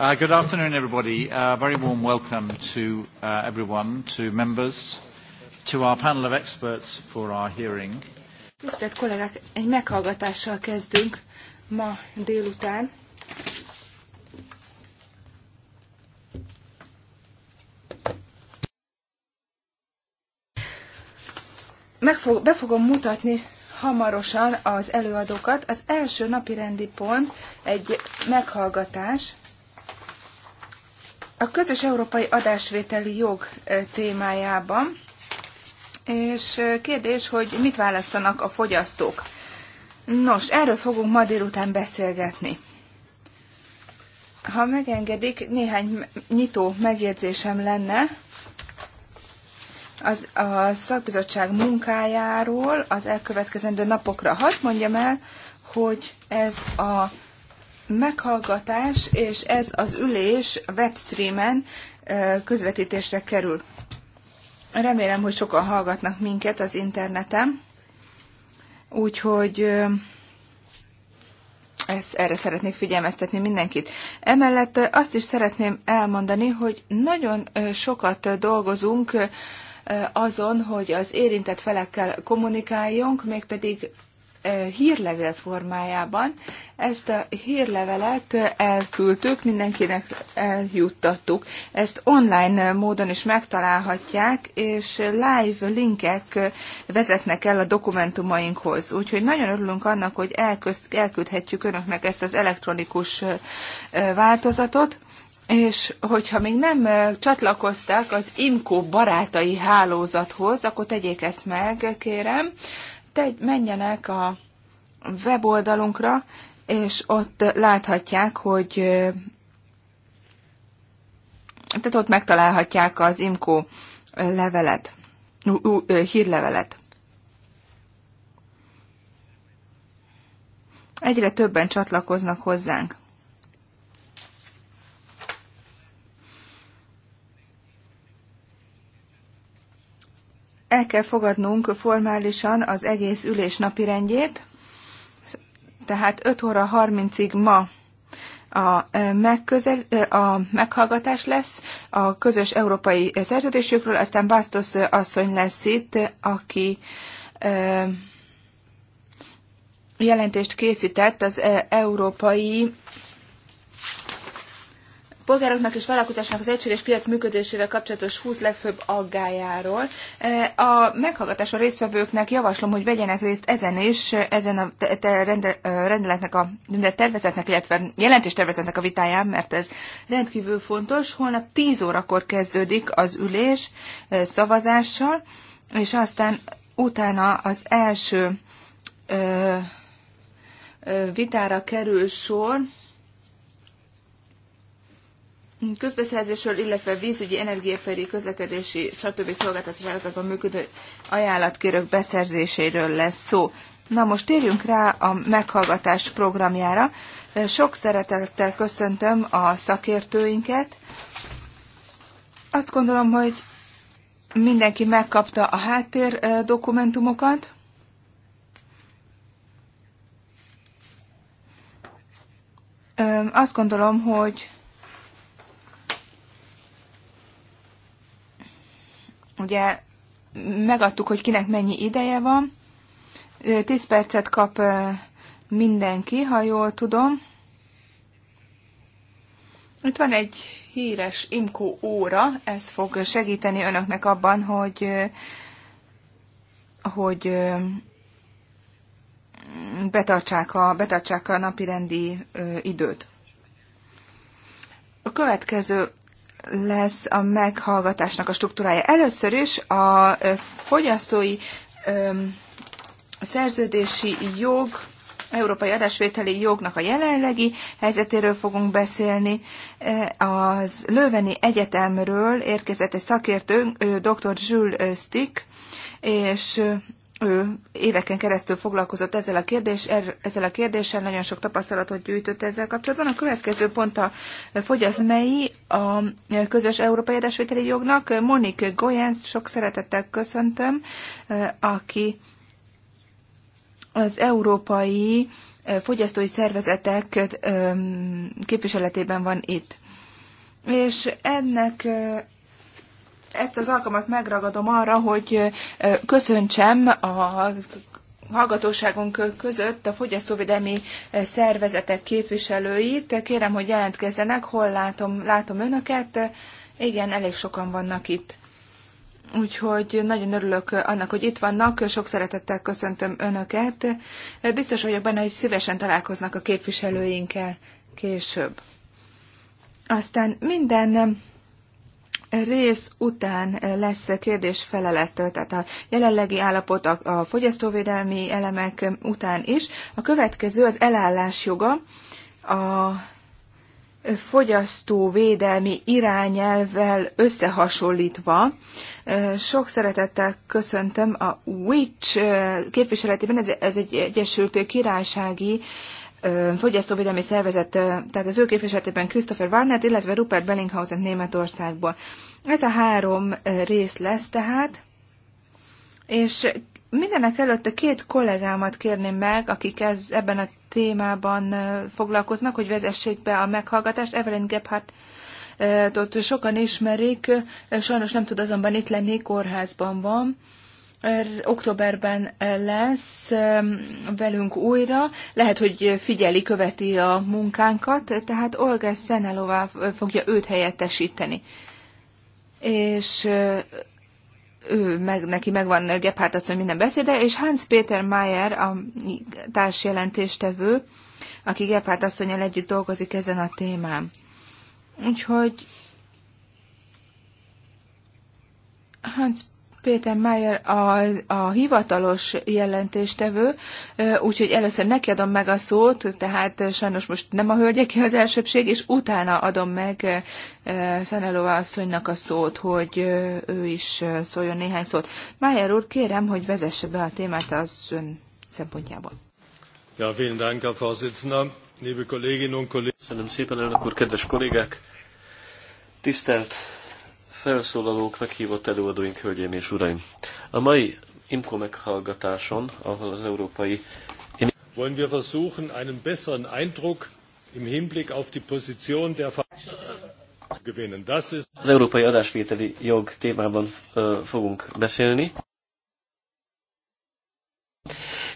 Uh, good afternoon, everybody. A uh, very warm welcome to uh, everyone, to members, to our panel of experts for our hearing. Tisztelt kollégák, egy meghallgatással kezdünk ma délután. be fogom mutatni hamarosan az előadókat. Az első napirendi pont egy meghallgatás, a közös európai adásvételi jog e, témájában, és e, kérdés, hogy mit válaszanak a fogyasztók. Nos, erről fogunk ma délután beszélgetni. Ha megengedik, néhány nyitó megjegyzésem lenne az, a szakbizottság munkájáról az elkövetkezendő napokra. Hadd mondjam el, hogy ez a meghallgatás, és ez az ülés webstreamen közvetítésre kerül. Remélem, hogy sokan hallgatnak minket az interneten, úgyhogy ez, erre szeretnék figyelmeztetni mindenkit. Emellett azt is szeretném elmondani, hogy nagyon sokat dolgozunk azon, hogy az érintett felekkel kommunikáljunk, mégpedig hírlevél formájában. Ezt a hírlevelet elküldtük, mindenkinek eljuttattuk. Ezt online módon is megtalálhatják, és live linkek vezetnek el a dokumentumainkhoz. Úgyhogy nagyon örülünk annak, hogy elközt, elküldhetjük önöknek ezt az elektronikus változatot. És hogyha még nem csatlakozták az IMCO barátai hálózathoz, akkor tegyék ezt meg, kérem te, menjenek a weboldalunkra, és ott láthatják, hogy tehát ott megtalálhatják az IMCO levelet, hírlevelet. Egyre többen csatlakoznak hozzánk. el kell fogadnunk formálisan az egész ülés napirendjét, tehát 5 óra 30-ig ma a, megközel, a meghallgatás lesz a közös európai szerződésükről, aztán Bastos asszony lesz itt, aki jelentést készített az európai polgároknak és vállalkozásnak az egységes piac működésével kapcsolatos 20 legfőbb aggájáról. Eh, a a résztvevőknek javaslom, hogy vegyenek részt ezen is, ezen a eh, rendeletnek a tervezetnek, illetve tervezetnek a vitáján, mert ez rendkívül fontos. Holnap 10 órakor kezdődik az ülés eh, szavazással, és aztán utána az első vitára kerül sor, közbeszerzésről, illetve vízügyi, energiafelé, közlekedési, stb. szolgáltatás ágazatban működő ajánlatkérők beszerzéséről lesz szó. Na most térjünk rá a meghallgatás programjára. Sok szeretettel köszöntöm a szakértőinket. Azt gondolom, hogy mindenki megkapta a háttér dokumentumokat. Azt gondolom, hogy Ugye megadtuk, hogy kinek mennyi ideje van. 10 percet kap mindenki, ha jól tudom. Itt van egy híres Imkó óra, ez fog segíteni önöknek abban, hogy, hogy betartsák a, betartsák a napirendi időt. A következő lesz a meghallgatásnak a struktúrája. Először is a fogyasztói a szerződési jog, európai adásvételi jognak a jelenlegi helyzetéről fogunk beszélni. Az Löveni Egyetemről érkezett egy szakértő, dr. Jules Stick, és ő éveken keresztül foglalkozott ezzel a, kérdés, er, ezzel a kérdéssel, nagyon sok tapasztalatot gyűjtött ezzel kapcsolatban. A következő pont a fogyasztmei a közös európai edesvételi jognak. Monik Goyens, sok szeretettel köszöntöm, aki az európai fogyasztói szervezetek képviseletében van itt. És ennek ezt az alkalmat megragadom arra, hogy köszöntsem a hallgatóságunk között a fogyasztóvédelmi szervezetek képviselőit. Kérem, hogy jelentkezzenek, hol látom, látom önöket. Igen, elég sokan vannak itt. Úgyhogy nagyon örülök annak, hogy itt vannak, sok szeretettel köszöntöm Önöket. Biztos vagyok benne, hogy szívesen találkoznak a képviselőinkkel később. Aztán minden rész után lesz kérdés-felelet, tehát a jelenlegi állapot a, a fogyasztóvédelmi elemek után is. A következő az elállás joga, a fogyasztóvédelmi irányelvvel összehasonlítva. Sok szeretettel köszöntöm a WICH képviseletében, ez, ez egy Egyesült Királysági fogyasztóvédelmi szervezet, tehát az ő képviseletében Christopher Warnert, illetve Rupert Bellinghausen Németországból. Ez a három rész lesz tehát, és mindenek előtt a két kollégámat kérném meg, akik ez, ebben a témában foglalkoznak, hogy vezessék be a meghallgatást. Evelyn Gebhardt ott sokan ismerik, sajnos nem tud azonban itt lenni, kórházban van októberben lesz velünk újra. Lehet, hogy figyeli, követi a munkánkat, tehát Olga Szenelová fogja őt helyettesíteni. És ő, meg, neki megvan Gephardt asszony minden beszéde, és Hans Péter Mayer, a társjelentéstevő, aki Gephardt asszonyjal együtt dolgozik ezen a témán. Úgyhogy Hans Péter Mayer a, a hivatalos jelentéstevő, úgyhogy először neki adom meg a szót, tehát sajnos most nem a hölgyeké az elsőbség, és utána adom meg Szenelova asszonynak a szót, hogy ő is szóljon néhány szót. Mayer úr, kérem, hogy vezesse be a témát az ön szempontjából. Ja, vielen Dank, Herr Vorsitzender, liebe Kolleginnen und Kollegen. Köszönöm szépen, elnök úr, kedves kollégák! Tisztelt felszólalóknak hívott előadóink, hölgyeim és uraim. A mai IMCO meghallgatáson, ahol az európai... Wollen wir versuchen, einen besseren Eindruck im Hinblick auf die Position der gewinnen. Das ist az európai adásvételi jog témában ö, fogunk beszélni.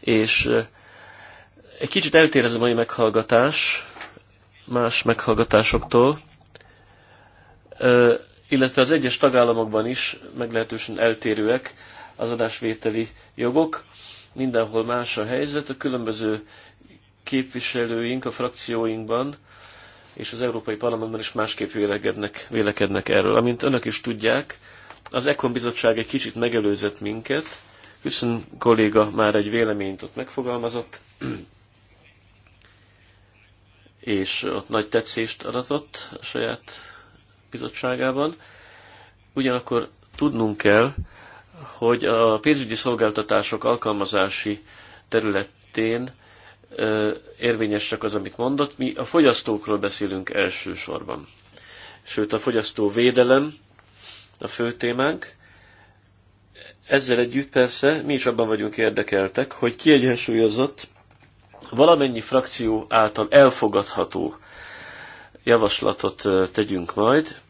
És ö, egy kicsit eltér ez a mai meghallgatás más meghallgatásoktól. Ö, illetve az egyes tagállamokban is meglehetősen eltérőek az adásvételi jogok. Mindenhol más a helyzet, a különböző képviselőink a frakcióinkban és az Európai Parlamentben is másképp vélekednek, vélekednek erről. Amint önök is tudják, az Ekon Bizottság egy kicsit megelőzött minket, hiszen kolléga már egy véleményt ott megfogalmazott, és ott nagy tetszést adatott a saját bizottságában Ugyanakkor tudnunk kell, hogy a pénzügyi szolgáltatások alkalmazási területén érvényes csak az, amit mondott. Mi a fogyasztókról beszélünk elsősorban. Sőt, a fogyasztó védelem a fő témánk. Ezzel együtt persze mi is abban vagyunk érdekeltek, hogy kiegyensúlyozott valamennyi frakció által elfogadható javaslatot tegyünk majd.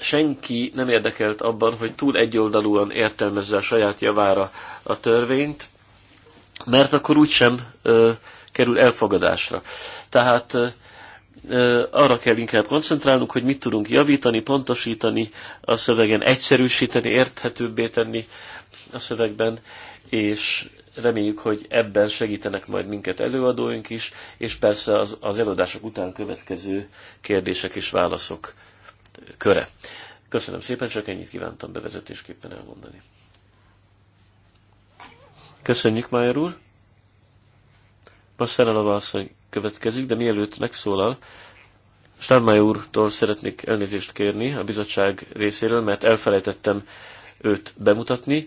Senki nem érdekelt abban, hogy túl egyoldalúan értelmezze a saját javára a törvényt, mert akkor úgysem ö, kerül elfogadásra. Tehát ö, arra kell inkább koncentrálnunk, hogy mit tudunk javítani, pontosítani a szövegen, egyszerűsíteni, érthetőbbé tenni a szövegben, és reméljük, hogy ebben segítenek majd minket előadóink is, és persze az, az előadások után következő kérdések és válaszok köre. Köszönöm szépen, csak ennyit kívántam bevezetésképpen elmondani. Köszönjük, Májer úr! Most a asszony következik, de mielőtt megszólal, Stármály úrtól szeretnék elnézést kérni a bizottság részéről, mert elfelejtettem őt bemutatni.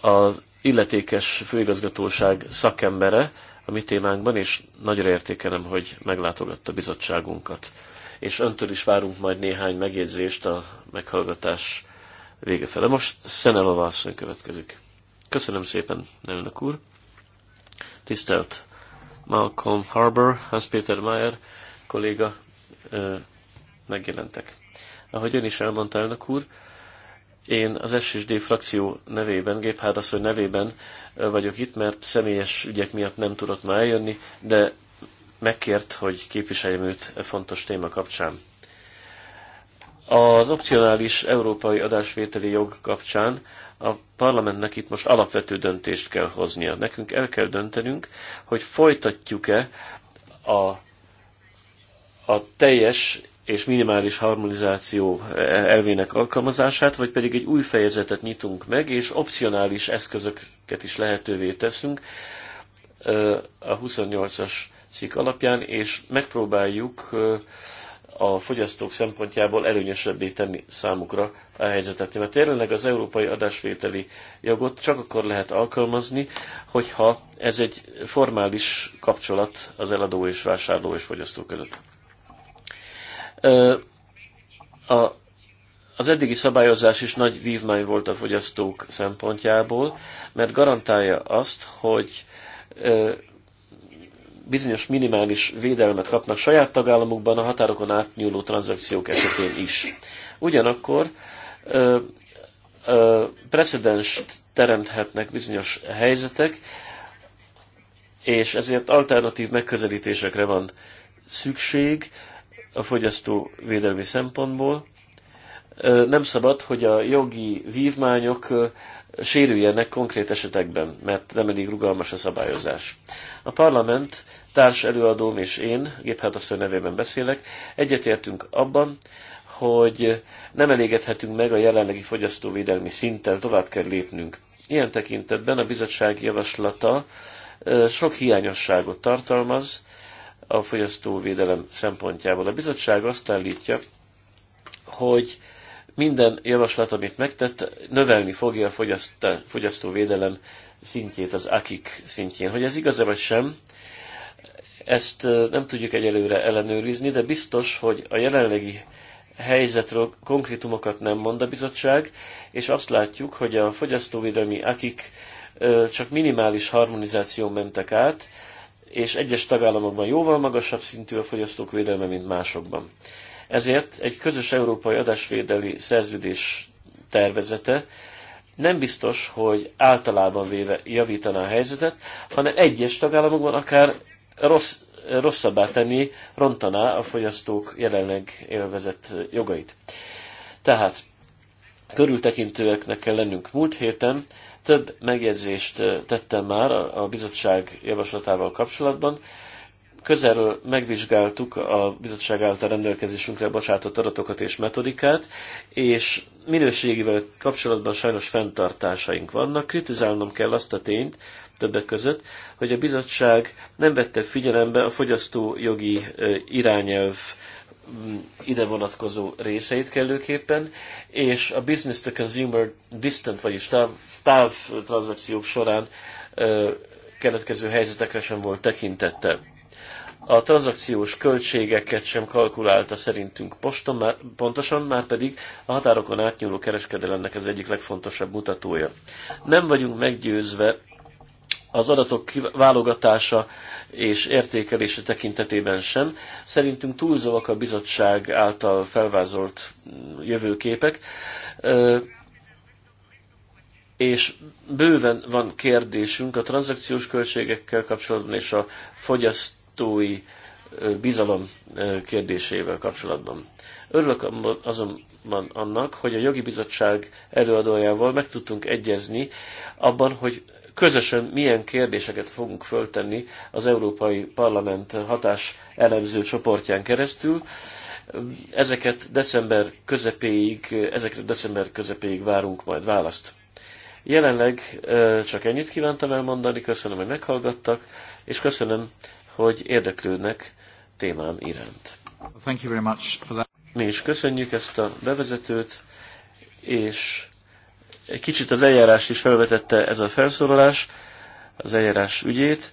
Az illetékes főigazgatóság szakembere a mi témánkban, és nagyra értékelem, hogy meglátogatta bizottságunkat. És öntől is várunk majd néhány megjegyzést a meghallgatás vége fele. Most Szenelova asszony következik. Köszönöm szépen, elnök úr. Tisztelt Malcolm Harbour, Hans-Peter Mayer kolléga megjelentek. Ahogy ön is elmondta, elnök úr, én az SSD frakció nevében, Géphárdasszony nevében vagyok itt, mert személyes ügyek miatt nem tudott már eljönni, de megkért, hogy képviseljem őt e fontos téma kapcsán. Az opcionális európai adásvételi jog kapcsán a parlamentnek itt most alapvető döntést kell hoznia. Nekünk el kell döntenünk, hogy folytatjuk-e a, a teljes és minimális harmonizáció elvének alkalmazását, vagy pedig egy új fejezetet nyitunk meg, és opcionális eszközöket is lehetővé teszünk a 28-as cikk alapján, és megpróbáljuk a fogyasztók szempontjából előnyösebbé tenni számukra a helyzetet. Mert tényleg az európai adásvételi jogot csak akkor lehet alkalmazni, hogyha ez egy formális kapcsolat az eladó és vásárló és fogyasztó között. A, az eddigi szabályozás is nagy vívmány volt a fogyasztók szempontjából, mert garantálja azt, hogy bizonyos minimális védelmet kapnak saját tagállamukban a határokon átnyúló tranzakciók esetén is. Ugyanakkor ö, ö, precedens teremthetnek bizonyos helyzetek, és ezért alternatív megközelítésekre van szükség, a fogyasztó védelmi szempontból. Nem szabad, hogy a jogi vívmányok sérüljenek konkrét esetekben, mert nem elég rugalmas a szabályozás. A parlament társ előadóm és én, Géphátaszony nevében beszélek, egyetértünk abban, hogy nem elégedhetünk meg a jelenlegi fogyasztóvédelmi szinttel, tovább kell lépnünk. Ilyen tekintetben a bizottság javaslata sok hiányosságot tartalmaz, a fogyasztóvédelem szempontjából. A bizottság azt állítja, hogy minden javaslat, amit megtett, növelni fogja a fogyasztóvédelem szintjét, az akik szintjén. Hogy ez igaz-e vagy sem, ezt nem tudjuk egyelőre ellenőrizni, de biztos, hogy a jelenlegi helyzetről konkrétumokat nem mond a bizottság, és azt látjuk, hogy a fogyasztóvédelmi akik csak minimális harmonizáció mentek át, és egyes tagállamokban jóval magasabb szintű a fogyasztók védelme, mint másokban. Ezért egy közös európai adásvédeli szerződés tervezete nem biztos, hogy általában véve javítaná a helyzetet, hanem egyes tagállamokban akár rossz, rosszabbá tenni, rontaná a fogyasztók jelenleg élvezett jogait. Tehát körültekintőeknek kell lennünk. Múlt héten több megjegyzést tettem már a bizottság javaslatával kapcsolatban. Közelről megvizsgáltuk a bizottság által rendelkezésünkre bocsátott adatokat és metodikát, és minőségével kapcsolatban sajnos fenntartásaink vannak. Kritizálnom kell azt a tényt, többek között, hogy a bizottság nem vette figyelembe a fogyasztójogi irányelv mm, ide vonatkozó részeit kellőképpen, és a business to consumer distant, vagyis táv, tranzakciók során keletkező helyzetekre sem volt tekintettel. A tranzakciós költségeket sem kalkulálta szerintünk posta, már, pontosan, már pedig a határokon átnyúló kereskedelemnek ez egyik legfontosabb mutatója. Nem vagyunk meggyőzve az adatok válogatása és értékelése tekintetében sem. Szerintünk túlzóak a bizottság által felvázolt mm, jövőképek és bőven van kérdésünk a tranzakciós költségekkel kapcsolatban és a fogyasztói bizalom kérdésével kapcsolatban. Örülök azonban annak, hogy a jogi bizottság előadójával meg tudtunk egyezni abban, hogy közösen milyen kérdéseket fogunk föltenni az Európai Parlament hatás elemző csoportján keresztül. Ezeket december közepéig, ezekre december közepéig várunk majd választ. Jelenleg csak ennyit kívántam elmondani, köszönöm, hogy meghallgattak, és köszönöm, hogy érdeklődnek témám iránt. Thank you very much for that. Mi is köszönjük ezt a bevezetőt, és egy kicsit az eljárást is felvetette ez a felszólalás, az eljárás ügyét.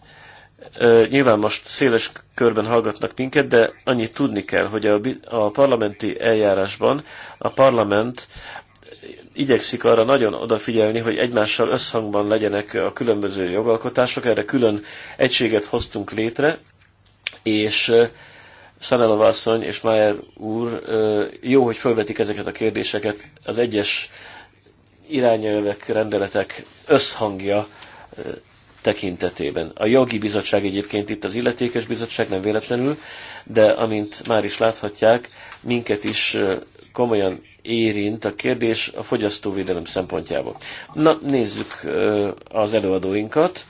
Nyilván most széles körben hallgatnak minket, de annyit tudni kell, hogy a, a parlamenti eljárásban a parlament igyekszik arra nagyon odafigyelni, hogy egymással összhangban legyenek a különböző jogalkotások. Erre külön egységet hoztunk létre, és Szanelova asszony és Mayer úr jó, hogy felvetik ezeket a kérdéseket. Az egyes irányelvek, rendeletek összhangja tekintetében. A jogi bizottság egyébként itt az illetékes bizottság, nem véletlenül, de amint már is láthatják, minket is komolyan érint a kérdés a fogyasztóvédelem szempontjából. Na, nézzük az előadóinkat.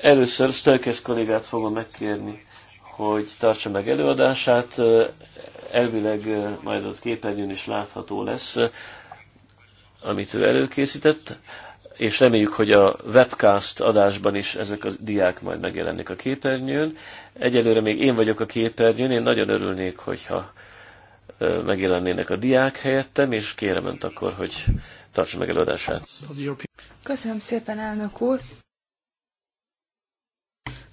Először Stölkes kollégát fogom megkérni, hogy tartsa meg előadását. Elvileg majd ott képernyőn is látható lesz, amit ő előkészített, és reméljük, hogy a webcast adásban is ezek a diák majd megjelennek a képernyőn. Egyelőre még én vagyok a képernyőn, én nagyon örülnék, hogyha megjelennének a diák helyettem, és kérem önt akkor, hogy tartsa meg előadását. Köszönöm szépen, elnök úr!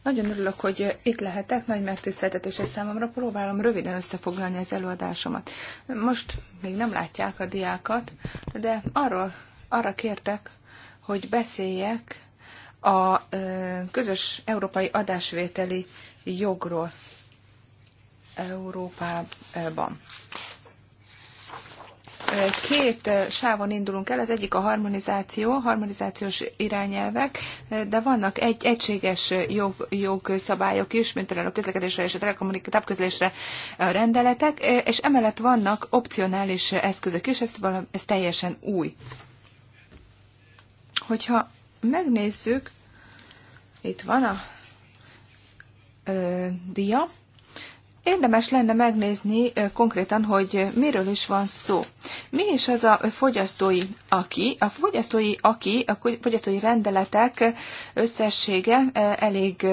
Nagyon örülök, hogy itt lehetek, nagy megtiszteltetés a számomra. Próbálom röviden összefoglalni az előadásomat. Most még nem látják a diákat, de arról, arra kértek, hogy beszéljek a közös európai adásvételi jogról. Európában. Két sávon indulunk el, az egyik a harmonizáció, harmonizációs irányelvek, de vannak egy egységes jog, jogszabályok is, mint például a közlekedésre és a telekommunikációközlésre rendeletek, és emellett vannak opcionális eszközök is, ez, valami, ez teljesen új. Hogyha megnézzük, itt van a ö, dia, Érdemes lenne megnézni konkrétan, hogy miről is van szó. Mi is az a fogyasztói aki? A fogyasztói aki, a fogyasztói rendeletek összessége elég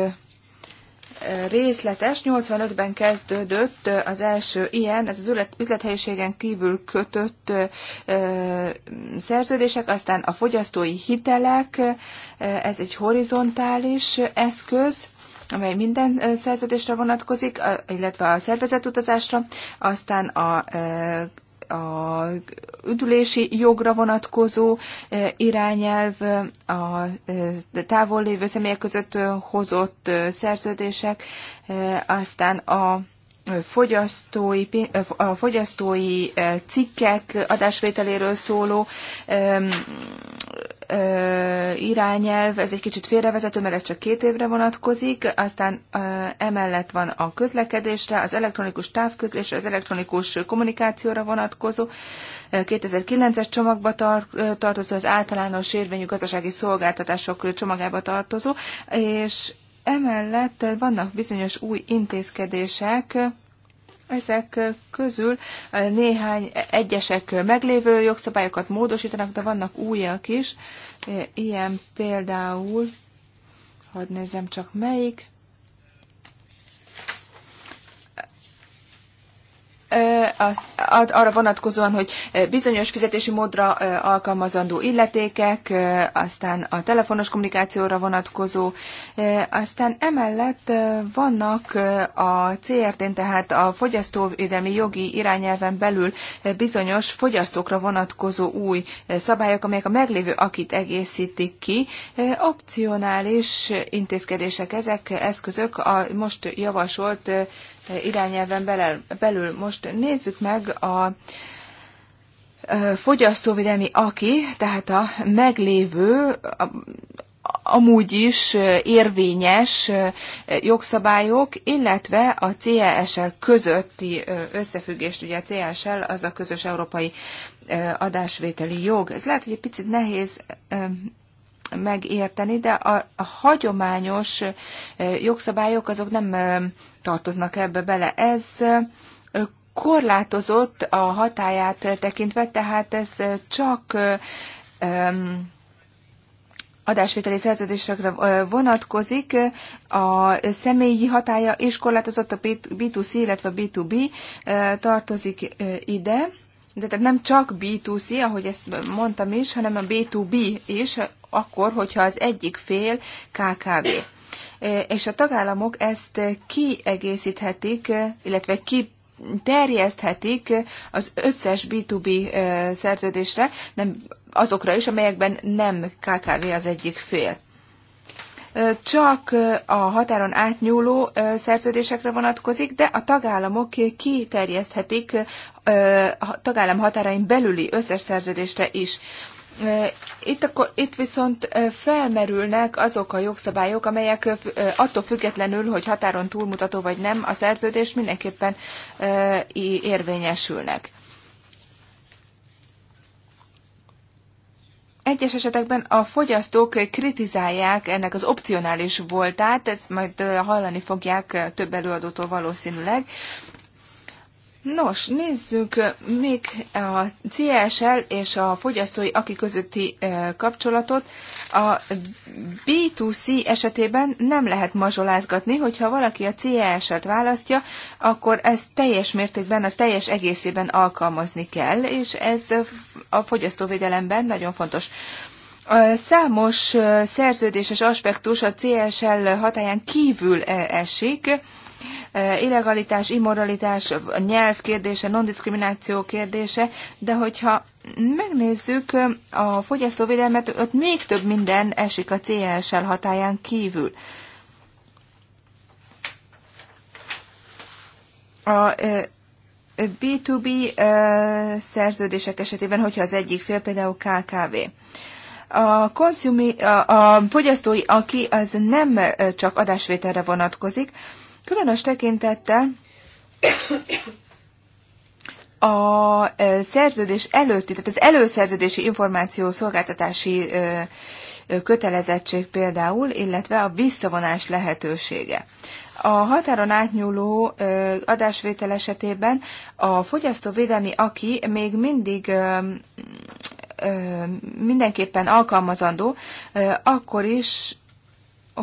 részletes. 85-ben kezdődött az első ilyen, ez az üzlethelyiségen kívül kötött szerződések, aztán a fogyasztói hitelek, ez egy horizontális eszköz, amely minden szerződésre vonatkozik, illetve a szervezetutazásra, aztán a a üdülési jogra vonatkozó irányelv, a távol lévő személyek között hozott szerződések, aztán a fogyasztói, a fogyasztói cikkek adásvételéről szóló irányelv, ez egy kicsit félrevezető, mert ez csak két évre vonatkozik, aztán emellett van a közlekedésre, az elektronikus távközlésre, az elektronikus kommunikációra vonatkozó, 2009-es csomagba tar- tartozó, az általános érvényű gazdasági szolgáltatások csomagába tartozó, és emellett vannak bizonyos új intézkedések, ezek közül néhány egyesek meglévő jogszabályokat módosítanak, de vannak újak is. Ilyen például, hadd nézzem csak melyik, az, arra vonatkozóan, hogy bizonyos fizetési módra alkalmazandó illetékek, aztán a telefonos kommunikációra vonatkozó, aztán emellett vannak a CRT-n, tehát a fogyasztóvédelmi jogi irányelven belül bizonyos fogyasztókra vonatkozó új szabályok, amelyek a meglévő akit egészítik ki. Opcionális intézkedések ezek, eszközök a most javasolt irányelven belül. Most nézzük meg a fogyasztóvédelmi aki, tehát a meglévő, amúgy is érvényes jogszabályok, illetve a CSL közötti összefüggést, ugye a CSL az a közös európai adásvételi jog. Ez lehet, hogy egy picit nehéz megérteni, de a, a hagyományos jogszabályok azok nem tartoznak ebbe bele. Ez korlátozott a hatáját tekintve, tehát ez csak adásvételi szerződésekre vonatkozik, a személyi hatája és korlátozott a B2C, illetve B2B tartozik ide. De tehát nem csak B2C, ahogy ezt mondtam is, hanem a B2B is, akkor, hogyha az egyik fél KKV és a tagállamok ezt kiegészíthetik, illetve ki terjeszthetik az összes B2B szerződésre, nem azokra is, amelyekben nem KKV az egyik fél. Csak a határon átnyúló szerződésekre vonatkozik, de a tagállamok kiterjeszthetik a tagállam határain belüli összes szerződésre is. Itt, akkor, itt viszont felmerülnek azok a jogszabályok, amelyek attól függetlenül, hogy határon túlmutató vagy nem, a szerződés mindenképpen érvényesülnek. Egyes esetekben a fogyasztók kritizálják ennek az opcionális voltát, ezt majd hallani fogják több előadótól valószínűleg, Nos, nézzük még a CSL és a fogyasztói aki közötti eh, kapcsolatot. A B2C esetében nem lehet mazsolázgatni, hogyha valaki a CSL-t választja, akkor ezt teljes mértékben, a teljes egészében alkalmazni kell, és ez a fogyasztóvédelemben nagyon fontos. Számos eh, szerződéses aspektus a CSL hatáján kívül eh, esik, illegalitás, immoralitás, nyelv kérdése, nondiskrimináció kérdése, de hogyha megnézzük a fogyasztóvédelmet, ott még több minden esik a CSL hatáján kívül. A B2B szerződések esetében, hogyha az egyik fél például KKV a, konszumi, a, a fogyasztói, aki az nem csak adásvételre vonatkozik, Különös tekintettel a e, szerződés előtti, tehát az előszerződési információ szolgáltatási e, e, kötelezettség például, illetve a visszavonás lehetősége. A határon átnyúló adásvétel esetében a fogyasztóvédelmi aki még mindig mindenképpen alkalmazandó, akkor is,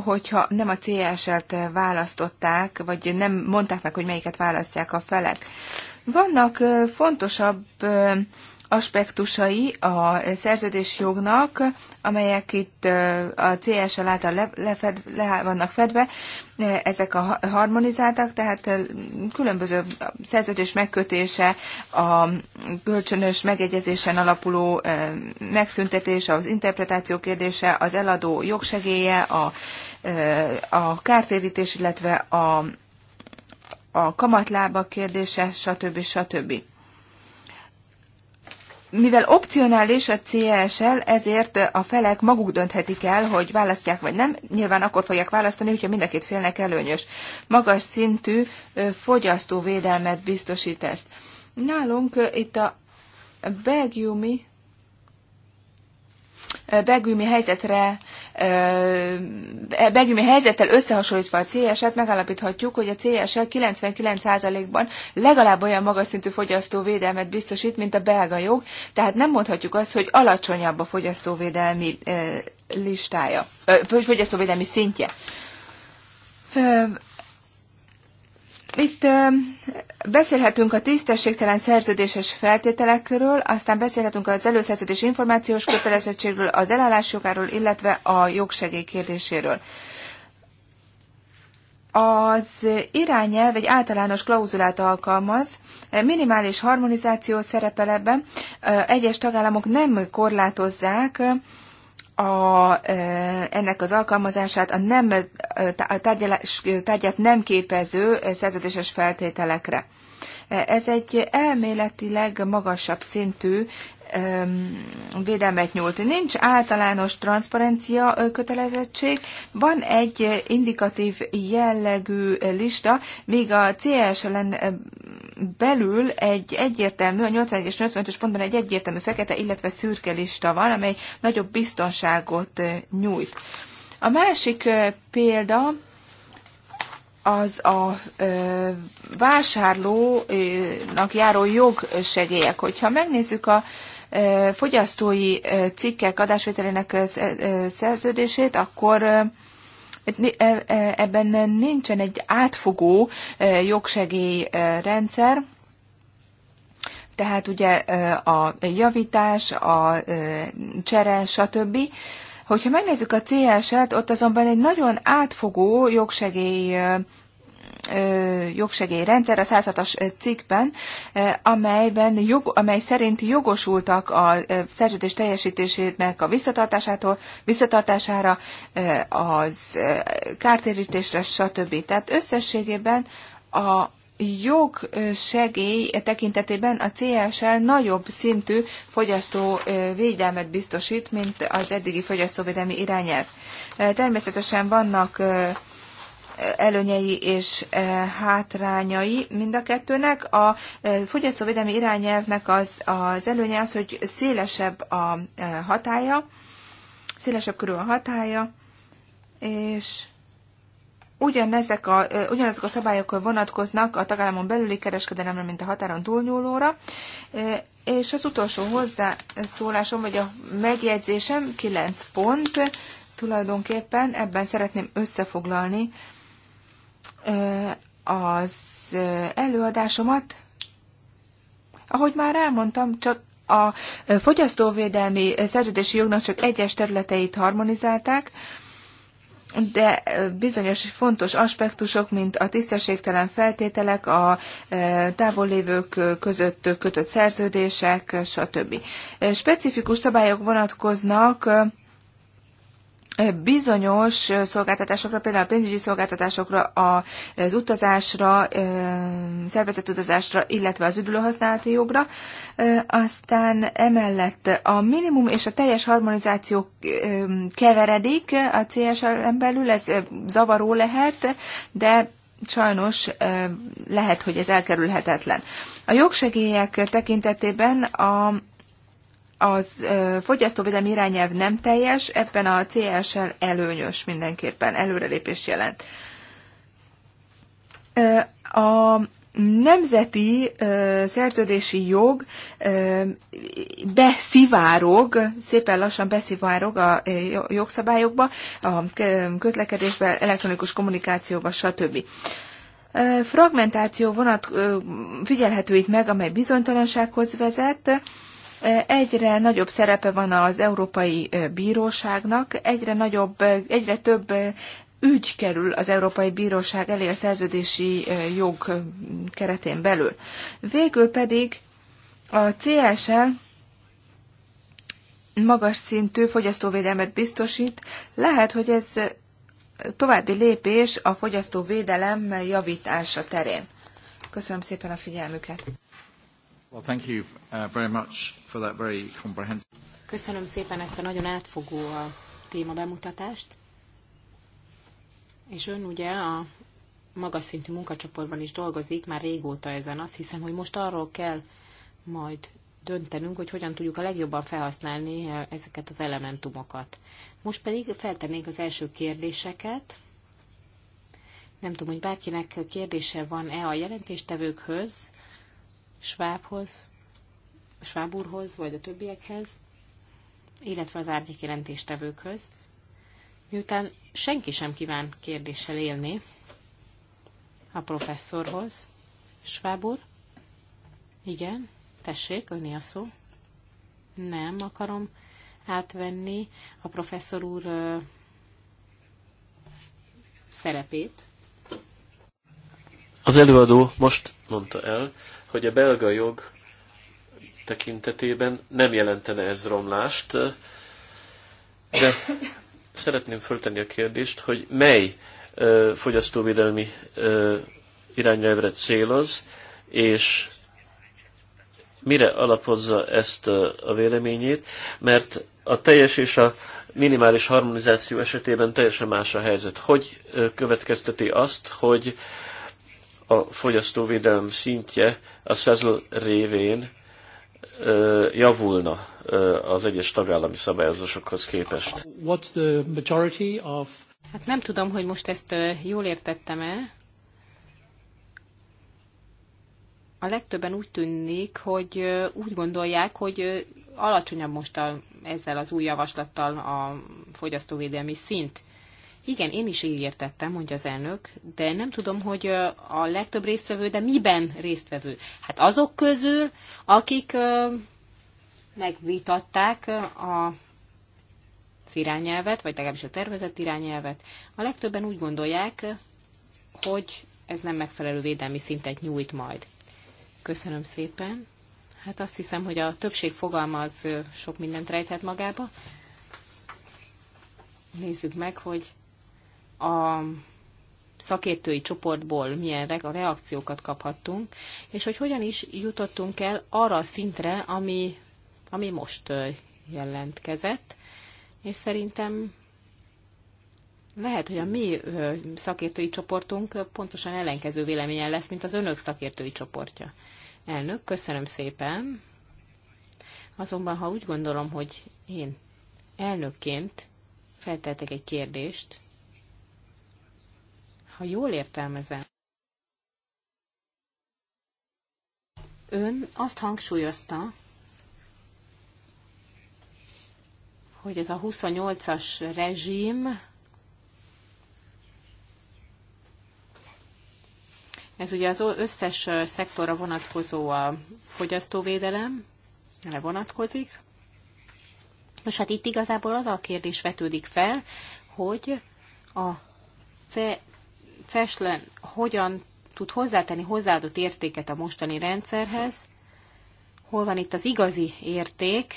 hogyha nem a CSL-t választották, vagy nem mondták meg, hogy melyiket választják a felek. Vannak fontosabb aspektusai a szerződésjognak, amelyek itt a CSL által le, lefed, le vannak fedve, ezek a harmonizáltak, tehát különböző szerződés megkötése, a kölcsönös megegyezésen alapuló megszüntetése, az interpretáció kérdése, az eladó jogsegélye, a, a kártérítés, illetve a, a kamatlábak kérdése, stb. stb. stb mivel opcionális a CSL, ezért a felek maguk dönthetik el, hogy választják vagy nem. Nyilván akkor fogják választani, hogyha mind a két félnek előnyös. Magas szintű fogyasztóvédelmet biztosít ezt. Nálunk itt a belgiumi belgőmi helyzetre, e, belgőmi helyzettel összehasonlítva a CSL-t megállapíthatjuk, hogy a CSL 99%-ban legalább olyan magas szintű fogyasztóvédelmet biztosít, mint a belga jog, tehát nem mondhatjuk azt, hogy alacsonyabb a fogyasztóvédelmi listája, fogyasztóvédelmi szintje. Itt beszélhetünk a tisztességtelen szerződéses feltételekről, aztán beszélhetünk az előszerződés információs kötelezettségről, az elállás jogáról, illetve a jogsegély kérdéséről. Az irányelv egy általános klauzulát alkalmaz, minimális harmonizáció szerepel ebben, egyes tagállamok nem korlátozzák a, e, ennek az alkalmazását a nem e, a tárgyalás, tárgyát nem képező e, szerződéses feltételekre. Ez egy elméletileg magasabb szintű védelmet nyújt. Nincs általános transzparencia kötelezettség, van egy indikatív jellegű lista, míg a CSLN belül egy egyértelmű, a 81 és 85-ös pontban egy egyértelmű fekete, illetve szürke lista van, amely nagyobb biztonságot nyújt. A másik példa az a vásárlónak járó jogsegélyek. Hogyha megnézzük a fogyasztói cikkek adásvételének szerződését, akkor Hát e- e- ebben nincsen egy átfogó e, jogsegélyrendszer, tehát ugye a javítás, a csere, stb. Hogyha megnézzük a CS-et, ott azonban egy nagyon átfogó jogsegély jogsegélyrendszer a 106-as cikkben, amelyben jog, amely szerint jogosultak a szerződés teljesítésének a visszatartásától, visszatartására, az kártérítésre, stb. Tehát összességében a jogsegély tekintetében a CSL nagyobb szintű fogyasztó védelmet biztosít, mint az eddigi fogyasztóvédelmi irányelv. Természetesen vannak előnyei és e, hátrányai mind a kettőnek. A e, fogyasztóvédelmi irányelvnek az, az előnye az, hogy szélesebb a e, hatája, szélesebb körül a hatája, és ugyanezek a, ugyanazok a szabályok vonatkoznak a tagállamon belüli kereskedelemre, mint a határon túlnyúlóra. És az utolsó hozzászólásom, vagy a megjegyzésem, 9 pont, tulajdonképpen ebben szeretném összefoglalni az előadásomat. Ahogy már elmondtam, csak a fogyasztóvédelmi szerződési jognak csak egyes területeit harmonizálták, de bizonyos fontos aspektusok, mint a tisztességtelen feltételek, a távollévők között kötött szerződések, stb. Specifikus szabályok vonatkoznak bizonyos szolgáltatásokra, például a pénzügyi szolgáltatásokra, az utazásra, szervezett utazásra, illetve az üdülőhasználati jogra. Aztán emellett a minimum és a teljes harmonizáció keveredik a csr en belül, ez zavaró lehet, de sajnos lehet, hogy ez elkerülhetetlen. A jogsegélyek tekintetében a az fogyasztóvédelmi irányelv nem teljes, ebben a CSL előnyös mindenképpen, előrelépés jelent. A nemzeti szerződési jog beszivárog, szépen lassan beszivárog a jogszabályokba, a közlekedésbe, elektronikus kommunikációba, stb. Fragmentáció vonat figyelhető itt meg, amely bizonytalansághoz vezet, Egyre nagyobb szerepe van az Európai Bíróságnak, egyre nagyobb, egyre több ügy kerül az Európai Bíróság elé a szerződési jog keretén belül. Végül pedig a CSL magas szintű fogyasztóvédelmet biztosít. Lehet, hogy ez további lépés a fogyasztóvédelem javítása terén. Köszönöm szépen a figyelmüket. Well, thank you uh, very much for that very comprehensive. Köszönöm szépen ezt a nagyon átfogó a téma bemutatást. És ön ugye a magas szintű munkacsoportban is dolgozik, már régóta ezen. Azt hiszem, hogy most arról kell majd döntenünk, hogy hogyan tudjuk a legjobban felhasználni ezeket az elementumokat. Most pedig feltennénk az első kérdéseket. Nem tudom, hogy bárkinek kérdése van-e a jelentéstevőkhöz, Schwabhoz, Schwab vagy a többiekhez, illetve az árnyék jelentéstevőkhöz. Miután senki sem kíván kérdéssel élni a professzorhoz, Schwabur? igen, tessék, öné a szó. Nem akarom átvenni a professzor úr szerepét. Az előadó most mondta el, hogy a belga jog tekintetében nem jelentene ez romlást, de szeretném föltenni a kérdést, hogy mely fogyasztóvédelmi irányelvre céloz, és mire alapozza ezt a véleményét, mert a teljes és a minimális harmonizáció esetében teljesen más a helyzet. Hogy következteti azt, hogy a fogyasztóvédelem szintje a szezon révén javulna az egyes tagállami szabályozásokhoz képest. What's the majority of... Hát nem tudom, hogy most ezt jól értettem-e. A legtöbben úgy tűnik, hogy úgy gondolják, hogy alacsonyabb most a, ezzel az új javaslattal a fogyasztóvédelmi szint. Igen, én is így értettem, mondja az elnök, de nem tudom, hogy a legtöbb résztvevő, de miben résztvevő? Hát azok közül, akik megvitatták a irányelvet, vagy legalábbis a tervezett irányelvet, a legtöbben úgy gondolják, hogy ez nem megfelelő védelmi szintet nyújt majd. Köszönöm szépen. Hát azt hiszem, hogy a többség fogalma az sok mindent rejthet magába. Nézzük meg, hogy a szakértői csoportból milyen a reakciókat kaphattunk, és hogy hogyan is jutottunk el arra a szintre, ami, ami most jelentkezett, és szerintem lehet, hogy a mi szakértői csoportunk pontosan ellenkező véleményen lesz, mint az önök szakértői csoportja. Elnök, köszönöm szépen. Azonban, ha úgy gondolom, hogy én elnökként feltettek egy kérdést, ha jól értelmezem, ön azt hangsúlyozta, hogy ez a 28-as rezsim, ez ugye az összes szektorra vonatkozó a fogyasztóvédelem, le vonatkozik. Most hát itt igazából az a kérdés vetődik fel, hogy a Feslen hogyan tud hozzátenni hozzáadott értéket a mostani rendszerhez, hol van itt az igazi érték,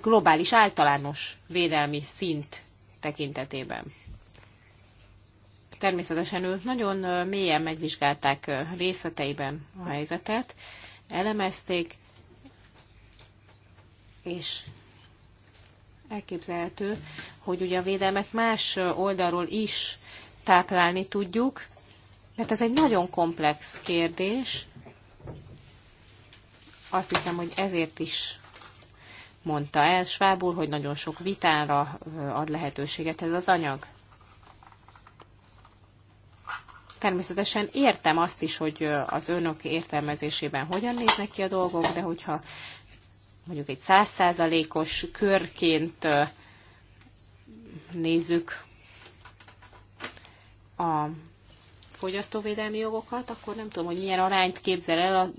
globális általános védelmi szint tekintetében. Természetesen ők nagyon mélyen megvizsgálták részleteiben a helyzetet, elemezték, és elképzelhető, hogy ugye a védelmet más oldalról is táplálni tudjuk, mert ez egy nagyon komplex kérdés. Azt hiszem, hogy ezért is mondta el Schwab úr, hogy nagyon sok vitára ad lehetőséget ez az anyag. Természetesen értem azt is, hogy az önök értelmezésében hogyan néznek ki a dolgok, de hogyha mondjuk egy százszázalékos körként nézzük a fogyasztóvédelmi jogokat, akkor nem tudom, hogy milyen arányt képzel el a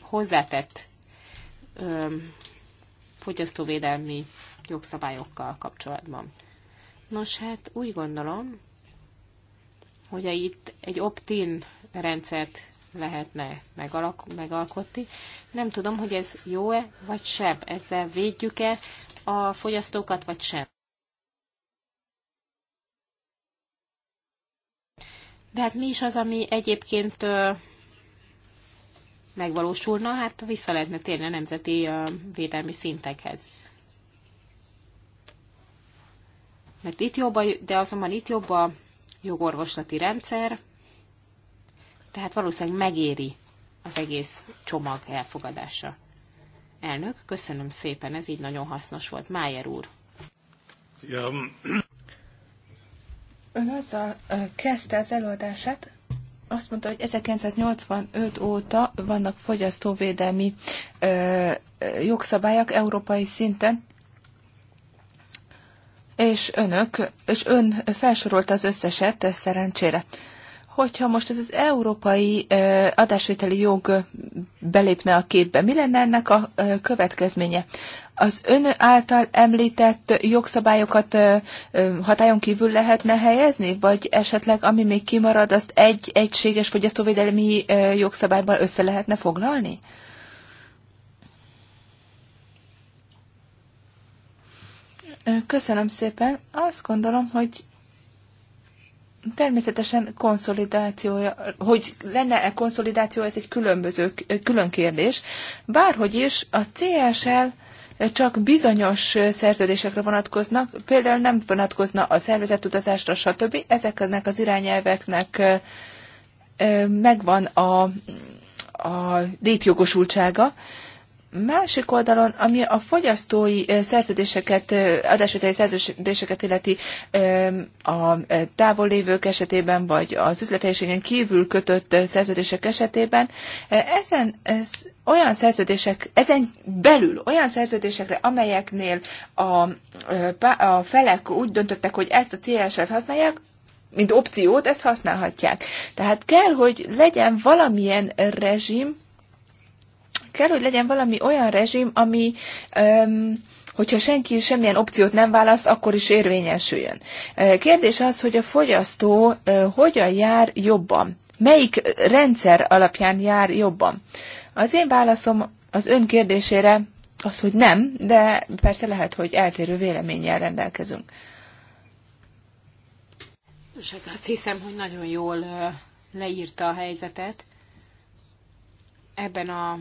hozzátett ö, fogyasztóvédelmi jogszabályokkal kapcsolatban. Nos, hát úgy gondolom, hogy itt egy opt-in rendszert lehetne megalak- megalkotni. Nem tudom, hogy ez jó-e vagy sem. Ezzel védjük-e a fogyasztókat vagy sem. De hát mi is az, ami egyébként megvalósulna, hát vissza lehetne térni a nemzeti védelmi szintekhez. Mert itt jobb, a, de azonban itt jobb a jogorvoslati rendszer, tehát valószínűleg megéri az egész csomag elfogadása. Elnök, köszönöm szépen, ez így nagyon hasznos volt. Májer úr. Szia. Ön azzal kezdte az előadását, azt mondta, hogy 1985 óta vannak fogyasztóvédelmi ö, jogszabályok európai szinten, és önök, és ön felsorolta az összeset, szerencsére. Ö, hogyha most ez az európai adásvételi jog belépne a képbe, mi lenne ennek a következménye? Az ön által említett jogszabályokat hatályon kívül lehetne helyezni, vagy esetleg ami még kimarad, azt egy egységes fogyasztóvédelmi jogszabályban össze lehetne foglalni? Köszönöm szépen. Azt gondolom, hogy Természetesen konszolidációja, hogy lenne-e konszolidáció, ez egy különböző, külön kérdés. Bárhogy is a CSL csak bizonyos szerződésekre vonatkoznak, például nem vonatkozna a szervezetutazásra, stb. Ezeknek az irányelveknek megvan a, a létjogosultsága, másik oldalon, ami a fogyasztói szerződéseket, adásvételi szerződéseket illeti a lévők esetében, vagy az üzletelésségen kívül kötött szerződések esetében, ezen ez olyan szerződések, ezen belül olyan szerződésekre, amelyeknél a, a felek úgy döntöttek, hogy ezt a CSR-t használják, mint opciót, ezt használhatják. Tehát kell, hogy legyen valamilyen rezsim, Kell, hogy legyen valami olyan rezsim, ami, öm, hogyha senki semmilyen opciót nem választ, akkor is érvényesüljön. Kérdés az, hogy a fogyasztó hogyan jár jobban. Melyik rendszer alapján jár jobban? Az én válaszom az ön kérdésére az, hogy nem, de persze lehet, hogy eltérő véleménnyel rendelkezünk. Nos, hát azt hiszem, hogy nagyon jól leírta a helyzetet. Ebben a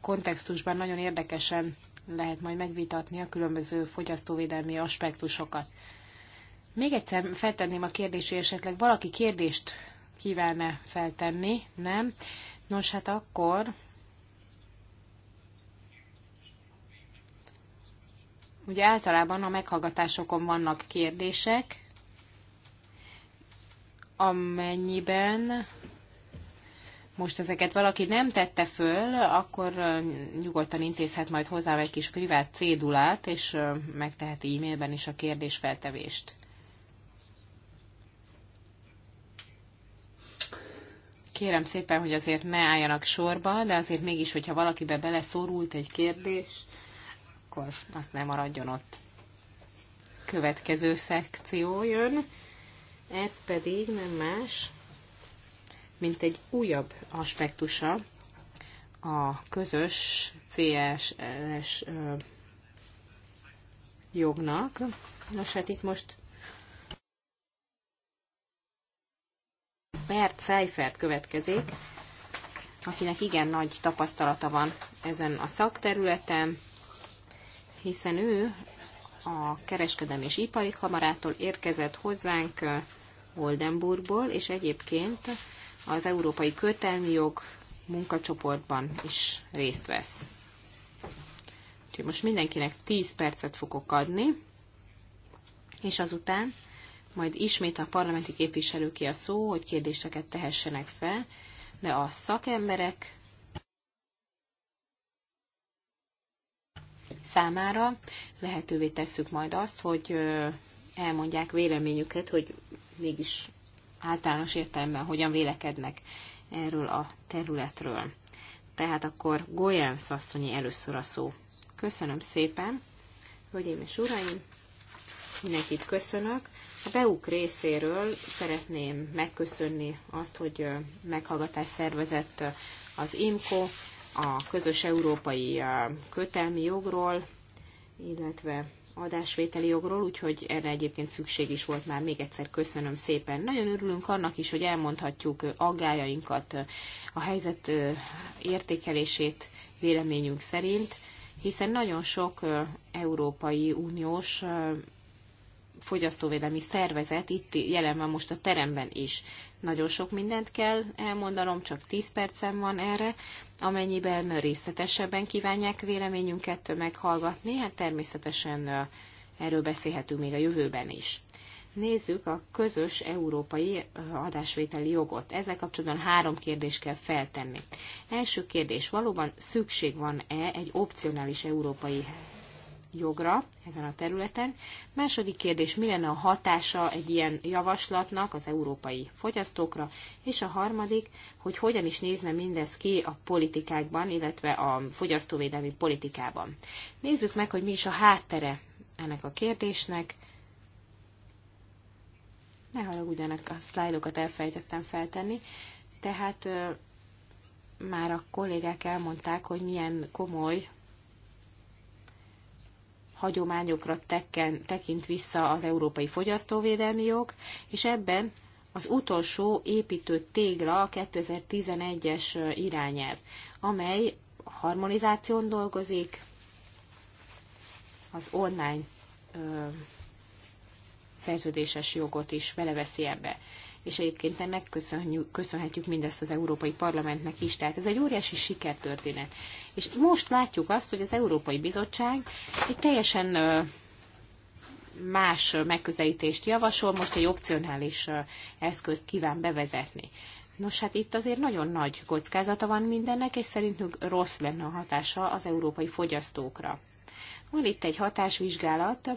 kontextusban nagyon érdekesen lehet majd megvitatni a különböző fogyasztóvédelmi aspektusokat. Még egyszer feltenném a kérdést, esetleg valaki kérdést kívánne feltenni, nem? Nos, hát akkor Ugye általában a meghallgatásokon vannak kérdések, amennyiben most ezeket valaki nem tette föl, akkor nyugodtan intézhet majd hozzá egy kis privát cédulát, és megteheti e-mailben is a kérdésfeltevést. Kérem szépen, hogy azért ne álljanak sorba, de azért mégis, hogyha valakibe beleszorult egy kérdés, akkor azt nem maradjon ott. Következő szekció jön, ez pedig nem más, mint egy újabb aspektusa a közös CSS jognak. Nos, hát itt most Bert Seifert következik, akinek igen nagy tapasztalata van ezen a szakterületen, hiszen ő a Kereskedelmi és Ipari Kamarától érkezett hozzánk Oldenburgból, és egyébként az Európai Kötelmi Jog munkacsoportban is részt vesz. Úgyhogy most mindenkinek 10 percet fogok adni, és azután majd ismét a parlamenti képviselőké a szó, hogy kérdéseket tehessenek fel, de a szakemberek számára lehetővé tesszük majd azt, hogy elmondják véleményüket, hogy mégis általános értelemben hogyan vélekednek erről a területről. Tehát akkor Golyán szasszonyi először a szó. Köszönöm szépen, hölgyeim és uraim, mindenkit köszönök. A BEUK részéről szeretném megköszönni azt, hogy meghallgatás szervezett az IMCO, a közös európai kötelmi jogról, illetve adásvételi jogról, úgyhogy erre egyébként szükség is volt már. Még egyszer köszönöm szépen. Nagyon örülünk annak is, hogy elmondhatjuk aggájainkat, a helyzet értékelését véleményünk szerint, hiszen nagyon sok Európai Uniós fogyasztóvédelmi szervezet itt jelen van most a teremben is. Nagyon sok mindent kell elmondanom, csak 10 percem van erre, amennyiben részletesebben kívánják véleményünket meghallgatni, hát természetesen erről beszélhetünk még a jövőben is. Nézzük a közös európai adásvételi jogot. Ezzel kapcsolatban három kérdést kell feltenni. Első kérdés, valóban szükség van-e egy opcionális európai jogra ezen a területen. Második kérdés, mi lenne a hatása egy ilyen javaslatnak az európai fogyasztókra? És a harmadik, hogy hogyan is nézne mindez ki a politikákban, illetve a fogyasztóvédelmi politikában. Nézzük meg, hogy mi is a háttere ennek a kérdésnek. Ne haragudjanak, a szlájdokat elfejtettem feltenni. Tehát már a kollégák elmondták, hogy milyen komoly hagyományokra tekken, tekint vissza az európai fogyasztóvédelmi jog, és ebben az utolsó építő tégla a 2011-es irányelv, amely harmonizáción dolgozik, az online ö, szerződéses jogot is beleveszi ebbe. És egyébként ennek köszönhetjük mindezt az Európai Parlamentnek is. Tehát ez egy óriási sikertörténet. És most látjuk azt, hogy az Európai Bizottság egy teljesen más megközelítést javasol, most egy opcionális eszközt kíván bevezetni. Nos, hát itt azért nagyon nagy kockázata van mindennek, és szerintünk rossz lenne a hatása az európai fogyasztókra. Van itt egy hatásvizsgálat.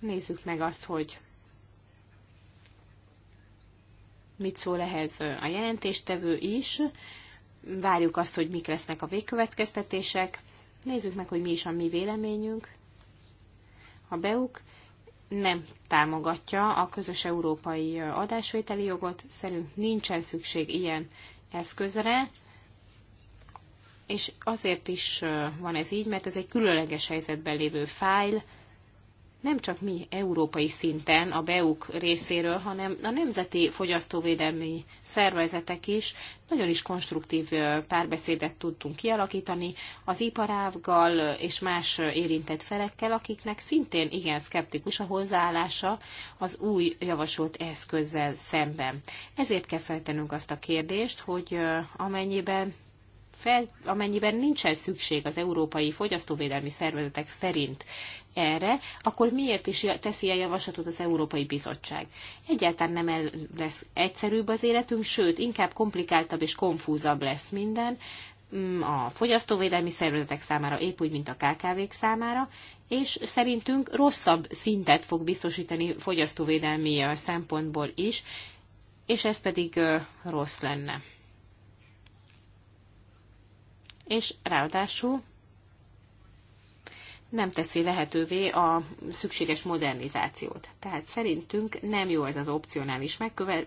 Nézzük meg azt, hogy mit szól ehhez a jelentéstevő is. Várjuk azt, hogy mik lesznek a végkövetkeztetések. Nézzük meg, hogy mi is a mi véleményünk. A BEUK nem támogatja a közös európai adásvételi jogot, szerint nincsen szükség ilyen eszközre, és azért is van ez így, mert ez egy különleges helyzetben lévő fájl, nem csak mi európai szinten a BEUK részéről, hanem a nemzeti fogyasztóvédelmi szervezetek is nagyon is konstruktív párbeszédet tudtunk kialakítani az iparággal és más érintett felekkel, akiknek szintén igen szkeptikus a hozzáállása az új javasolt eszközzel szemben. Ezért kell feltennünk azt a kérdést, hogy amennyiben fel, amennyiben nincsen szükség az európai fogyasztóvédelmi szervezetek szerint erre, akkor miért is teszi a javaslatot az Európai Bizottság? Egyáltalán nem el lesz egyszerűbb az életünk, sőt, inkább komplikáltabb és konfúzabb lesz minden mm, a fogyasztóvédelmi szervezetek számára, épp úgy, mint a KKV-k számára, és szerintünk rosszabb szintet fog biztosítani fogyasztóvédelmi szempontból is, és ez pedig rossz lenne és ráadásul nem teszi lehetővé a szükséges modernizációt. Tehát szerintünk nem jó ez az opcionális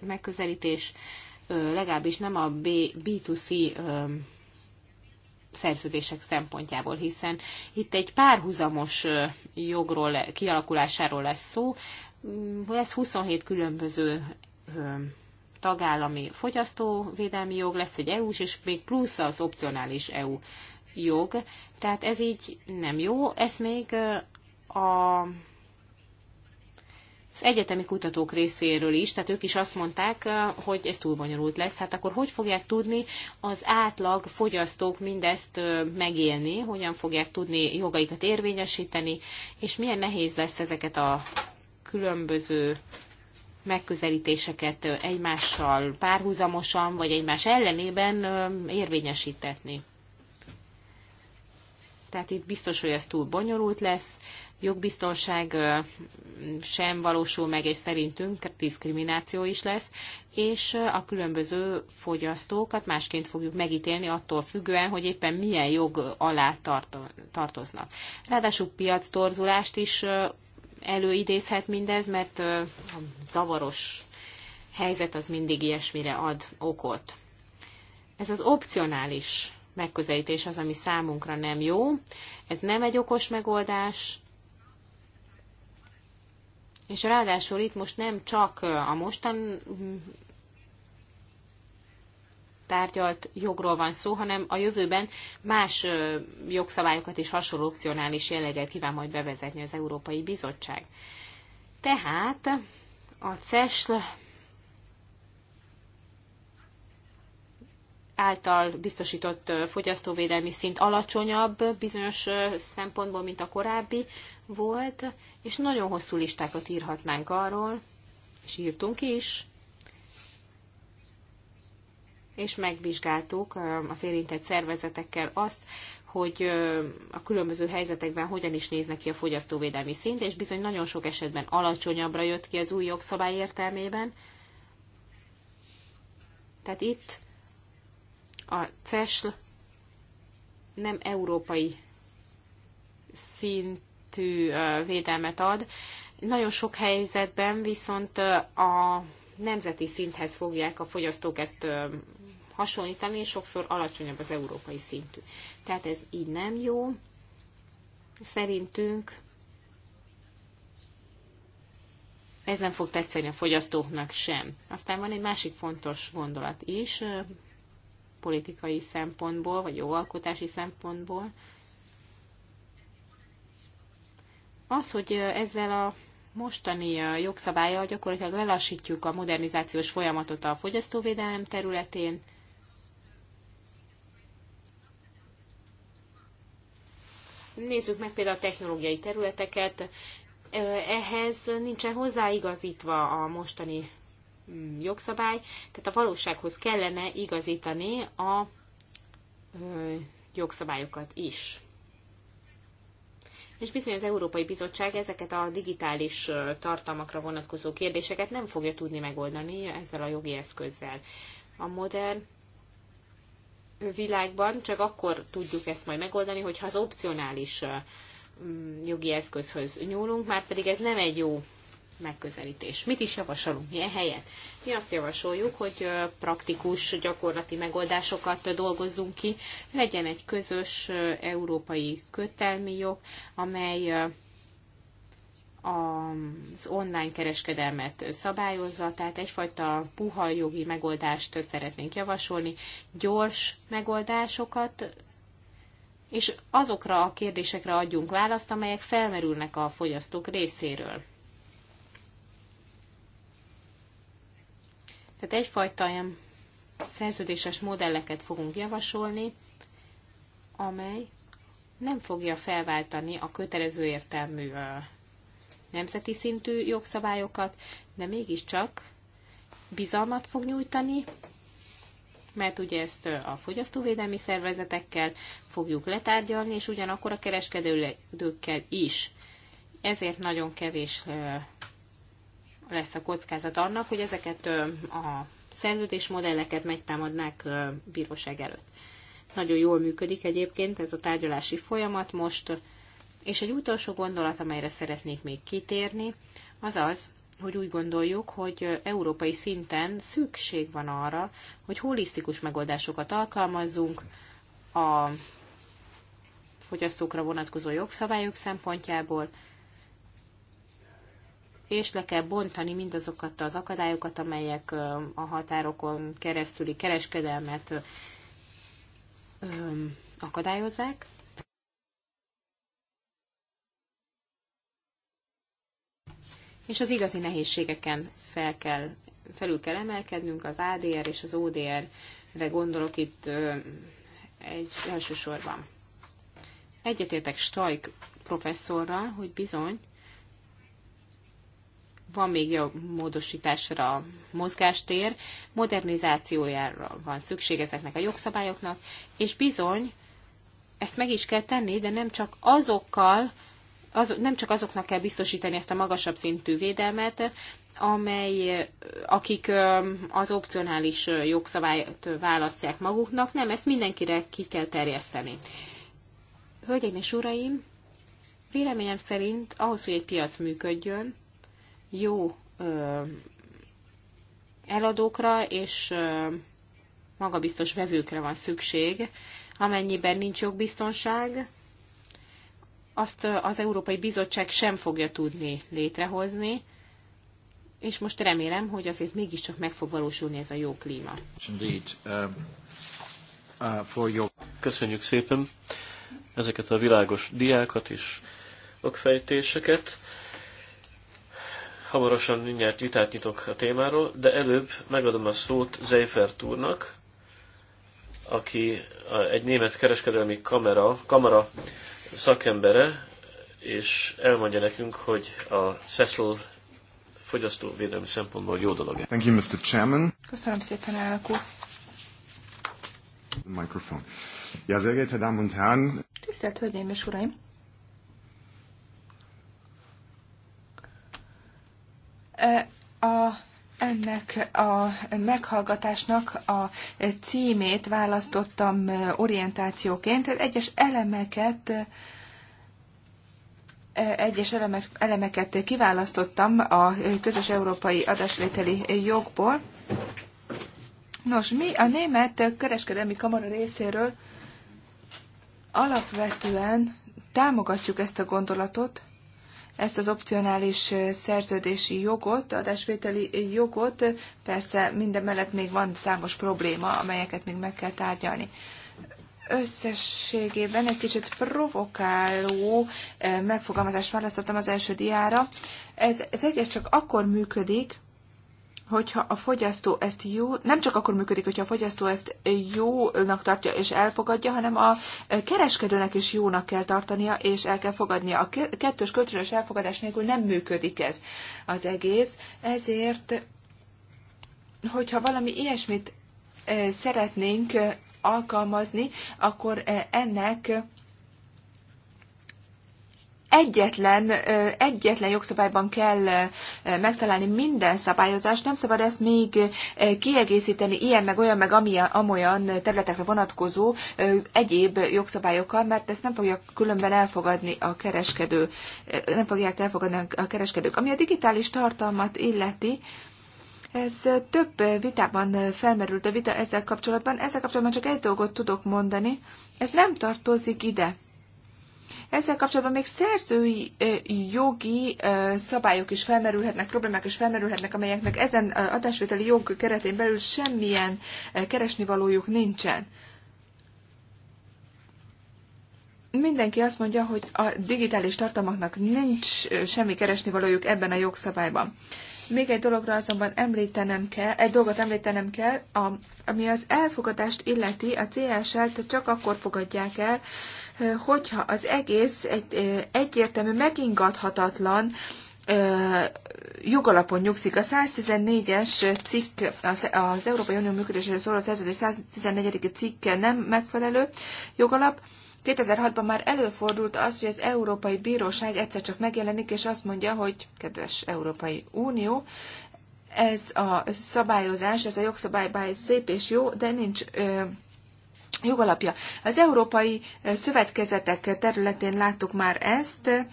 megközelítés, legalábbis nem a B, 2 c szerződések szempontjából, hiszen itt egy párhuzamos jogról, kialakulásáról lesz szó, hm, ez 27 különböző tagállami fogyasztóvédelmi jog, lesz egy EU-s, és még plusz az opcionális EU jog. Tehát ez így nem jó. Ez még a az egyetemi kutatók részéről is, tehát ők is azt mondták, hogy ez túl bonyolult lesz. Hát akkor hogy fogják tudni az átlag fogyasztók mindezt megélni, hogyan fogják tudni jogaikat érvényesíteni, és milyen nehéz lesz ezeket a különböző megközelítéseket egymással párhuzamosan, vagy egymás ellenében érvényesítetni. Tehát itt biztos, hogy ez túl bonyolult lesz, jogbiztonság sem valósul meg, és szerintünk diszkrimináció is lesz, és a különböző fogyasztókat másként fogjuk megítélni attól függően, hogy éppen milyen jog alá tartoznak. Ráadásul piac torzulást is előidézhet mindez, mert a zavaros helyzet az mindig ilyesmire ad okot. Ez az opcionális megközelítés az, ami számunkra nem jó. Ez nem egy okos megoldás, és ráadásul itt most nem csak a mostan tárgyalt jogról van szó, hanem a jövőben más jogszabályokat és hasonló opcionális jelleget kíván majd bevezetni az Európai Bizottság. Tehát a CESL által biztosított fogyasztóvédelmi szint alacsonyabb bizonyos szempontból, mint a korábbi volt, és nagyon hosszú listákat írhatnánk arról, és írtunk is, és megvizsgáltuk az érintett szervezetekkel azt, hogy a különböző helyzetekben hogyan is néz ki a fogyasztóvédelmi szint, és bizony nagyon sok esetben alacsonyabbra jött ki az új jogszabály értelmében. Tehát itt a CESL nem európai szintű védelmet ad. Nagyon sok helyzetben viszont a nemzeti szinthez fogják a fogyasztók ezt hasonlítani, és sokszor alacsonyabb az európai szintű. Tehát ez így nem jó. Szerintünk ez nem fog tetszeni a fogyasztóknak sem. Aztán van egy másik fontos gondolat is, politikai szempontból, vagy jogalkotási szempontból. Az, hogy ezzel a mostani jogszabálya gyakorlatilag lelassítjuk a modernizációs folyamatot a fogyasztóvédelem területén, Nézzük meg például a technológiai területeket. Ehhez nincsen hozzáigazítva a mostani mm, jogszabály, tehát a valósághoz kellene igazítani a jogszabályokat is. És bizony az Európai Bizottság ezeket a digitális tartalmakra vonatkozó kérdéseket nem fogja tudni megoldani ezzel a jogi eszközzel. A modern világban csak akkor tudjuk ezt majd megoldani, hogyha az opcionális mm, jogi eszközhöz nyúlunk, már pedig ez nem egy jó megközelítés. Mit is javasolunk? Milyen helyet? Mi azt javasoljuk, hogy praktikus, gyakorlati megoldásokat dolgozzunk ki. Legyen egy közös európai kötelmi jog, amely az online kereskedelmet szabályozza, tehát egyfajta puha jogi megoldást szeretnénk javasolni, gyors megoldásokat, és azokra a kérdésekre adjunk választ, amelyek felmerülnek a fogyasztók részéről. Tehát egyfajta ilyen szerződéses modelleket fogunk javasolni, amely nem fogja felváltani a kötelező értelmű nemzeti szintű jogszabályokat, de mégiscsak bizalmat fog nyújtani, mert ugye ezt a fogyasztóvédelmi szervezetekkel fogjuk letárgyalni, és ugyanakkor a kereskedőkkel is. Ezért nagyon kevés lesz a kockázat annak, hogy ezeket a szerződésmodelleket megtámadnák bíróság előtt. Nagyon jól működik egyébként ez a tárgyalási folyamat most, és egy utolsó gondolat, amelyre szeretnék még kitérni, az az, hogy úgy gondoljuk, hogy európai szinten szükség van arra, hogy holisztikus megoldásokat alkalmazzunk a fogyasztókra vonatkozó jogszabályok szempontjából, és le kell bontani mindazokat az akadályokat, amelyek a határokon keresztüli kereskedelmet akadályozzák, és az igazi nehézségeken fel kell, felül kell emelkednünk, az ADR és az ODR-re gondolok itt egy elsősorban. Egyetértek Stajk professzorral, hogy bizony van még a módosításra a mozgástér, modernizációjára van szükség ezeknek a jogszabályoknak, és bizony ezt meg is kell tenni, de nem csak azokkal, az, nem csak azoknak kell biztosítani ezt a magasabb szintű védelmet, amely, akik az opcionális jogszabályt választják maguknak, nem, ezt mindenkire ki kell terjeszteni. Hölgyeim és uraim, véleményem szerint ahhoz, hogy egy piac működjön, jó ö, eladókra és ö, magabiztos vevőkre van szükség, amennyiben nincs jogbiztonság, azt az Európai Bizottság sem fogja tudni létrehozni, és most remélem, hogy azért mégiscsak meg fog valósulni ez a jó klíma. Um, uh, Köszönjük szépen ezeket a világos diákat és okfejtéseket. Hamarosan mindjárt vitát nyitok a témáról, de előbb megadom a szót Zeifert úrnak, aki egy német kereskedelmi kamera, kamera szakembere, és elmondja nekünk, hogy a Cecil fogyasztóvédelmi szempontból jó dolog. Thank you, Mr. Chairman. Köszönöm szépen, elnök úr. Mikrofon. Ja, sehr geehrte Damen und Herren. Tisztelt Hölgyeim és Uraim! E, a ennek a meghallgatásnak a címét választottam orientációként. Egyes elemeket egyes elemek, elemeket kiválasztottam a közös európai adásvételi jogból. Nos, mi a német kereskedelmi kamara részéről alapvetően támogatjuk ezt a gondolatot, ezt az opcionális szerződési jogot, adásvételi jogot, persze minden mellett még van számos probléma, amelyeket még meg kell tárgyalni. Összességében egy kicsit provokáló megfogalmazást választottam az első diára. Ez, ez egész csak akkor működik, hogyha a fogyasztó ezt jó, nem csak akkor működik, hogyha a fogyasztó ezt jónak tartja és elfogadja, hanem a kereskedőnek is jónak kell tartania és el kell fogadnia. A kettős kölcsönös elfogadás nélkül nem működik ez az egész, ezért hogyha valami ilyesmit eh, szeretnénk eh, alkalmazni, akkor eh, ennek egyetlen, egyetlen jogszabályban kell megtalálni minden szabályozást, nem szabad ezt még kiegészíteni ilyen, meg olyan, meg amilyen, amolyan területekre vonatkozó egyéb jogszabályokkal, mert ezt nem fogja különben elfogadni a kereskedő, nem fogják elfogadni a kereskedők. Ami a digitális tartalmat illeti, ez több vitában felmerült a vita ezzel kapcsolatban. Ezzel kapcsolatban csak egy dolgot tudok mondani. Ez nem tartozik ide. Ezzel kapcsolatban még szerzői jogi szabályok is felmerülhetnek, problémák is felmerülhetnek, amelyeknek ezen adásvételi jog keretén belül semmilyen keresnivalójuk nincsen. Mindenki azt mondja, hogy a digitális tartalmaknak nincs semmi keresnivalójuk ebben a jogszabályban. Még egy dologra azonban említenem kell, egy dolgot említenem kell, ami az elfogadást illeti, a CSL-t csak akkor fogadják el, hogyha az egész egy, egyértelmű, megingathatatlan jogalapon nyugszik. A 114-es cikk, az Európai Unió működésére szóló 114. cikke nem megfelelő jogalap. 2006-ban már előfordult az, hogy az Európai Bíróság egyszer csak megjelenik, és azt mondja, hogy kedves Európai Unió, ez a szabályozás, ez a jogszabály szép és jó, de nincs ö, jogalapja. Az európai szövetkezetek területén láttuk már ezt,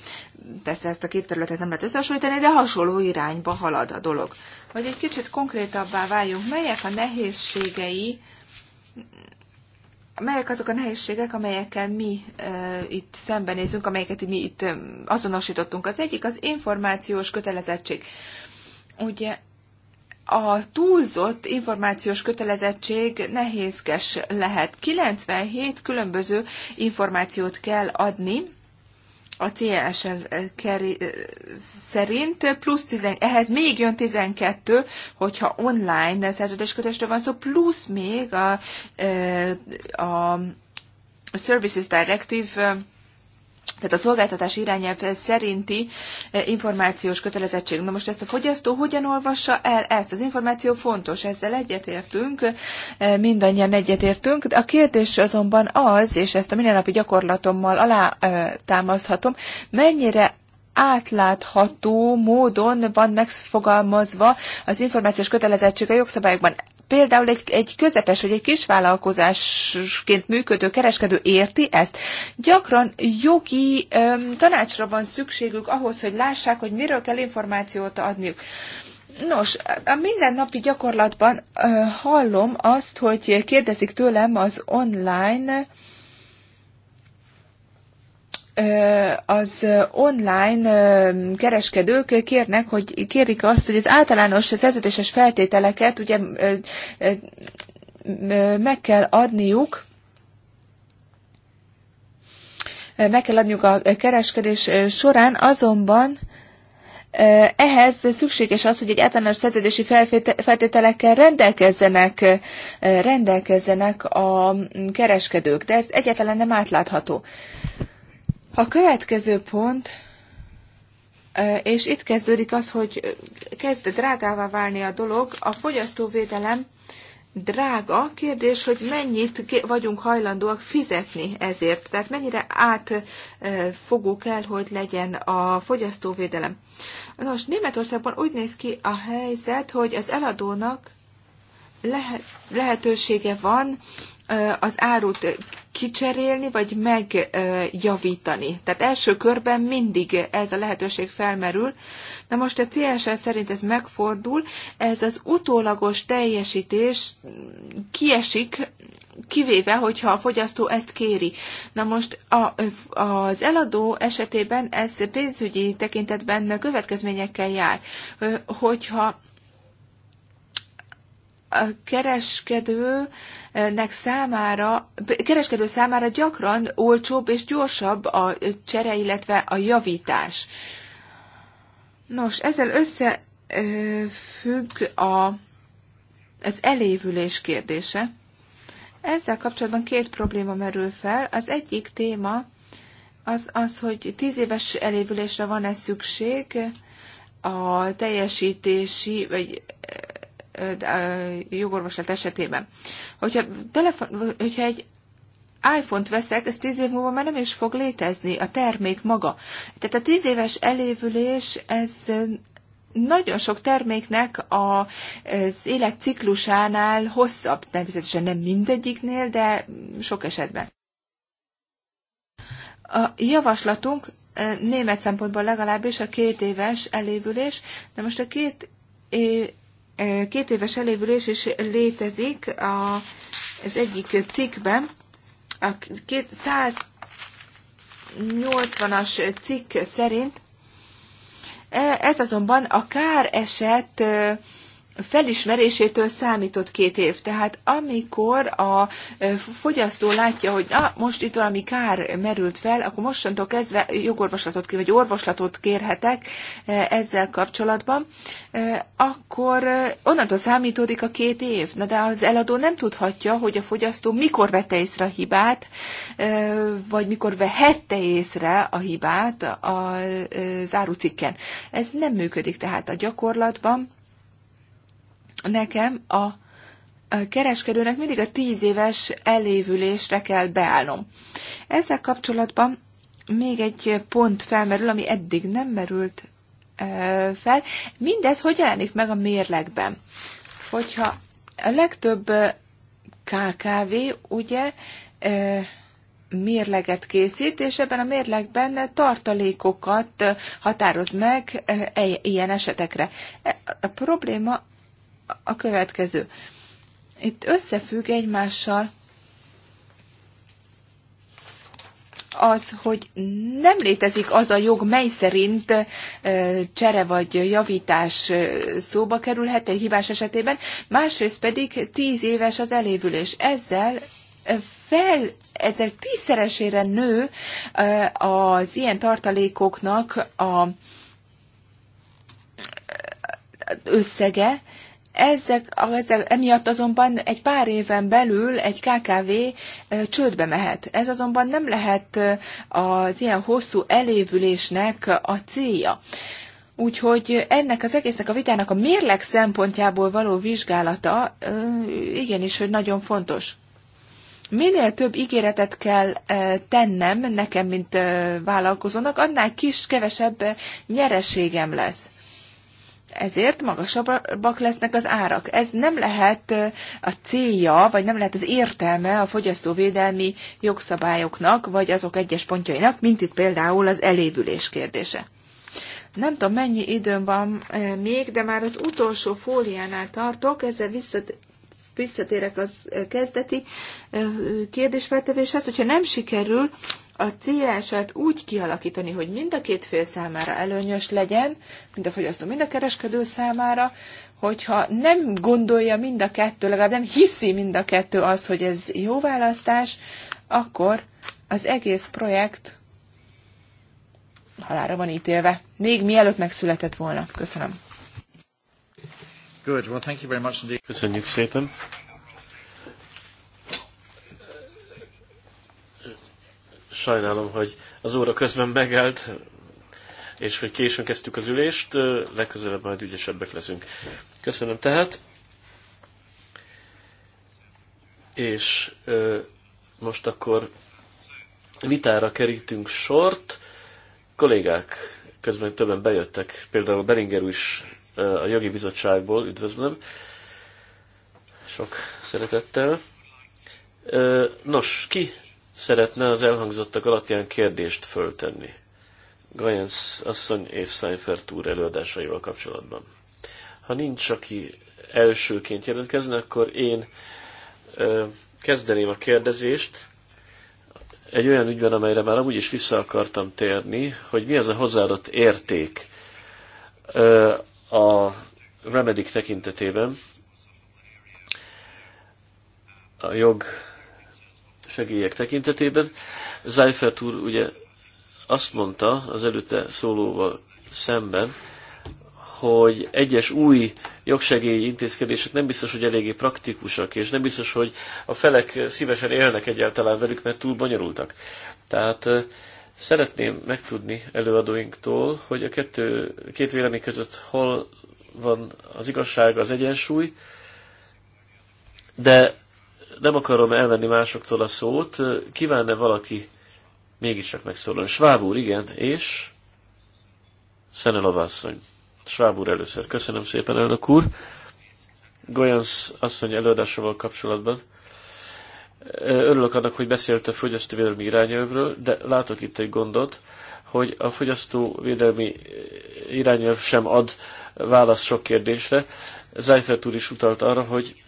persze ezt a két területet nem lehet összehasonlítani, de hasonló irányba halad a dolog. Hogy egy kicsit konkrétabbá váljunk, melyek a nehézségei, melyek azok a nehézségek, amelyekkel mi e, itt szembenézünk, amelyeket mi itt azonosítottunk. Az egyik az információs kötelezettség. Ugye a túlzott információs kötelezettség nehézkes lehet. 97 különböző információt kell adni a CSL eh, eh, szerint, plusz 10, ehhez még jön 12, hogyha online szerződéskötésről van szó, plusz még a, eh, a Services Directive tehát a szolgáltatás irányelv szerinti eh, információs kötelezettség. Na most ezt a fogyasztó hogyan olvassa el ezt? Az információ fontos, ezzel egyetértünk, eh, mindannyian egyetértünk. A kérdés azonban az, és ezt a mindennapi gyakorlatommal alátámaszthatom, eh, mennyire átlátható módon van megfogalmazva az információs kötelezettség a jogszabályokban például egy, egy közepes vagy egy kisvállalkozásként működő kereskedő érti ezt. Gyakran jogi öm, tanácsra van szükségük ahhoz, hogy lássák, hogy miről kell információt adniuk. Nos, a mindennapi gyakorlatban ö, hallom azt, hogy kérdezik tőlem az online az online kereskedők kérnek, hogy kérik azt, hogy az általános szerződéses feltételeket ugye meg kell adniuk, meg kell adniuk a kereskedés során, azonban ehhez szükséges az, hogy egy általános szerződési feltételekkel rendelkezzenek, rendelkezzenek a kereskedők, de ez egyáltalán nem átlátható. A következő pont, és itt kezdődik az, hogy kezd drágává válni a dolog, a fogyasztóvédelem drága kérdés, hogy mennyit vagyunk hajlandóak fizetni ezért. Tehát mennyire átfogó kell, hogy legyen a fogyasztóvédelem. Nos, Németországban úgy néz ki a helyzet, hogy az eladónak lehetősége van az árut kicserélni, vagy megjavítani. Tehát első körben mindig ez a lehetőség felmerül. Na most a CSL szerint ez megfordul, ez az utólagos teljesítés kiesik, kivéve, hogyha a fogyasztó ezt kéri. Na most a, az eladó esetében ez pénzügyi tekintetben következményekkel jár. Hogyha a kereskedőnek számára, kereskedő számára gyakran olcsóbb és gyorsabb a csere, illetve a javítás. Nos, ezzel összefügg a, az elévülés kérdése. Ezzel kapcsolatban két probléma merül fel. Az egyik téma az, az hogy tíz éves elévülésre van-e szükség a teljesítési, vagy jogorvoslat esetében. Hogyha, telefon, hogyha egy iPhone-t veszek, ez tíz év múlva már nem is fog létezni, a termék maga. Tehát a tíz éves elévülés, ez nagyon sok terméknek a, az életciklusánál hosszabb, természetesen nem mindegyiknél, de sok esetben. A javaslatunk német szempontból legalábbis a két éves elévülés, de most a két két éves elévülés is létezik a, az egyik cikkben, a 180-as cikk szerint e, ez azonban a kár eset felismerésétől számított két év. Tehát amikor a fogyasztó látja, hogy na, most itt valami kár merült fel, akkor mostantól kezdve jogorvoslatot, vagy orvoslatot kérhetek ezzel kapcsolatban, akkor onnantól számítódik a két év. Na de az eladó nem tudhatja, hogy a fogyasztó mikor vette észre a hibát, vagy mikor vehette észre a hibát a zárucikken. Ez nem működik tehát a gyakorlatban nekem a kereskedőnek mindig a tíz éves elévülésre kell beállnom. Ezzel kapcsolatban még egy pont felmerül, ami eddig nem merült e, fel. Mindez hogy jelenik meg a mérlegben? Hogyha a legtöbb e, KKV, ugye, e, mérleget készít, és ebben a mérlegben tartalékokat határoz meg ilyen esetekre. A probléma a következő. Itt összefügg egymással az, hogy nem létezik az a jog, mely szerint csere vagy javítás szóba kerülhet egy hibás esetében, másrészt pedig tíz éves az elévülés. Ezzel fel, ezzel tízszeresére nő az ilyen tartalékoknak a összege, ezek, ezek, emiatt azonban egy pár éven belül egy KKV csődbe mehet. Ez azonban nem lehet az ilyen hosszú elévülésnek a célja. Úgyhogy ennek az egésznek a vitának a mérleg szempontjából való vizsgálata igenis, hogy nagyon fontos. Minél több ígéretet kell tennem nekem, mint vállalkozónak, annál kis, kevesebb nyereségem lesz ezért magasabbak lesznek az árak. Ez nem lehet a célja, vagy nem lehet az értelme a fogyasztóvédelmi jogszabályoknak, vagy azok egyes pontjainak, mint itt például az elévülés kérdése. Nem tudom, mennyi időm van még, de már az utolsó fóliánál tartok, ezzel visszat, visszatérek az kezdeti kérdésfeltevéshez, hogyha nem sikerül a céljását úgy kialakítani, hogy mind a két fél számára előnyös legyen, mind a fogyasztó, mind a kereskedő számára, hogyha nem gondolja mind a kettő, legalább nem hiszi mind a kettő az, hogy ez jó választás, akkor az egész projekt halára van ítélve, még mielőtt megszületett volna. Köszönöm. Good. Well, thank you very much indeed. Köszönjük szépen. Sajnálom, hogy az óra közben megállt, és hogy későn kezdtük az ülést, legközelebb majd ügyesebbek leszünk. Köszönöm tehát. És ö, most akkor vitára kerítünk sort. Kollégák közben többen bejöttek, például Beringer is ö, a jogi bizottságból, üdvözlöm. Sok szeretettel. Ö, nos, ki szeretne az elhangzottak alapján kérdést föltenni. Gajens asszony és Seinfeld úr előadásaival kapcsolatban. Ha nincs, aki elsőként jelentkezne, akkor én ö, kezdeném a kérdezést egy olyan ügyben, amelyre már amúgy is vissza akartam térni, hogy mi az a hozzáadott érték ö, a remedik tekintetében, a jog segélyek tekintetében. Zajfert úr ugye azt mondta az előtte szólóval szemben, hogy egyes új jogsegélyi intézkedések nem biztos, hogy eléggé praktikusak, és nem biztos, hogy a felek szívesen élnek egyáltalán velük, mert túl bonyolultak. Tehát szeretném megtudni előadóinktól, hogy a kettő, két vélemény között hol van az igazság, az egyensúly, de nem akarom elvenni másoktól a szót, kívánne valaki mégiscsak megszólalni. Schwab úr, igen, és Szenelov asszony. Schwab úr először. Köszönöm szépen, elnök úr. Golyansz asszony előadásával kapcsolatban. Örülök annak, hogy beszélt a fogyasztóvédelmi irányelvről, de látok itt egy gondot, hogy a fogyasztóvédelmi irányelv sem ad választ sok kérdésre. Zajfert úr is utalt arra, hogy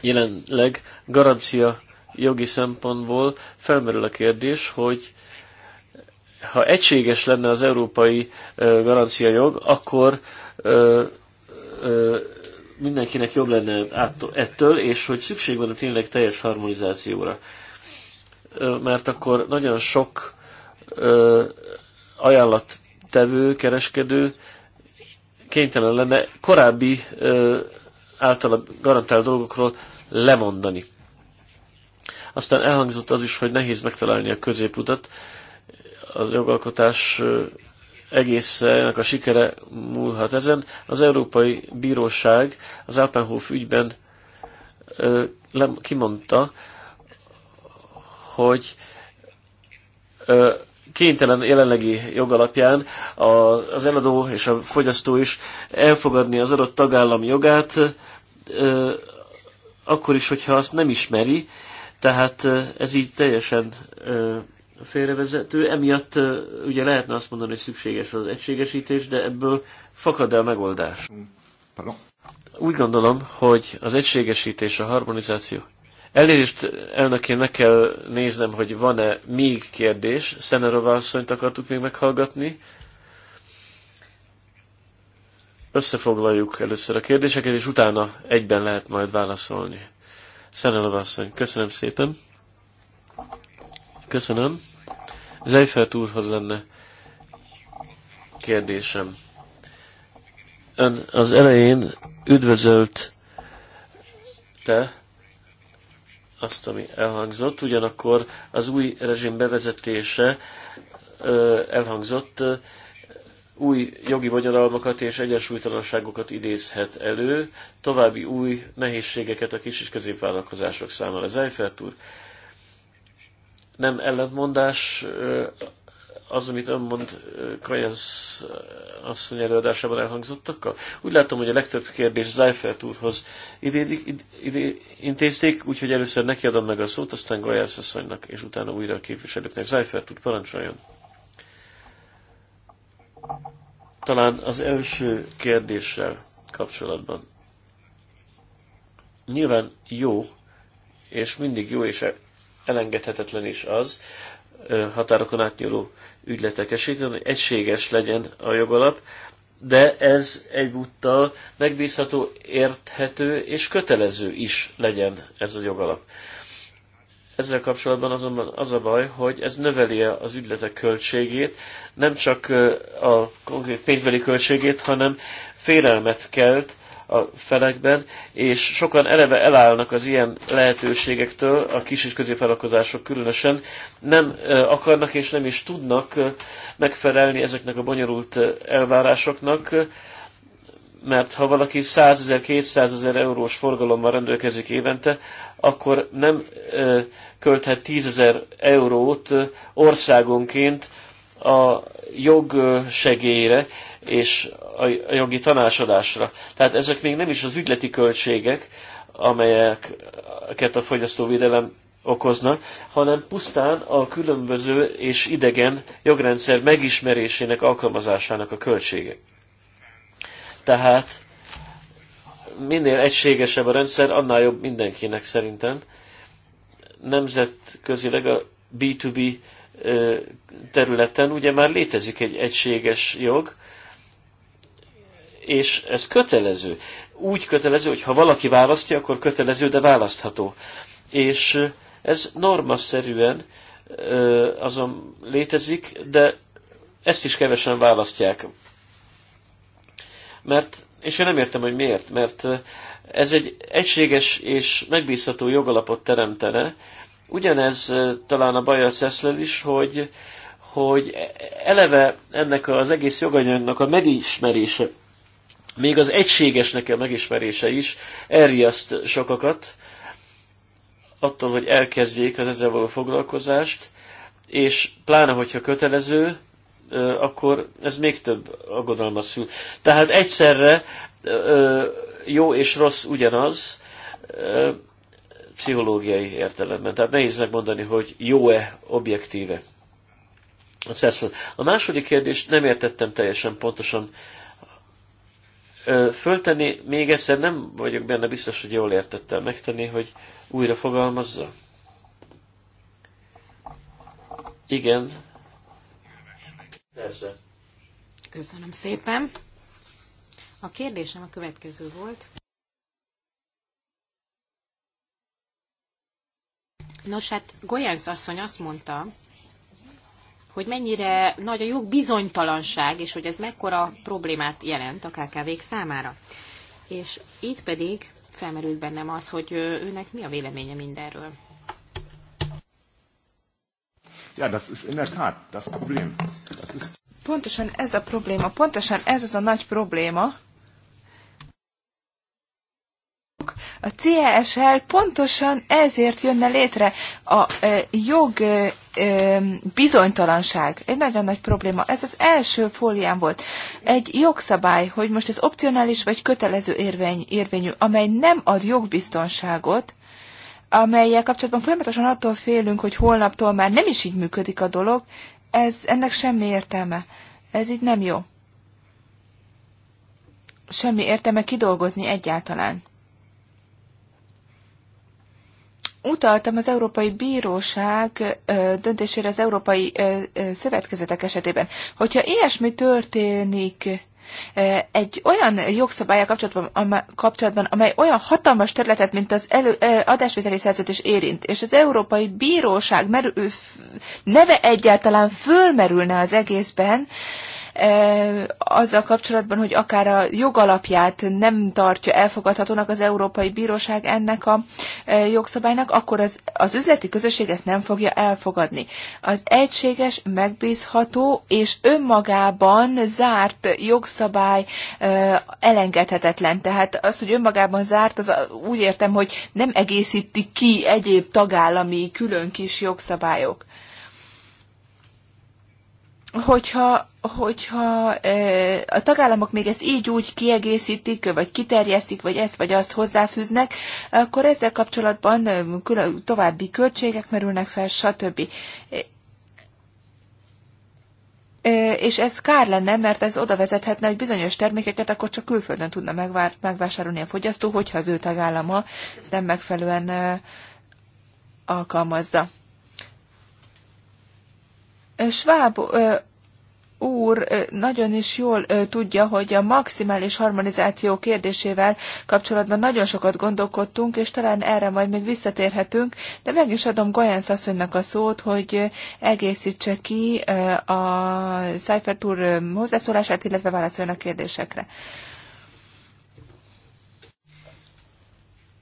jelenleg garancia jogi szempontból felmerül a kérdés, hogy ha egységes lenne az európai garancia jog, akkor mindenkinek jobb lenne ettől, és hogy szükség van a tényleg teljes harmonizációra. Mert akkor nagyon sok ajánlattevő, kereskedő kénytelen lenne korábbi általa garantált dolgokról lemondani. Aztán elhangzott az is, hogy nehéz megtalálni a középutat. Az jogalkotás egésznek a sikere múlhat ezen. Az Európai Bíróság az Alpenhof ügyben kimondta, hogy kénytelen jelenlegi jogalapján az eladó és a fogyasztó is elfogadni az adott tagállami jogát, akkor is, hogyha azt nem ismeri, tehát ez így teljesen félrevezető. Emiatt ugye lehetne azt mondani, hogy szükséges az egységesítés, de ebből fakad el a megoldás. Pardon. Úgy gondolom, hogy az egységesítés, a harmonizáció. Elnézést, elnökén meg kell néznem, hogy van-e még kérdés. Szenerova asszonyt akartuk még meghallgatni összefoglaljuk először a kérdéseket, és utána egyben lehet majd válaszolni. Szenelov asszony, köszönöm szépen. Köszönöm. Zeifert úrhoz lenne kérdésem. Ön az elején üdvözölt te azt, ami elhangzott, ugyanakkor az új rezsim bevezetése elhangzott, új jogi bonyodalmakat és egyensúlytalanságokat idézhet elő, további új nehézségeket a kis és középvállalkozások számára. Az Eiffelt úr nem ellentmondás az, amit ön mond Kajasz asszony előadásában elhangzottakkal? Úgy látom, hogy a legtöbb kérdés Zeifert úrhoz ide, ide, intézték, úgyhogy először neki adom meg a szót, aztán Gajász asszonynak, és utána újra a képviselőknek. Zeifert úr, parancsoljon! Talán az első kérdéssel kapcsolatban. Nyilván jó, és mindig jó, és elengedhetetlen is az, határokon átnyúló ügyletek esélyt, hogy egységes legyen a jogalap, de ez egyúttal megbízható, érthető és kötelező is legyen ez a jogalap. Ezzel kapcsolatban azonban az a baj, hogy ez növeli -e az ügyletek költségét, nem csak a konkrét pénzbeli költségét, hanem félelmet kelt a felekben, és sokan eleve elállnak az ilyen lehetőségektől, a kis és középvállalkozások különösen, nem akarnak és nem is tudnak megfelelni ezeknek a bonyolult elvárásoknak, mert ha valaki 100 ezer, 200 ezer eurós forgalommal rendelkezik évente, akkor nem költhet tízezer eurót országonként a jogsegélyre és a jogi tanácsadásra. Tehát ezek még nem is az ügyleti költségek, amelyeket a fogyasztóvédelem okozna, hanem pusztán a különböző és idegen jogrendszer megismerésének, alkalmazásának a költsége. Tehát minél egységesebb a rendszer, annál jobb mindenkinek szerintem. Nemzetközileg a B2B területen ugye már létezik egy egységes jog, és ez kötelező. Úgy kötelező, hogy ha valaki választja, akkor kötelező, de választható. És ez normaszerűen azon létezik, de ezt is kevesen választják. Mert és én nem értem, hogy miért, mert ez egy egységes és megbízható jogalapot teremtene. Ugyanez talán a baj a Szeszlel is, hogy, hogy eleve ennek az egész joganyagnak a megismerése, még az egységesnek a megismerése is elriaszt sokakat attól, hogy elkezdjék az ezzel való foglalkozást, és pláne, hogyha kötelező, akkor ez még több aggodalmat szül. Tehát egyszerre jó és rossz ugyanaz pszichológiai értelemben. Tehát nehéz megmondani, hogy jó-e objektíve. A második kérdést nem értettem teljesen pontosan. Föltenni még egyszer nem vagyok benne biztos, hogy jól értettem. Megtenni, hogy újra fogalmazza? Igen, Persze. Köszönöm szépen. A kérdésem a következő volt. Nos, hát Goyens asszony azt mondta, hogy mennyire nagy a jogbizonytalanság, és hogy ez mekkora problémát jelent a kkv számára. És itt pedig felmerült bennem az, hogy őnek mi a véleménye mindenről. Ja, das ist in der Tat das Problem. Das ist pontosan ez a probléma, pontosan ez az a nagy probléma. A CSL e pontosan ezért jönne létre a e, jog e, e, bizonytalanság. Egy nagyon nagy probléma. Ez az első fólián volt. Egy jogszabály, hogy most ez opcionális vagy kötelező érvény, érvényű, amely nem ad jogbiztonságot, amelyel kapcsolatban folyamatosan attól félünk, hogy holnaptól már nem is így működik a dolog, ez, ennek semmi értelme. Ez így nem jó. Semmi értelme kidolgozni egyáltalán. Utaltam az Európai Bíróság döntésére az Európai Szövetkezetek esetében. Hogyha ilyesmi történik, egy olyan jogszabályá kapcsolatban, kapcsolatban, amely olyan hatalmas területet, mint az elő, adásvételi szerződés érint, és az Európai Bíróság merül, neve egyáltalán fölmerülne az egészben, azzal kapcsolatban, hogy akár a jogalapját nem tartja elfogadhatónak az Európai Bíróság ennek a jogszabálynak, akkor az, az üzleti közösség ezt nem fogja elfogadni. Az egységes, megbízható és önmagában zárt jogszabály elengedhetetlen. Tehát az, hogy önmagában zárt, az úgy értem, hogy nem egészíti ki egyéb tagállami külön kis jogszabályok hogyha, hogyha a tagállamok még ezt így úgy kiegészítik, vagy kiterjesztik, vagy ezt vagy azt hozzáfűznek, akkor ezzel kapcsolatban további költségek merülnek fel, stb. És ez kár lenne, mert ez oda vezethetne, hogy bizonyos termékeket akkor csak külföldön tudna megvár, megvásárolni a fogyasztó, hogyha az ő tagállama nem megfelelően alkalmazza. Schwab úr nagyon is jól tudja, hogy a maximális harmonizáció kérdésével kapcsolatban nagyon sokat gondolkodtunk, és talán erre majd még visszatérhetünk, de meg is adom Goyens asszonynak a szót, hogy egészítse ki a Seifert úr hozzászólását, illetve válaszoljon a kérdésekre.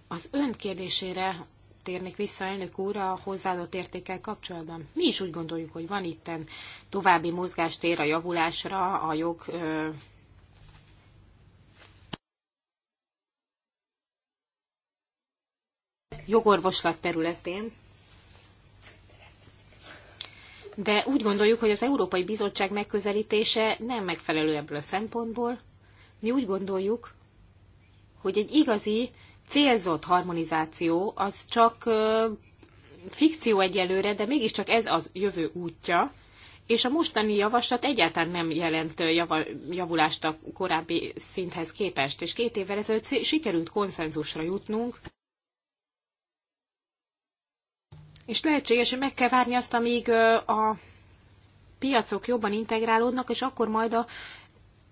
Az ön kérdésére térnék vissza, elnök úr, a hozzáadott értékkel kapcsolatban. Mi is úgy gondoljuk, hogy van itten további mozgástér a javulásra, a jog jogorvoslat területén, de úgy gondoljuk, hogy az Európai Bizottság megközelítése nem megfelelő ebből a szempontból. Mi úgy gondoljuk, hogy egy igazi célzott harmonizáció az csak fikció egyelőre, de mégiscsak ez az jövő útja, és a mostani javaslat egyáltalán nem jelent javulást a korábbi szinthez képest, és két évvel ezelőtt sikerült konszenzusra jutnunk, és lehetséges, hogy meg kell várni azt, amíg a piacok jobban integrálódnak, és akkor majd a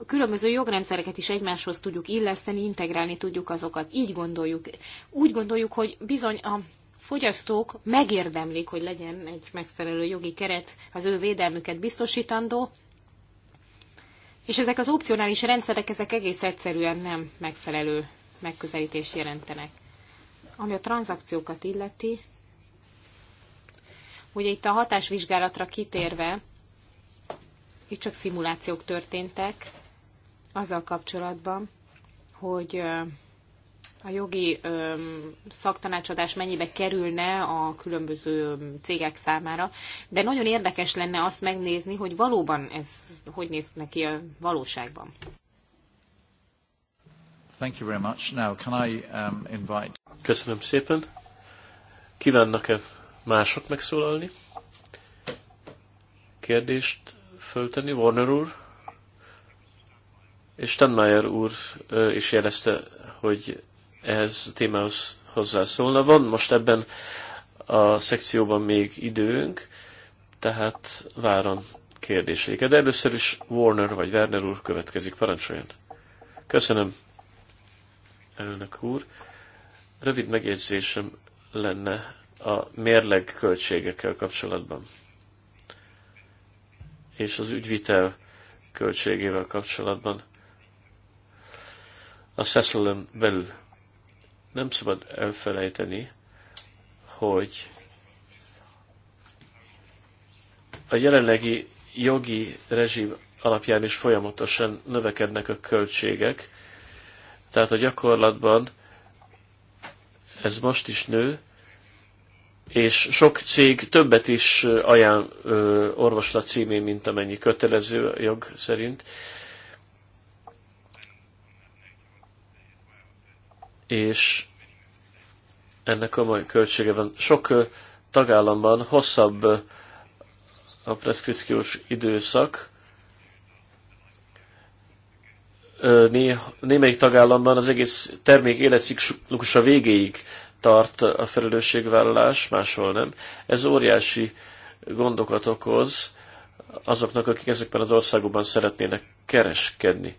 a különböző jogrendszereket is egymáshoz tudjuk illeszteni, integrálni tudjuk azokat. Így gondoljuk. Úgy gondoljuk, hogy bizony a fogyasztók megérdemlik, hogy legyen egy megfelelő jogi keret az ő védelmüket biztosítandó, és ezek az opcionális rendszerek, ezek egész egyszerűen nem megfelelő megközelítést jelentenek. Ami a tranzakciókat illeti, ugye itt a hatásvizsgálatra kitérve, itt csak szimulációk történtek, azzal kapcsolatban, hogy a jogi szaktanácsadás mennyibe kerülne a különböző cégek számára, de nagyon érdekes lenne azt megnézni, hogy valóban ez hogy néz neki a valóságban. Thank you very much. Now, can I um, invite... Köszönöm szépen. Kívánnak-e mások megszólalni? Kérdést föltenni, Warner úr? és Stanmeier úr is jelezte, hogy ehhez a témához hozzászólna. Van most ebben a szekcióban még időnk, tehát várom kérdéseiket. De először is Warner vagy Werner úr következik, parancsoljon. Köszönöm, elnök úr. Rövid megjegyzésem lenne a mérleg költségekkel kapcsolatban és az ügyvitel költségével kapcsolatban a cecil belül. Nem szabad elfelejteni, hogy a jelenlegi jogi rezsim alapján is folyamatosan növekednek a költségek, tehát a gyakorlatban ez most is nő, és sok cég többet is ajánl orvoslat címén, mint amennyi kötelező jog szerint. és ennek komoly költsége van. Sok tagállamban hosszabb a preszkriciós időszak. Némelyik tagállamban az egész termék életciklusa végéig tart a felelősségvállalás, máshol nem. Ez óriási gondokat okoz azoknak, akik ezekben az országokban szeretnének kereskedni.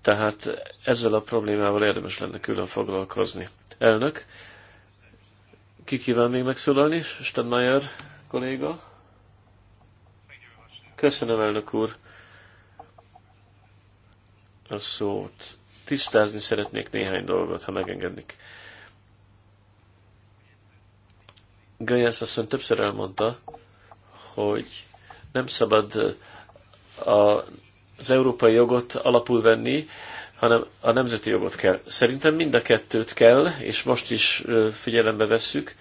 Tehát ezzel a problémával érdemes lenne külön foglalkozni. Elnök, ki kíván még megszólalni? Stadmeier kolléga? Köszönöm, elnök úr, a szót. Tisztázni szeretnék néhány dolgot, ha megengedik. Gönyes asszony többször elmondta, hogy nem szabad a az európai jogot alapul venni, hanem a nemzeti jogot kell. Szerintem mind a kettőt kell, és most is figyelembe vesszük,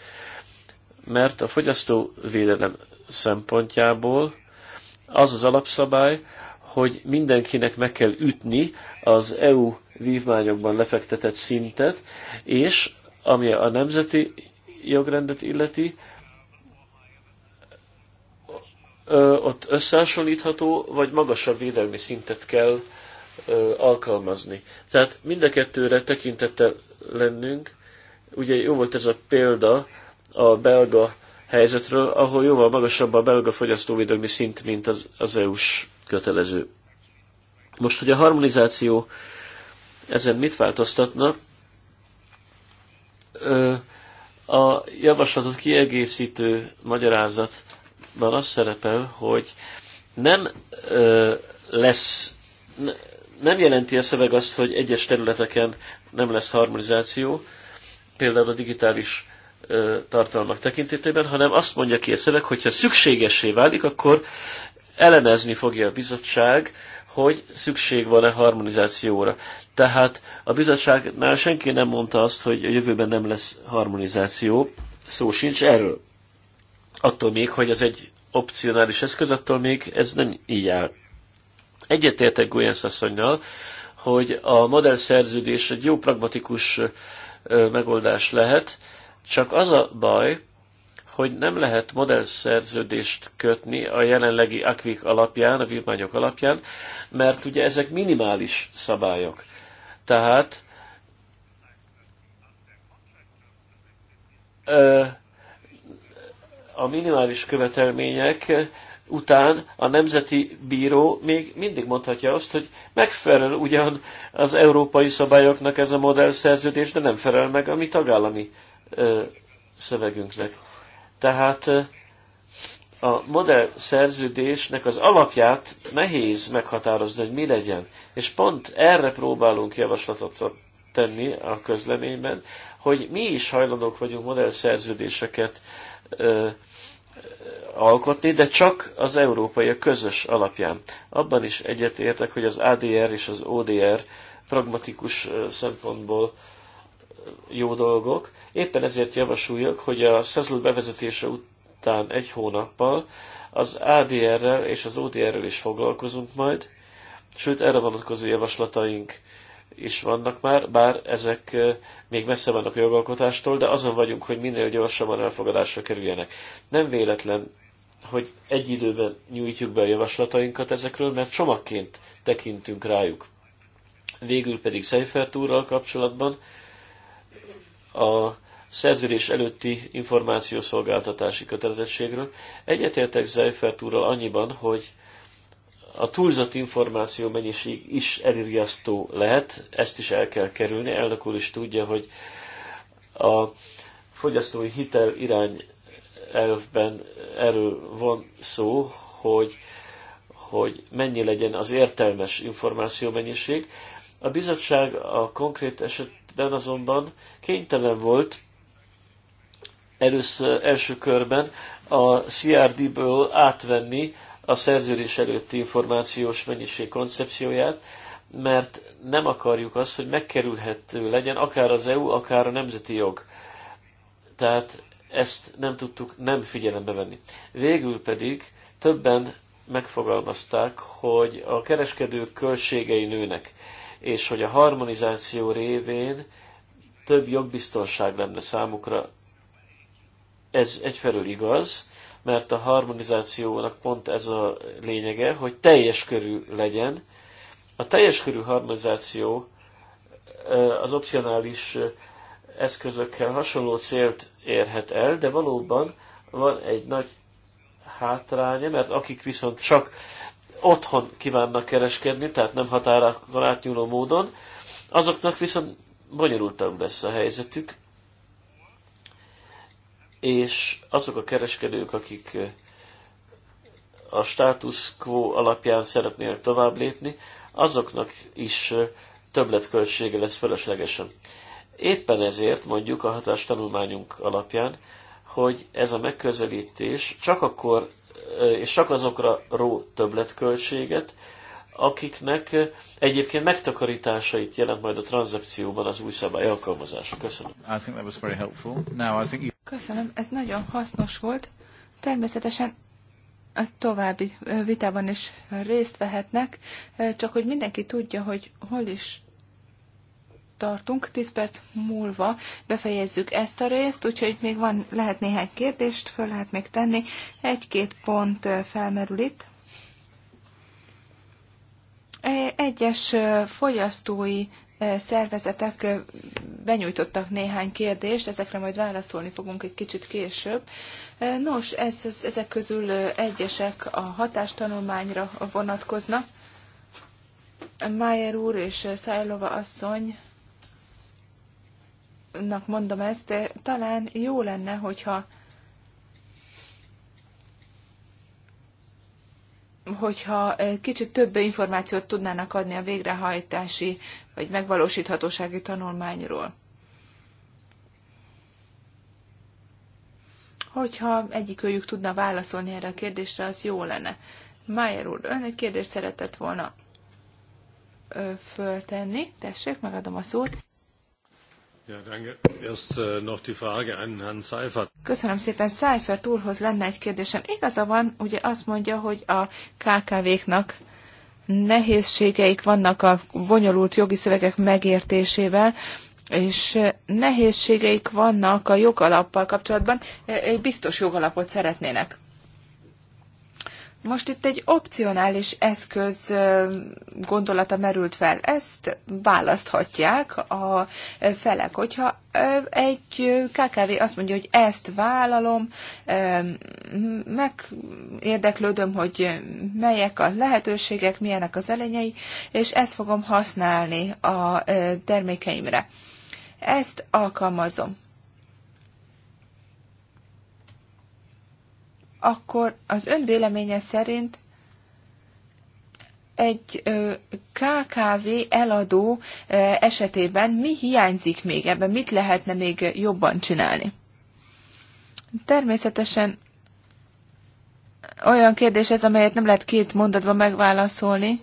mert a fogyasztóvédelem szempontjából az az alapszabály, hogy mindenkinek meg kell ütni az EU vívmányokban lefektetett szintet, és ami a nemzeti jogrendet illeti, ott összehasonlítható, vagy magasabb védelmi szintet kell alkalmazni. Tehát mind a kettőre tekintettel lennünk. Ugye jó volt ez a példa a belga helyzetről, ahol jóval magasabb a belga fogyasztóvédelmi szint, mint az, az EU-s kötelező. Most, hogy a harmonizáció ezen mit változtatna, a javaslatot kiegészítő magyarázat javaslatban az szerepel, hogy nem ö, lesz, nem jelenti a szöveg azt, hogy egyes területeken nem lesz harmonizáció, például a digitális ö, tartalmak tekintetében, hanem azt mondja ki a szöveg, hogyha szükségessé válik, akkor elemezni fogja a bizottság, hogy szükség van-e harmonizációra. Tehát a bizottságnál senki nem mondta azt, hogy a jövőben nem lesz harmonizáció, szó sincs erről attól még, hogy ez egy opcionális eszköz, attól még ez nem így áll. Egyetértek Gulyens Szaszonynal, hogy a modellszerződés egy jó pragmatikus megoldás lehet, csak az a baj, hogy nem lehet modellszerződést kötni a jelenlegi akvik alapján, a vívmányok alapján, mert ugye ezek minimális szabályok. Tehát ö, a minimális követelmények után a nemzeti bíró még mindig mondhatja azt, hogy megfelel ugyan az európai szabályoknak ez a szerződés, de nem felel meg a mi tagállami ö, szövegünknek. Tehát a szerződésnek az alapját nehéz meghatározni, hogy mi legyen. És pont erre próbálunk javaslatot tenni a közleményben, hogy mi is hajlandók vagyunk modell szerződéseket ö, alkotni, de csak az európai a közös alapján. Abban is egyetértek, hogy az ADR és az ODR pragmatikus szempontból jó dolgok. Éppen ezért javasoljuk, hogy a Szezl bevezetése után egy hónappal az ADR-rel és az ODR-rel is foglalkozunk majd, sőt erre vonatkozó javaslataink is vannak már, bár ezek még messze vannak a jogalkotástól, de azon vagyunk, hogy minél gyorsabban elfogadásra kerüljenek. Nem véletlen, hogy egy időben nyújtjuk be a javaslatainkat ezekről, mert csomagként tekintünk rájuk. Végül pedig Seifert úrral kapcsolatban a szerződés előtti információszolgáltatási kötelezettségről. Egyetértek Seifert úrral annyiban, hogy a túlzott információ mennyiség is elirjasztó lehet, ezt is el kell kerülni. Elnök úr is tudja, hogy a fogyasztói hitel irány elvben erről van szó, hogy, hogy mennyi legyen az értelmes információ mennyiség. A bizottság a konkrét esetben azonban kénytelen volt először, első körben a CRD-ből átvenni a szerződés előtti információs mennyiség koncepcióját, mert nem akarjuk azt, hogy megkerülhető legyen akár az EU, akár a nemzeti jog. Tehát ezt nem tudtuk nem figyelembe venni. Végül pedig többen megfogalmazták, hogy a kereskedők költségei nőnek, és hogy a harmonizáció révén több jogbiztonság lenne számukra. Ez egyfelől igaz, mert a harmonizációnak pont ez a lényege, hogy teljes körű legyen. A teljes körű harmonizáció az opcionális eszközökkel hasonló célt érhet el, de valóban van egy nagy hátránya, mert akik viszont csak otthon kívánnak kereskedni, tehát nem határa átnyúló módon, azoknak viszont bonyolultabb lesz a helyzetük, és azok a kereskedők, akik eh, a status quo alapján szeretnének tovább lépni, azoknak is eh, többletköltsége lesz fölöslegesen. Éppen ezért mondjuk a tanulmányunk alapján, hogy ez a megközelítés csak akkor, eh, és csak azokra ró többletköltséget, akiknek eh, egyébként megtakarításait jelent majd a tranzakcióban az új szabály alkalmazása. Köszönöm. I think that was very helpful. Now I think you... Köszönöm, ez nagyon hasznos volt. Természetesen a további eh, vitában is részt vehetnek, eh, csak hogy mindenki tudja, hogy hol is tartunk. Tíz perc múlva befejezzük ezt a részt, úgyhogy még van, lehet néhány kérdést, föl lehet még tenni. Egy-két pont felmerül itt. E, egyes fogyasztói szervezetek benyújtottak néhány kérdést, ezekre majd válaszolni fogunk egy kicsit később. E, nos, ez, ez, ezek közül egyesek a hatástanulmányra vonatkoznak. Mayer úr és Szájlova asszony mondom ezt, talán jó lenne, hogyha hogyha kicsit több információt tudnának adni a végrehajtási vagy megvalósíthatósági tanulmányról. Hogyha egyikőjük tudna válaszolni erre a kérdésre, az jó lenne. Májer úr, ön egy kérdést szeretett volna föltenni. Tessék, megadom a szót. Äh, Köszönöm szépen. Seifert úrhoz lenne egy kérdésem. Igaza van, ugye azt mondja, hogy a KKV-knak nehézségeik vannak a bonyolult jogi szövegek megértésével, és nehézségeik vannak a jogalappal kapcsolatban, egy biztos jogalapot szeretnének. Most itt egy opcionális eszköz gondolata merült fel. Ezt választhatják a felek, hogyha egy KKV azt mondja, hogy ezt vállalom, megérdeklődöm, hogy melyek a lehetőségek, milyenek az elényei, és ezt fogom használni a termékeimre. Ezt alkalmazom. akkor az ön véleménye szerint egy KKV eladó esetében mi hiányzik még ebben, mit lehetne még jobban csinálni? Természetesen olyan kérdés ez, amelyet nem lehet két mondatban megválaszolni.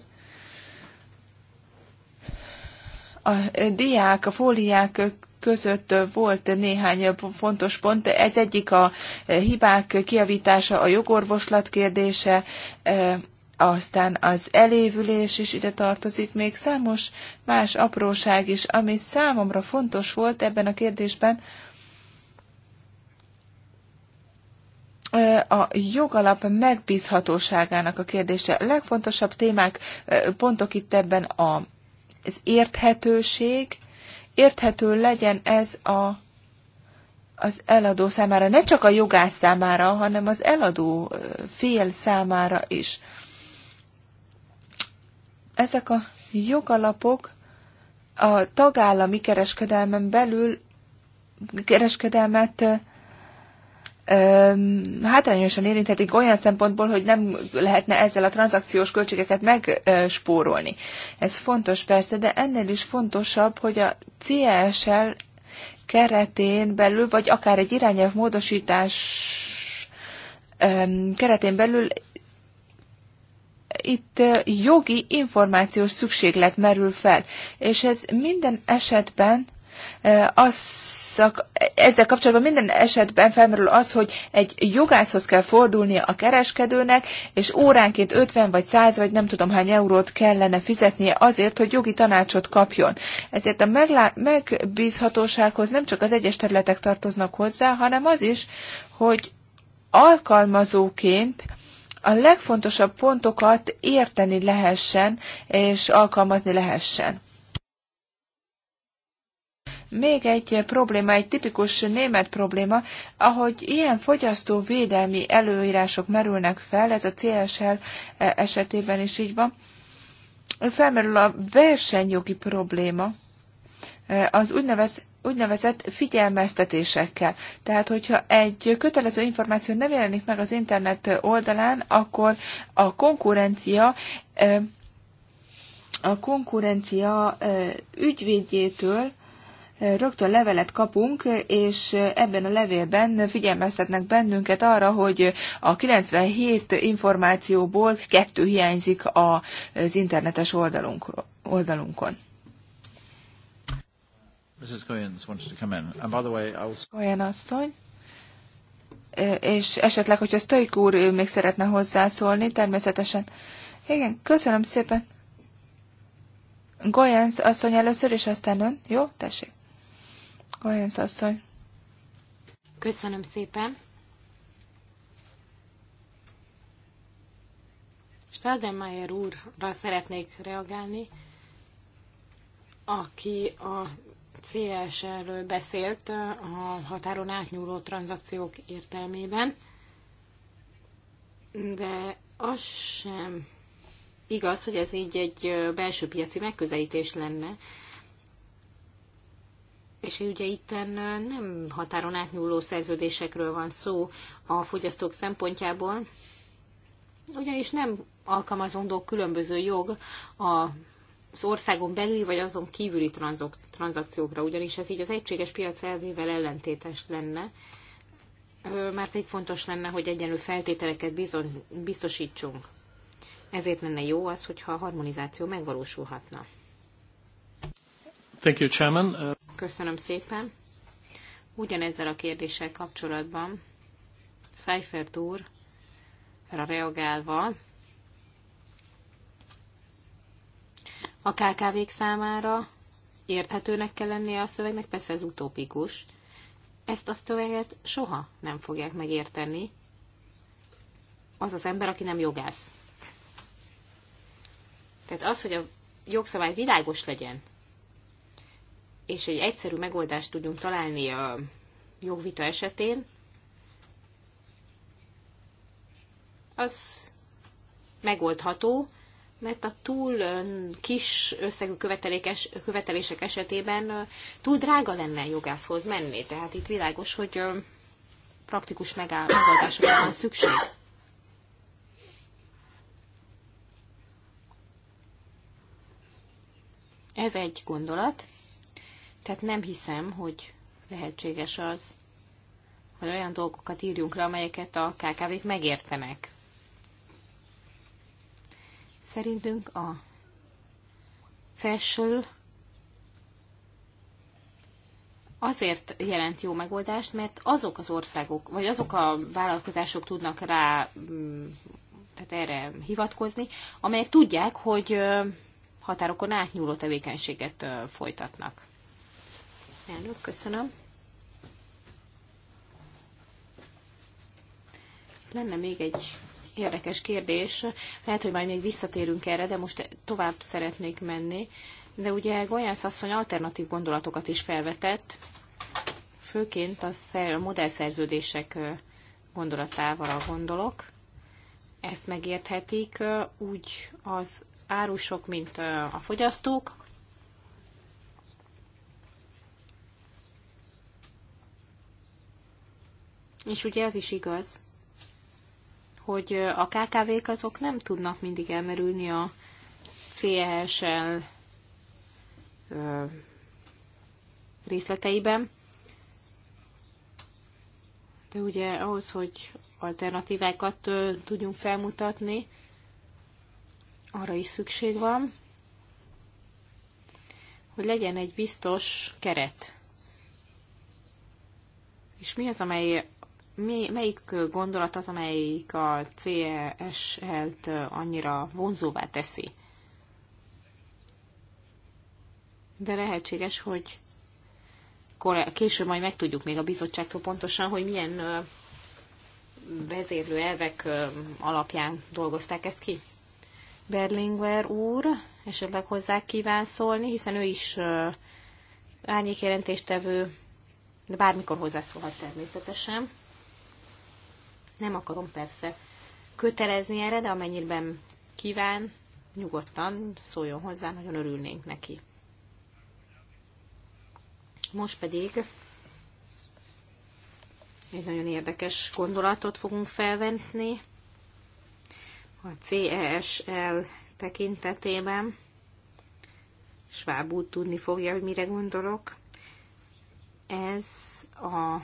A diák, a fóliák között volt néhány fontos pont. Ez egyik a hibák kiavítása, a jogorvoslat kérdése, aztán az elévülés is ide tartozik, még számos más apróság is, ami számomra fontos volt ebben a kérdésben, a jogalap megbízhatóságának a kérdése. Legfontosabb témák, pontok itt ebben a, az érthetőség, érthető legyen ez a, az eladó számára, ne csak a jogász számára, hanem az eladó fél számára is. Ezek a jogalapok a tagállami kereskedelmen belül kereskedelmet hátrányosan érinthetik olyan szempontból, hogy nem lehetne ezzel a tranzakciós költségeket megspórolni. Ez fontos persze, de ennél is fontosabb, hogy a CSL keretén belül, vagy akár egy irányelv módosítás keretén belül itt jogi információs szükséglet merül fel, és ez minden esetben az, ezzel kapcsolatban minden esetben felmerül az, hogy egy jogászhoz kell fordulnia a kereskedőnek, és óránként 50 vagy 100 vagy nem tudom hány eurót kellene fizetnie azért, hogy jogi tanácsot kapjon. Ezért a meglá- megbízhatósághoz nem csak az egyes területek tartoznak hozzá, hanem az is, hogy alkalmazóként a legfontosabb pontokat érteni lehessen és alkalmazni lehessen. Még egy probléma, egy tipikus német probléma, ahogy ilyen fogyasztóvédelmi előírások merülnek fel, ez a CSL eh, esetében is így van, felmerül a versenyjogi probléma, eh, az úgynevezett úgynevezett figyelmeztetésekkel. Tehát, hogyha egy kötelező információ nem jelenik meg az internet oldalán, akkor a konkurencia eh, a konkurencia ügyvédjétől rögtön levelet kapunk, és ebben a levélben figyelmeztetnek bennünket arra, hogy a 97 információból kettő hiányzik az internetes oldalunk, oldalunkon. Mrs. Goyens wanted to come in. And by the way, I was... Goyen asszony. És esetleg, hogyha Stoik úr még szeretne hozzászólni, természetesen. Igen, köszönöm szépen. Goyens asszony először, és aztán ön. Jó, tessék. Kajensz asszony. Köszönöm szépen. Stademeyer úrra szeretnék reagálni, aki a CS-ről beszélt a határon átnyúló tranzakciók értelmében, de az sem igaz, hogy ez így egy belső piaci megközelítés lenne, és ugye itt eh, nem határon átnyúló szerződésekről van szó a fogyasztók szempontjából, ugyanis nem alkalmazandó különböző jog a az országon belüli vagy azon kívüli tranzok, tranzakciókra, ugyanis ez így az egységes piac elvével ellentétes lenne, már pedig fontos lenne, hogy egyenlő feltételeket bizony, biztosítsunk. Ezért lenne jó az, hogyha a harmonizáció megvalósulhatna. Thank you, Chairman. Uh, Köszönöm szépen. Ugyanezzel a kérdéssel kapcsolatban Seifert úrra reagálva a kkv számára érthetőnek kell lennie a szövegnek, persze ez utópikus. Ezt a szöveget soha nem fogják megérteni az az ember, aki nem jogász. Tehát az, hogy a jogszabály világos legyen, és egy egyszerű megoldást tudjunk találni a jogvita esetén, az megoldható, mert a túl kis összegű követelések esetében túl drága lenne jogászhoz menni. Tehát itt világos, hogy praktikus megoldásokra van szükség. Ez egy gondolat. Tehát nem hiszem, hogy lehetséges az, hogy olyan dolgokat írjunk le, amelyeket a KKV-k megértenek. Szerintünk a CESL azért jelent jó megoldást, mert azok az országok, vagy azok a vállalkozások tudnak rá, mm, tehát erre hivatkozni, amelyek tudják, hogy határokon átnyúló tevékenységet folytatnak. Elnök, köszönöm. Lenne még egy érdekes kérdés. Lehet, hogy majd még visszatérünk erre, de most tovább szeretnék menni. De ugye Golyász asszony alternatív gondolatokat is felvetett, főként a modellszerződések gondolatával gondolok. Ezt megérthetik úgy az árusok, mint a fogyasztók, És ugye az is igaz, hogy a KKV-k azok nem tudnak mindig elmerülni a CSL e részleteiben, de ugye ahhoz, hogy alternatívákat tudjunk felmutatni, arra is szükség van, hogy legyen egy biztos keret. És mi az, amely mi, melyik gondolat az, amelyik a CSL-t e annyira vonzóvá teszi? De lehetséges, hogy később majd megtudjuk még a bizottságtól pontosan, hogy milyen vezérlő elvek alapján dolgozták ezt ki. Berlinguer úr esetleg hozzá kíván szólni, hiszen ő is árnyékjelentéstevő, de bármikor hozzászólhat természetesen. Nem akarom persze kötelezni erre, de amennyiben kíván, nyugodtan szóljon hozzá, nagyon örülnénk neki. Most pedig egy nagyon érdekes gondolatot fogunk felvenni a CESL tekintetében. Schwab úgy tudni fogja, hogy mire gondolok. Ez a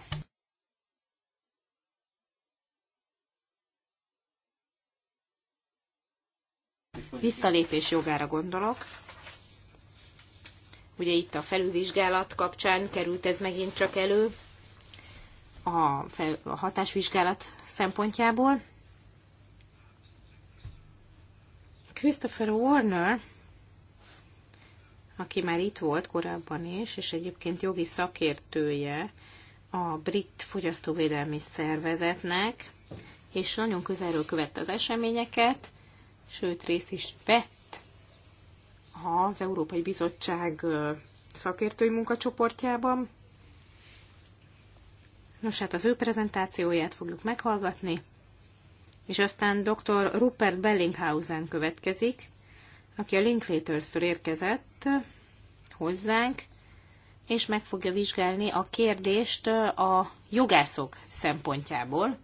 visszalépés jogára gondolok. Ugye itt a felülvizsgálat kapcsán került ez megint csak elő a, fel, a hatásvizsgálat szempontjából. Christopher Warner, aki már itt volt korábban is, és egyébként jogi szakértője a Brit Fogyasztóvédelmi Szervezetnek, és nagyon közelről követte az eseményeket, sőt részt is vett az Európai Bizottság szakértői munkacsoportjában. Nos, hát az ő prezentációját fogjuk meghallgatni, és aztán dr. Rupert Bellinghausen következik, aki a Linklaters-től érkezett hozzánk, és meg fogja vizsgálni a kérdést a jogászok szempontjából.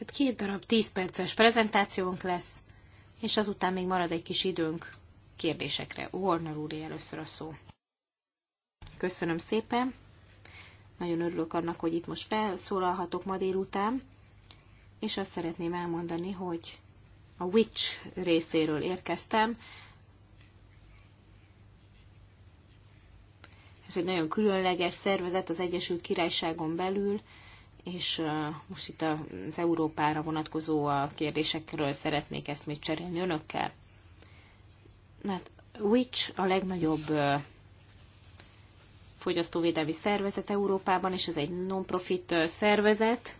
Tehát két darab 10 perces prezentációnk lesz, és azután még marad egy kis időnk kérdésekre. Warner úr először a szó. Köszönöm szépen. Nagyon örülök annak, hogy itt most felszólalhatok ma délután, és azt szeretném elmondani, hogy a Witch részéről érkeztem. Ez egy nagyon különleges szervezet az Egyesült Királyságon belül, és most itt az Európára vonatkozó a kérdésekről szeretnék ezt még cserélni önökkel. Hát, which a legnagyobb fogyasztóvédelmi szervezet Európában, és ez egy non-profit szervezet.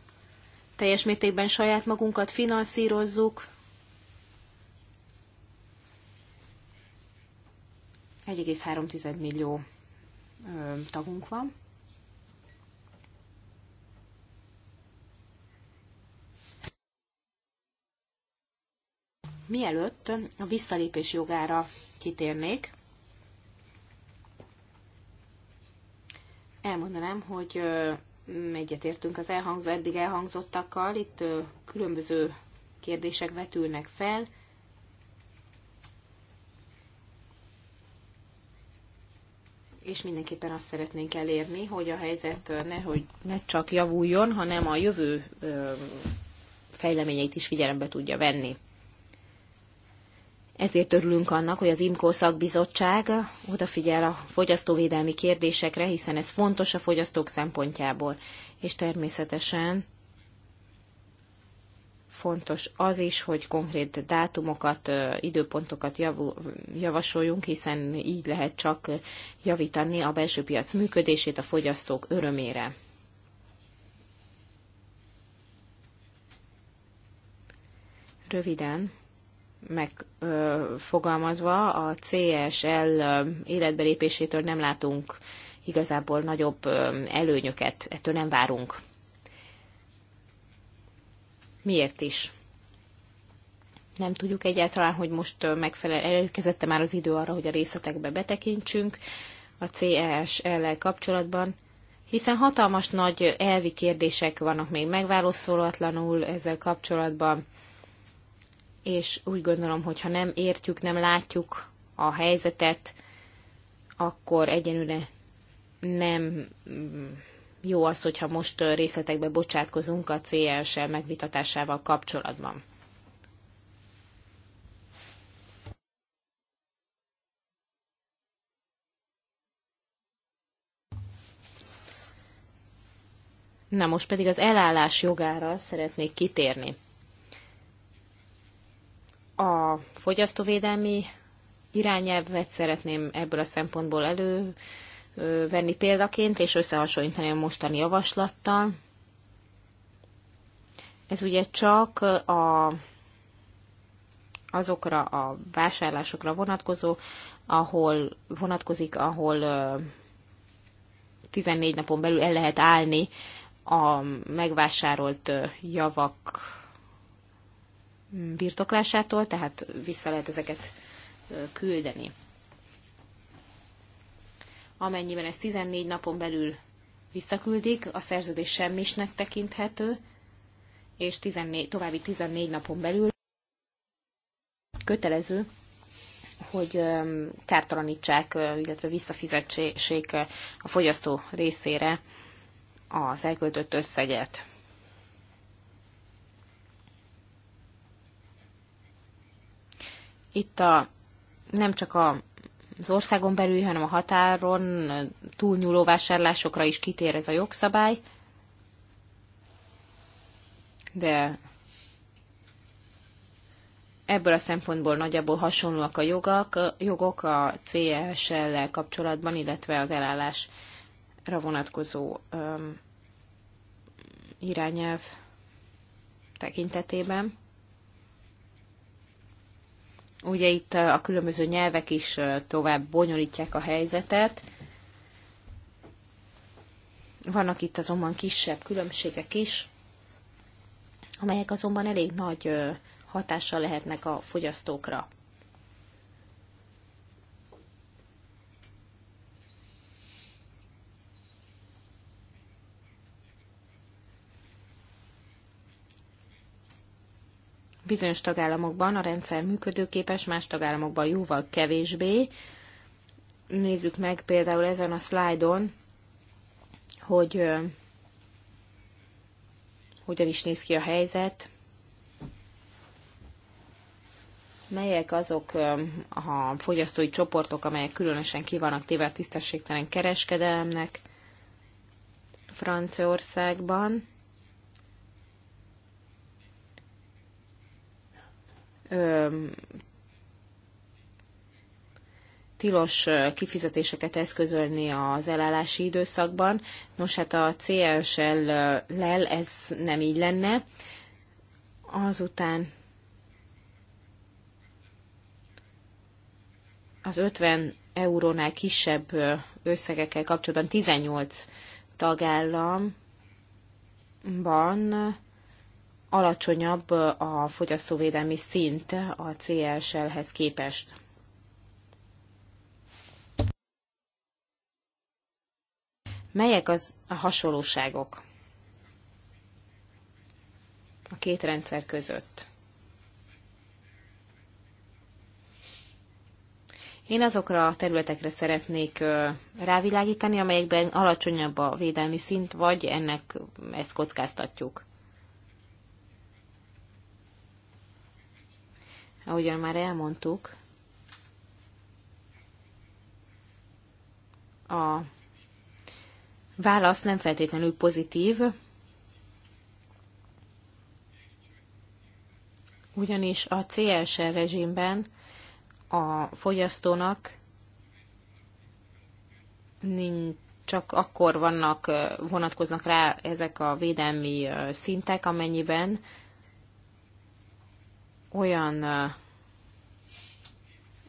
Teljes mértékben saját magunkat finanszírozzuk. 1,3 millió tagunk van. Mielőtt a visszalépés jogára kitérnék, elmondanám, hogy egyetértünk az elhangzó, eddig elhangzottakkal, itt különböző kérdések vetülnek fel. És mindenképpen azt szeretnénk elérni, hogy a helyzet ne, hogy ne csak javuljon, hanem a jövő fejleményeit is figyelembe tudja venni. Ezért örülünk annak, hogy az IMCO szakbizottság odafigyel a fogyasztóvédelmi kérdésekre, hiszen ez fontos a fogyasztók szempontjából. És természetesen fontos az is, hogy konkrét dátumokat, időpontokat javasoljunk, hiszen így lehet csak javítani a belső piac működését a fogyasztók örömére. Röviden megfogalmazva, a CSL életbelépésétől nem látunk igazából nagyobb előnyöket, ettől nem várunk. Miért is? Nem tudjuk egyáltalán, hogy most megfelel, elérkezette már az idő arra, hogy a részletekbe betekintsünk a csl lel kapcsolatban, hiszen hatalmas nagy elvi kérdések vannak még megválaszolatlanul ezzel kapcsolatban és úgy gondolom, hogy ha nem értjük, nem látjuk a helyzetet, akkor egyenlőre nem jó az, hogyha most részletekbe bocsátkozunk a CLS e megvitatásával kapcsolatban. Na most pedig az elállás jogára szeretnék kitérni. A fogyasztóvédelmi irányelvet szeretném ebből a szempontból elővenni példaként, és összehasonlítani a mostani javaslattal. Ez ugye csak a, azokra a vásárlásokra vonatkozó, ahol vonatkozik, ahol 14 napon belül el lehet állni a megvásárolt javak birtoklásától, tehát vissza lehet ezeket küldeni. Amennyiben ez 14 napon belül visszaküldik, a szerződés semmisnek tekinthető, és 14, további 14 napon belül kötelező, hogy kártalanítsák, illetve visszafizetsék a fogyasztó részére az elköltött összeget. Itt a, nem csak a, az országon belül, hanem a határon túlnyúló vásárlásokra is kitér ez a jogszabály. De ebből a szempontból nagyjából hasonlóak a jogak, jogok a CSL-lel kapcsolatban, illetve az elállásra vonatkozó um, irányelv tekintetében. Ugye itt a különböző nyelvek is tovább bonyolítják a helyzetet. Vannak itt azonban kisebb különbségek is, amelyek azonban elég nagy hatással lehetnek a fogyasztókra. bizonyos tagállamokban a rendszer működőképes, más tagállamokban jóval kevésbé. Nézzük meg például ezen a szlájdon, hogy hogyan is néz ki a helyzet, melyek azok a fogyasztói csoportok, amelyek különösen kivannak téve a tisztességtelen kereskedelemnek Franciaországban. öm, tilos kifizetéseket eszközölni az elállási időszakban. Nos, hát a CSL-lel ez nem így lenne. Azután az 50 eurónál kisebb összegekkel kapcsolatban 18 tagállamban alacsonyabb a fogyasztóvédelmi szint a CSL-hez képest. Melyek az a hasonlóságok a két rendszer között? Én azokra a területekre szeretnék rávilágítani, amelyekben alacsonyabb a védelmi szint, vagy ennek ezt kockáztatjuk. ahogyan már elmondtuk, a válasz nem feltétlenül pozitív, ugyanis a CSR rezsimben a fogyasztónak csak akkor vannak, vonatkoznak rá ezek a védelmi szintek, amennyiben olyan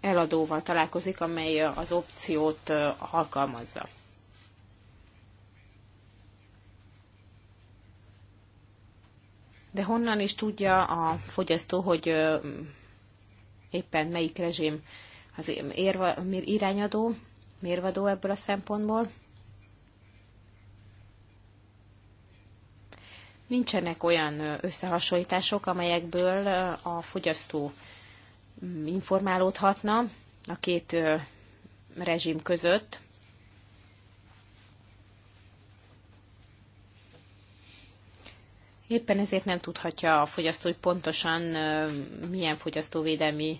eladóval találkozik, amely az opciót alkalmazza. De honnan is tudja a fogyasztó, hogy éppen melyik rezsim az érva, irányadó, mérvadó ebből a szempontból? nincsenek olyan összehasonlítások, amelyekből a fogyasztó mm, informálódhatna a két rezsim között. Éppen ezért nem tudhatja a fogyasztó, hogy pontosan milyen fogyasztóvédelmi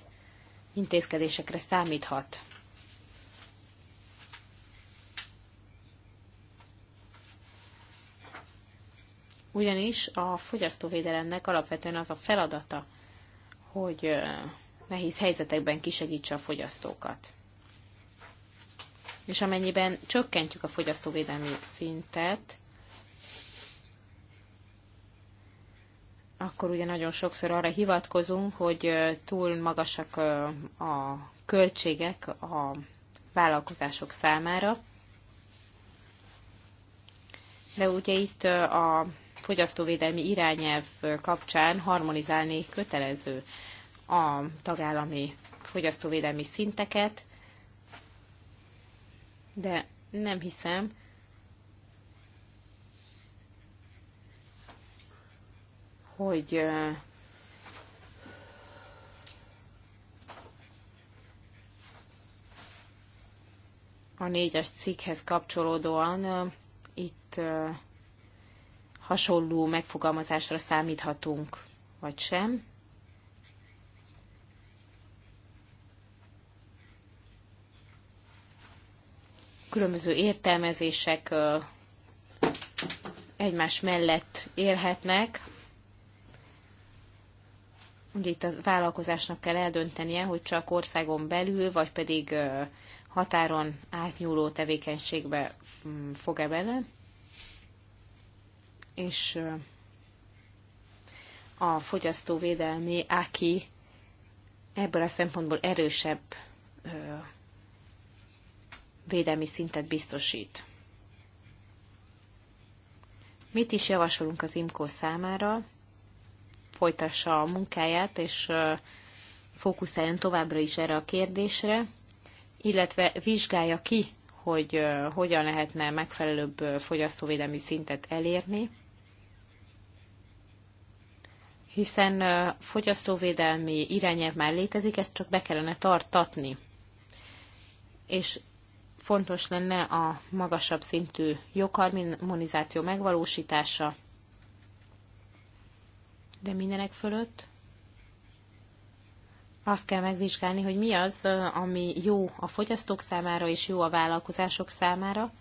intézkedésekre számíthat. ugyanis a fogyasztóvédelemnek alapvetően az a feladata, hogy nehéz helyzetekben kisegítse a fogyasztókat. És amennyiben csökkentjük a fogyasztóvédelmi szintet, akkor ugye nagyon sokszor arra hivatkozunk, hogy túl magasak a költségek a vállalkozások számára. De ugye itt a fogyasztóvédelmi irányelv kapcsán harmonizálni kötelező a tagállami fogyasztóvédelmi szinteket, de nem hiszem, hogy a négyes cikkhez kapcsolódóan itt hasonló megfogalmazásra számíthatunk, vagy sem. Különböző értelmezések egymás mellett érhetnek. Ugye itt a vállalkozásnak kell eldöntenie, hogy csak országon belül, vagy pedig határon átnyúló tevékenységbe mm, fog-e bele és a fogyasztóvédelmi aki ebből a szempontból erősebb védelmi szintet biztosít. Mit is javasolunk az IMCO számára? Folytassa a munkáját, és fókuszáljon továbbra is erre a kérdésre, illetve vizsgálja ki, hogy hogyan lehetne megfelelőbb fogyasztóvédelmi szintet elérni hiszen fogyasztóvédelmi irányelv már létezik, ezt csak be kellene tartatni. És fontos lenne a magasabb szintű jogharmonizáció megvalósítása, de mindenek fölött azt kell megvizsgálni, hogy mi az, ami jó a fogyasztók számára és jó a vállalkozások számára.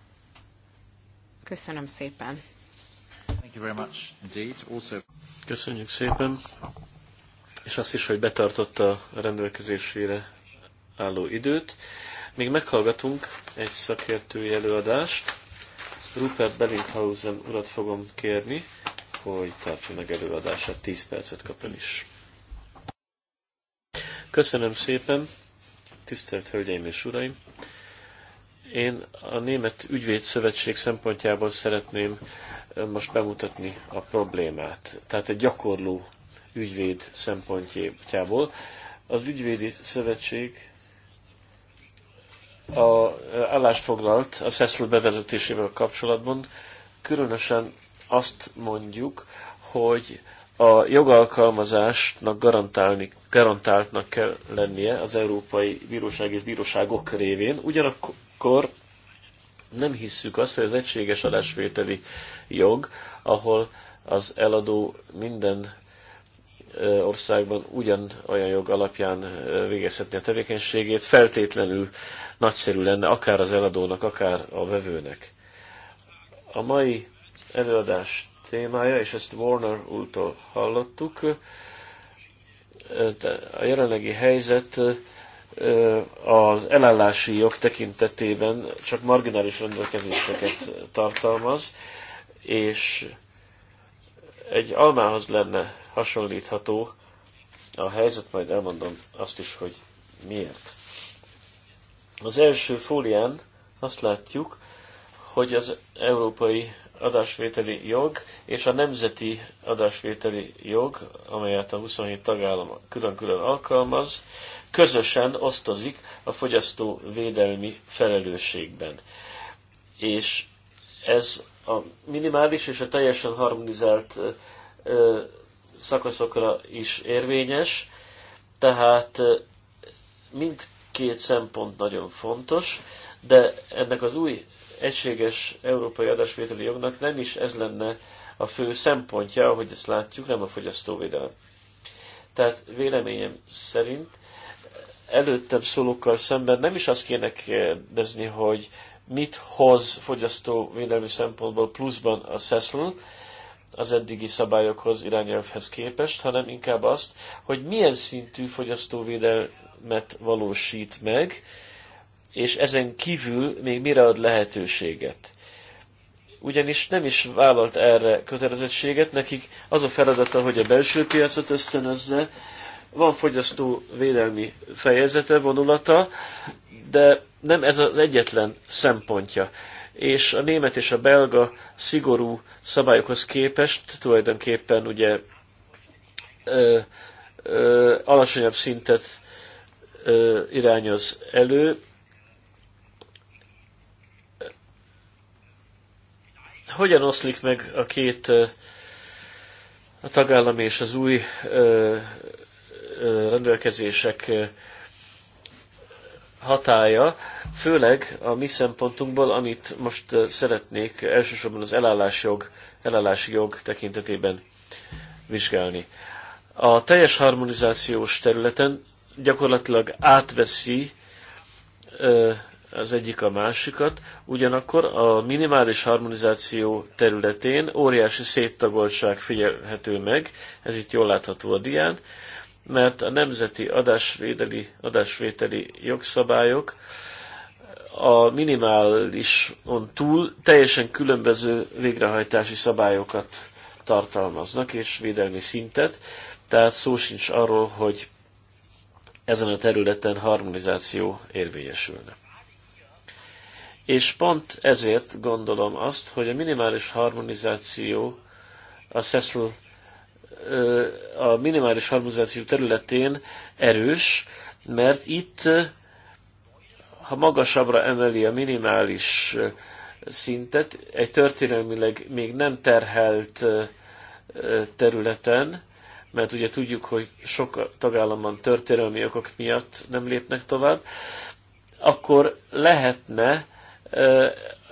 Köszönöm szépen. Thank you very much indeed. Also... Köszönjük szépen, és azt is, hogy betartotta a rendelkezésére álló időt. Még meghallgatunk egy szakértői előadást. Rupert Bellinghausen urat fogom kérni, hogy tartsa meg előadását, 10 percet kap ön is. Köszönöm szépen, tisztelt Hölgyeim és Uraim! Én a Német Ügyvédszövetség szempontjából szeretném most bemutatni a problémát. Tehát egy gyakorló ügyvéd szempontjából. Az ügyvédi szövetség a eh, állásfoglalt a Cecil bevezetésével kapcsolatban különösen azt mondjuk, hogy a jogalkalmazásnak garantálni, garantáltnak kell lennie az Európai Bíróság és Bíróságok révén, ugyanakkor nem hisszük azt, hogy az egységes adásvételi jog, ahol az eladó minden országban ugyan olyan jog alapján végezhetni a tevékenységét, feltétlenül nagyszerű lenne akár az eladónak, akár a vevőnek. A mai előadás témája, és ezt Warner úrtól hallottuk, a jelenlegi helyzet az elállási jog tekintetében csak marginális rendelkezéseket tartalmaz, és egy almához lenne hasonlítható a helyzet, majd elmondom azt is, hogy miért. Az első fólián azt látjuk, hogy az európai adásvételi jog és a nemzeti adásvételi jog, amelyet a 27 tagállam külön-külön alkalmaz, közösen osztozik a fogyasztó védelmi felelősségben. És ez a minimális és a teljesen harmonizált ö, szakaszokra is érvényes, tehát mindkét szempont nagyon fontos, de ennek az új egységes európai adásvételi jognak nem is ez lenne a fő szempontja, ahogy ezt látjuk, nem a fogyasztóvédelem. Tehát véleményem szerint előttem szólókkal szemben nem is azt kéne kérdezni, hogy mit hoz fogyasztóvédelmi szempontból pluszban a SESL az eddigi szabályokhoz, irányelvhez képest, hanem inkább azt, hogy milyen szintű fogyasztóvédelmet valósít meg, és ezen kívül még mire ad lehetőséget. Ugyanis nem is vállalt erre kötelezettséget, nekik az a feladata, hogy a belső piacot ösztönözze, van fogyasztó védelmi fejezete, vonulata, de nem ez az egyetlen szempontja. És a német és a belga szigorú szabályokhoz képest tulajdonképpen ugye ö, ö, alacsonyabb szintet ö, irányoz elő, Hogyan oszlik meg a két a tagállam és az új rendelkezések hatája, főleg a mi szempontunkból, amit most szeretnék elsősorban az elállásjog, elállási jog tekintetében vizsgálni. A teljes harmonizációs területen gyakorlatilag átveszi az egyik a másikat, ugyanakkor a minimális harmonizáció területén óriási széttagoltság figyelhető meg, ez itt jól látható a dián, mert a nemzeti adásvételi, adásvételi jogszabályok a minimálison túl teljesen különböző végrehajtási szabályokat tartalmaznak, és védelmi szintet, tehát szó sincs arról, hogy ezen a területen harmonizáció érvényesülne. És pont ezért gondolom azt, hogy a minimális harmonizáció a Cecil a minimális harmonizáció területén erős, mert itt, ha magasabbra emeli a minimális szintet, egy történelmileg még nem terhelt területen, mert ugye tudjuk, hogy sok tagállamban történelmi okok miatt nem lépnek tovább, akkor lehetne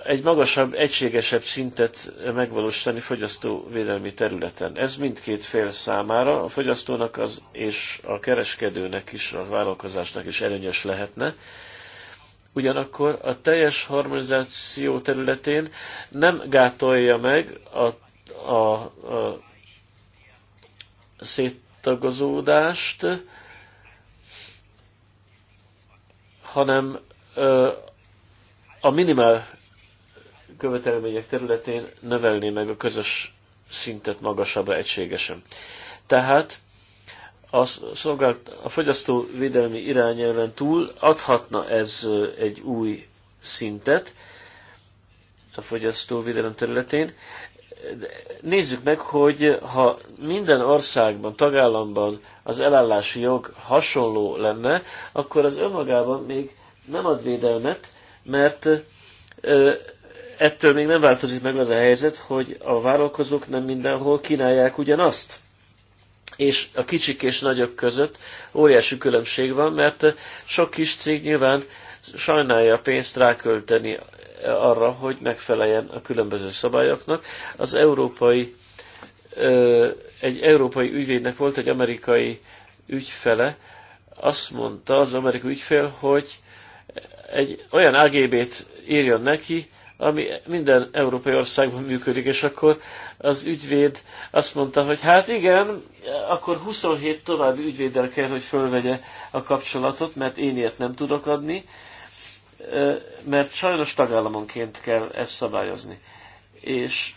egy magasabb, egységesebb szintet megvalósítani fogyasztóvédelmi területen. Ez mindkét fél számára, a fogyasztónak az, és a kereskedőnek is, a vállalkozásnak is előnyös lehetne. Ugyanakkor a teljes harmonizáció területén nem gátolja meg a, a, a széttagozódást, hanem a minimál követelmények területén növelni meg a közös szintet magasabbra egységesen. Tehát a, szolgált, a fogyasztóvédelmi irányelven túl adhatna ez egy új szintet a fogyasztóvédelem területén. nézzük meg, hogy ha minden országban, tagállamban az elállási jog hasonló lenne, akkor az önmagában még nem ad védelmet, mert ettől még nem változik meg az a helyzet, hogy a vállalkozók nem mindenhol kínálják ugyanazt. És a kicsik és nagyok között óriási különbség van, mert sok kis cég nyilván sajnálja a pénzt rákölteni arra, hogy megfeleljen a különböző szabályoknak. Az európai, egy európai ügyvédnek volt egy amerikai ügyfele, azt mondta az amerikai ügyfél, hogy egy olyan AGB-t írjon neki, ami minden európai országban működik, és akkor az ügyvéd azt mondta, hogy hát igen, akkor 27 további ügyvéddel kell, hogy fölvegye a kapcsolatot, mert én ilyet nem tudok adni, mert sajnos tagállamonként kell ezt szabályozni. És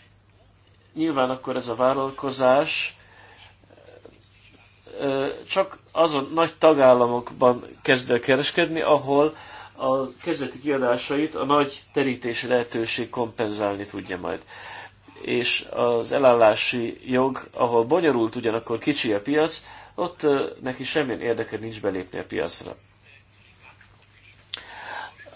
nyilván akkor ez a vállalkozás csak azon nagy tagállamokban kezd el kereskedni, ahol a kezdeti kiadásait a nagy terítési lehetőség kompenzálni tudja majd. És az elállási jog, ahol bonyolult ugyanakkor kicsi a piac, ott neki semmilyen érdeke nincs belépni a piacra.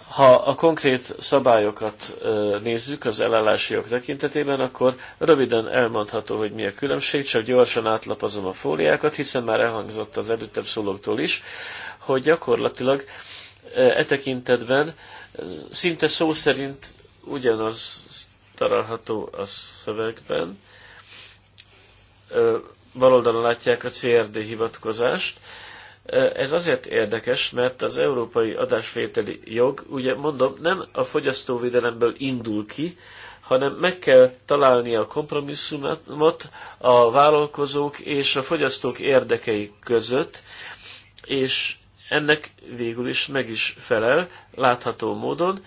Ha a konkrét szabályokat nézzük az elállási jog tekintetében, akkor röviden elmondható, hogy mi a különbség, csak gyorsan átlapozom a fóliákat, hiszen már elhangzott az előttebb szólóktól is, hogy gyakorlatilag E, e tekintetben szinte szó szerint ugyanaz található a szövegben. E, Baloldalon látják a CRD hivatkozást. E, ez azért érdekes, mert az európai adásvételi jog, ugye mondom, nem a fogyasztóvédelemből indul ki, hanem meg kell találni a kompromisszumot a vállalkozók és a fogyasztók érdekei között, és ennek végül is meg is felel látható módon.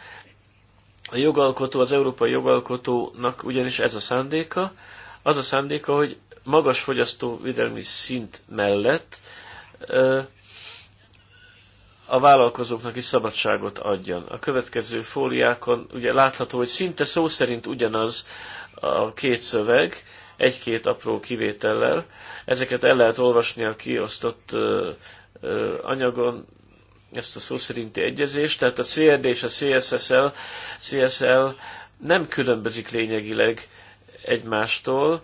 A jogalkotó, az európai jogalkotónak ugyanis ez a szándéka, az a szándéka, hogy magas fogyasztóvédelmi szint mellett a vállalkozóknak is szabadságot adjon. A következő fóliákon ugye látható, hogy szinte szó szerint ugyanaz a két szöveg, egy-két apró kivétellel. Ezeket el lehet olvasni a kiosztott anyagon ezt a szó szerinti egyezést, tehát a CRD és a CSSL, CSL nem különbözik lényegileg egymástól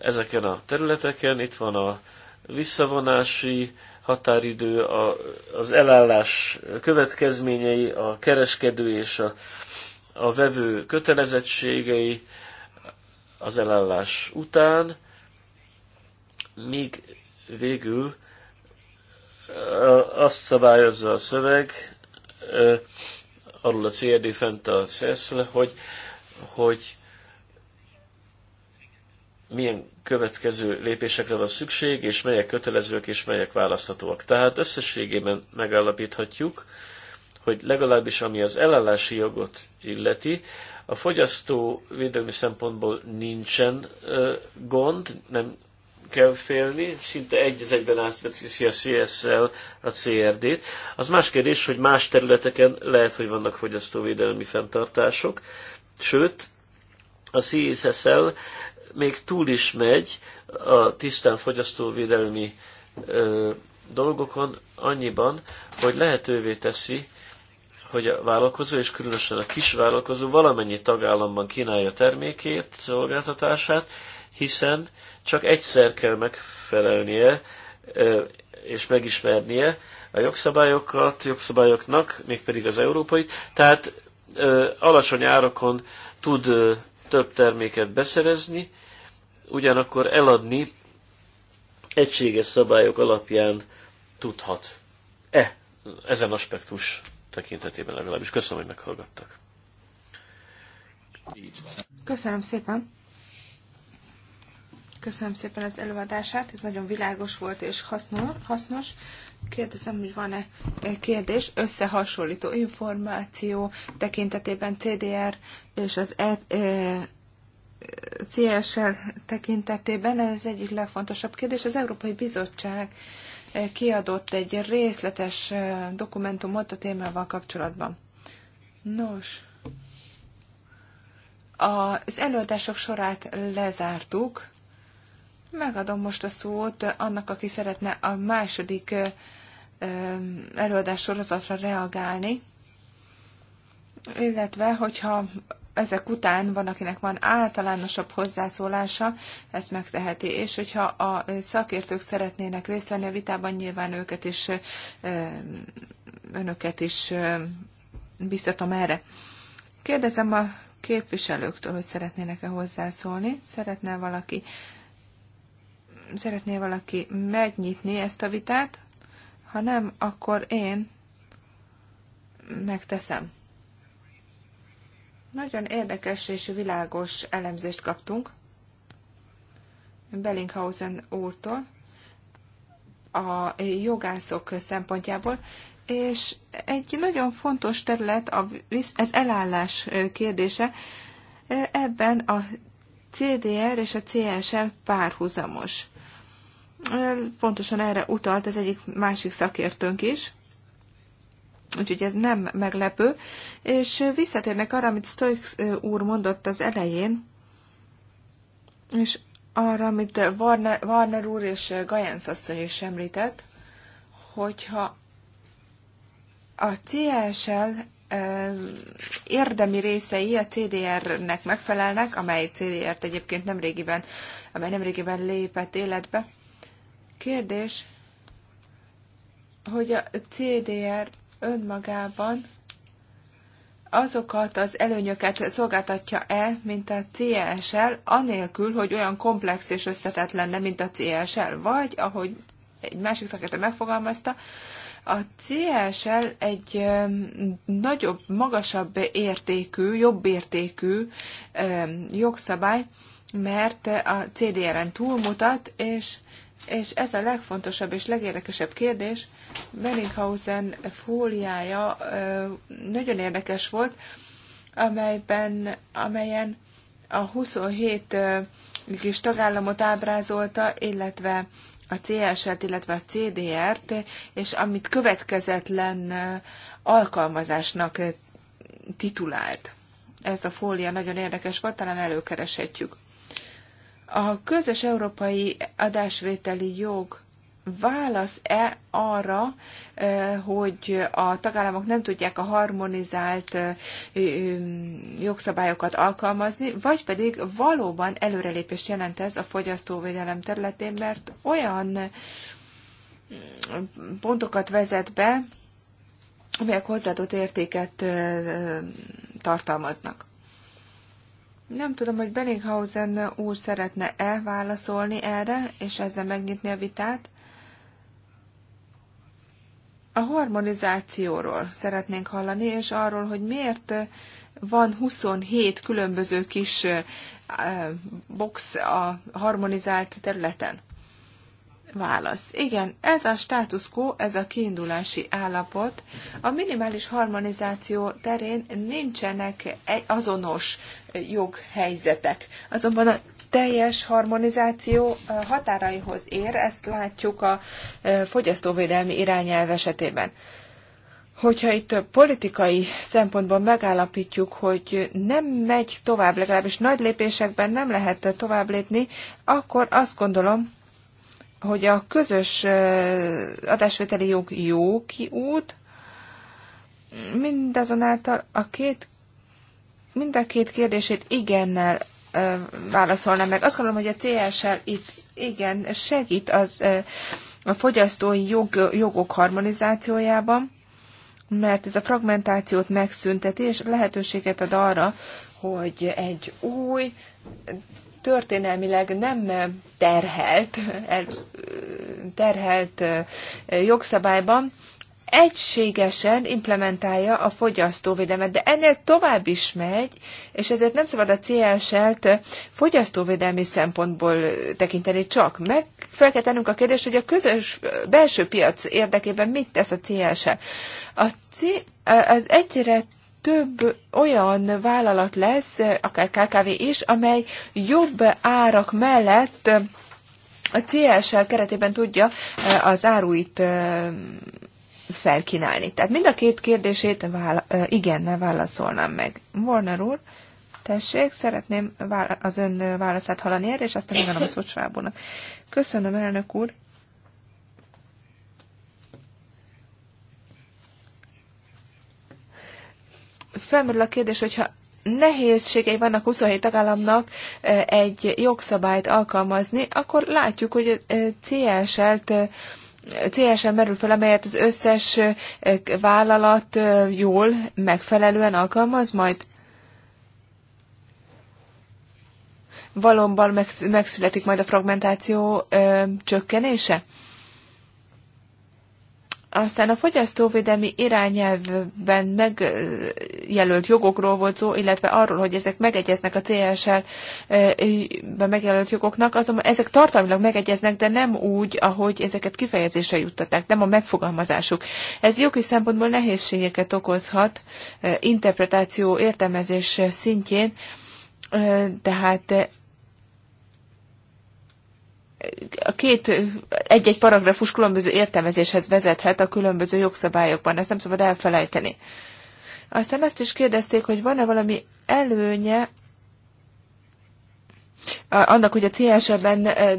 ezeken a területeken. Itt van a visszavonási határidő, a, az elállás következményei, a kereskedő és a, a vevő kötelezettségei az elállás után, míg végül azt szabályozza a szöveg, arról a CRD fent a szeszle, hogy, hogy milyen következő lépésekre van szükség, és melyek kötelezőek, és melyek választhatóak. Tehát összességében megállapíthatjuk, hogy legalábbis ami az elállási jogot illeti, a fogyasztó védelmi szempontból nincsen gond, nem kell félni, szinte egy az egyben átveszi a CS-szel a CRD-t. Az más kérdés, hogy más területeken lehet, hogy vannak fogyasztóvédelmi fenntartások, sőt, a CSL még túl is megy a tisztán fogyasztóvédelmi ö, dolgokon annyiban, hogy lehetővé teszi, hogy a vállalkozó, és különösen a kis vállalkozó valamennyi tagállamban kínálja termékét, szolgáltatását, hiszen csak egyszer kell megfelelnie és megismernie a jogszabályokat, jogszabályoknak, mégpedig az európai, tehát alacsony árakon tud több terméket beszerezni, ugyanakkor eladni egységes szabályok alapján tudhat. E, ezen aspektus tekintetében legalábbis. Köszönöm, hogy meghallgattak. Köszönöm szépen. Köszönöm szépen az előadását, ez nagyon világos volt és hasznos. Kérdezem, hogy van-e e, kérdés, összehasonlító információ tekintetében CDR és az e, e, CSL tekintetében, ez az egyik legfontosabb kérdés. Az Európai Bizottság e, kiadott egy részletes e, dokumentumot a témával kapcsolatban. Nos, az előadások sorát lezártuk. Megadom most a szót annak, aki szeretne a második előadás sorozatra reagálni, illetve hogyha ezek után van, akinek van általánosabb hozzászólása, ezt megteheti, és hogyha a szakértők szeretnének részt venni a vitában, nyilván őket is, önöket is biztatom erre. Kérdezem a képviselőktől, hogy szeretnének-e hozzászólni. Szeretne valaki szeretné valaki megnyitni ezt a vitát, ha nem, akkor én megteszem. Nagyon érdekes és világos elemzést kaptunk Bellinghausen úrtól a jogászok szempontjából, és egy nagyon fontos terület a, ez elállás kérdése. Ebben a CDR és a CSL párhuzamos. Pontosan erre utalt az egyik másik szakértőnk is, úgyhogy ez nem meglepő. És visszatérnek arra, amit Stoix úr mondott az elején, és arra, amit Warner, Warner úr és Gajens asszony is említett, hogyha a CSL érdemi részei a CDR-nek megfelelnek, amely CDR-t egyébként nemrégiben, amely nemrégiben lépett életbe, Kérdés, hogy a CDR önmagában azokat az előnyöket szolgáltatja-e, mint a CSL, anélkül, hogy olyan komplex és összetett lenne, mint a CSL, vagy, ahogy egy másik szakértő megfogalmazta, a CSL egy nagyobb, magasabb értékű, jobb értékű jogszabály, mert a CDR-en túlmutat, és és ez a legfontosabb és legérdekesebb kérdés. Benninghausen fóliája nagyon érdekes volt, amelyben, amelyen a 27 kis tagállamot ábrázolta, illetve a CS-et, illetve a CDR-t, és amit következetlen alkalmazásnak titulált. Ez a fólia nagyon érdekes volt, talán előkereshetjük. A közös európai adásvételi jog válasz-e arra, eh, hogy a tagállamok nem tudják a harmonizált eh, eh, jogszabályokat alkalmazni, vagy pedig valóban előrelépés jelent ez a fogyasztóvédelem területén, mert olyan pontokat vezet be, amelyek hozzáadott értéket tartalmaznak. Nem tudom, hogy Bellinghausen úr szeretne-e válaszolni erre, és ezzel megnyitni a vitát. A harmonizációról szeretnénk hallani, és arról, hogy miért van 27 különböző kis eh, box a harmonizált területen. Válasz. Igen, ez a status quo, ez a kiindulási állapot. A minimális harmonizáció terén nincsenek azonos joghelyzetek. Azonban a teljes harmonizáció határaihoz ér, ezt látjuk a fogyasztóvédelmi irányelv esetében. Hogyha itt politikai szempontból megállapítjuk, hogy nem megy tovább, legalábbis nagy lépésekben nem lehet tovább lépni, akkor azt gondolom, hogy a közös adásvételi jog jó kiút, mindazonáltal a két, mind a két kérdését igennel válaszolnám meg. Azt gondolom, hogy a CSL itt igen segít az a fogyasztói jog, jogok harmonizációjában, mert ez a fragmentációt megszünteti, és lehetőséget ad arra, hogy egy új, történelmileg nem terhelt, terhelt jogszabályban egységesen implementálja a fogyasztóvédelmet, de ennél tovább is megy, és ezért nem szabad a CSL-t fogyasztóvédelmi szempontból tekinteni csak. Meg fel kell tennünk a kérdést, hogy a közös belső piac érdekében mit tesz a CSL. A C, az egyre több olyan vállalat lesz, akár KKV is, amely jobb árak mellett a CSL keretében tudja eh, az áruit eh, felkínálni. Tehát mind a két kérdését vála- eh, igennel válaszolnám meg. Warner úr, tessék, szeretném az ön válaszát hallani erre, és aztán megadom a szót Köszönöm, elnök úr. felmerül a kérdés, hogyha nehézségei vannak 27 tagállamnak egy jogszabályt alkalmazni, akkor látjuk, hogy CSL-t CSL merül fel, amelyet az összes vállalat jól, megfelelően alkalmaz majd? valóban megszületik majd a fragmentáció csökkenése? Aztán a fogyasztóvédelmi irányelvben megjelölt jogokról volt szó, illetve arról, hogy ezek megegyeznek a CSR-ben megjelölt jogoknak, azonban ezek tartalmilag megegyeznek, de nem úgy, ahogy ezeket kifejezésre juttatták, nem a megfogalmazásuk. Ez jogi szempontból nehézségeket okozhat eh, interpretáció, értelmezés szintjén, eh, tehát a két, egy-egy paragrafus különböző értelmezéshez vezethet a különböző jogszabályokban, ezt nem szabad elfelejteni. Aztán azt is kérdezték, hogy van-e valami előnye annak, hogy a CSR-ben e,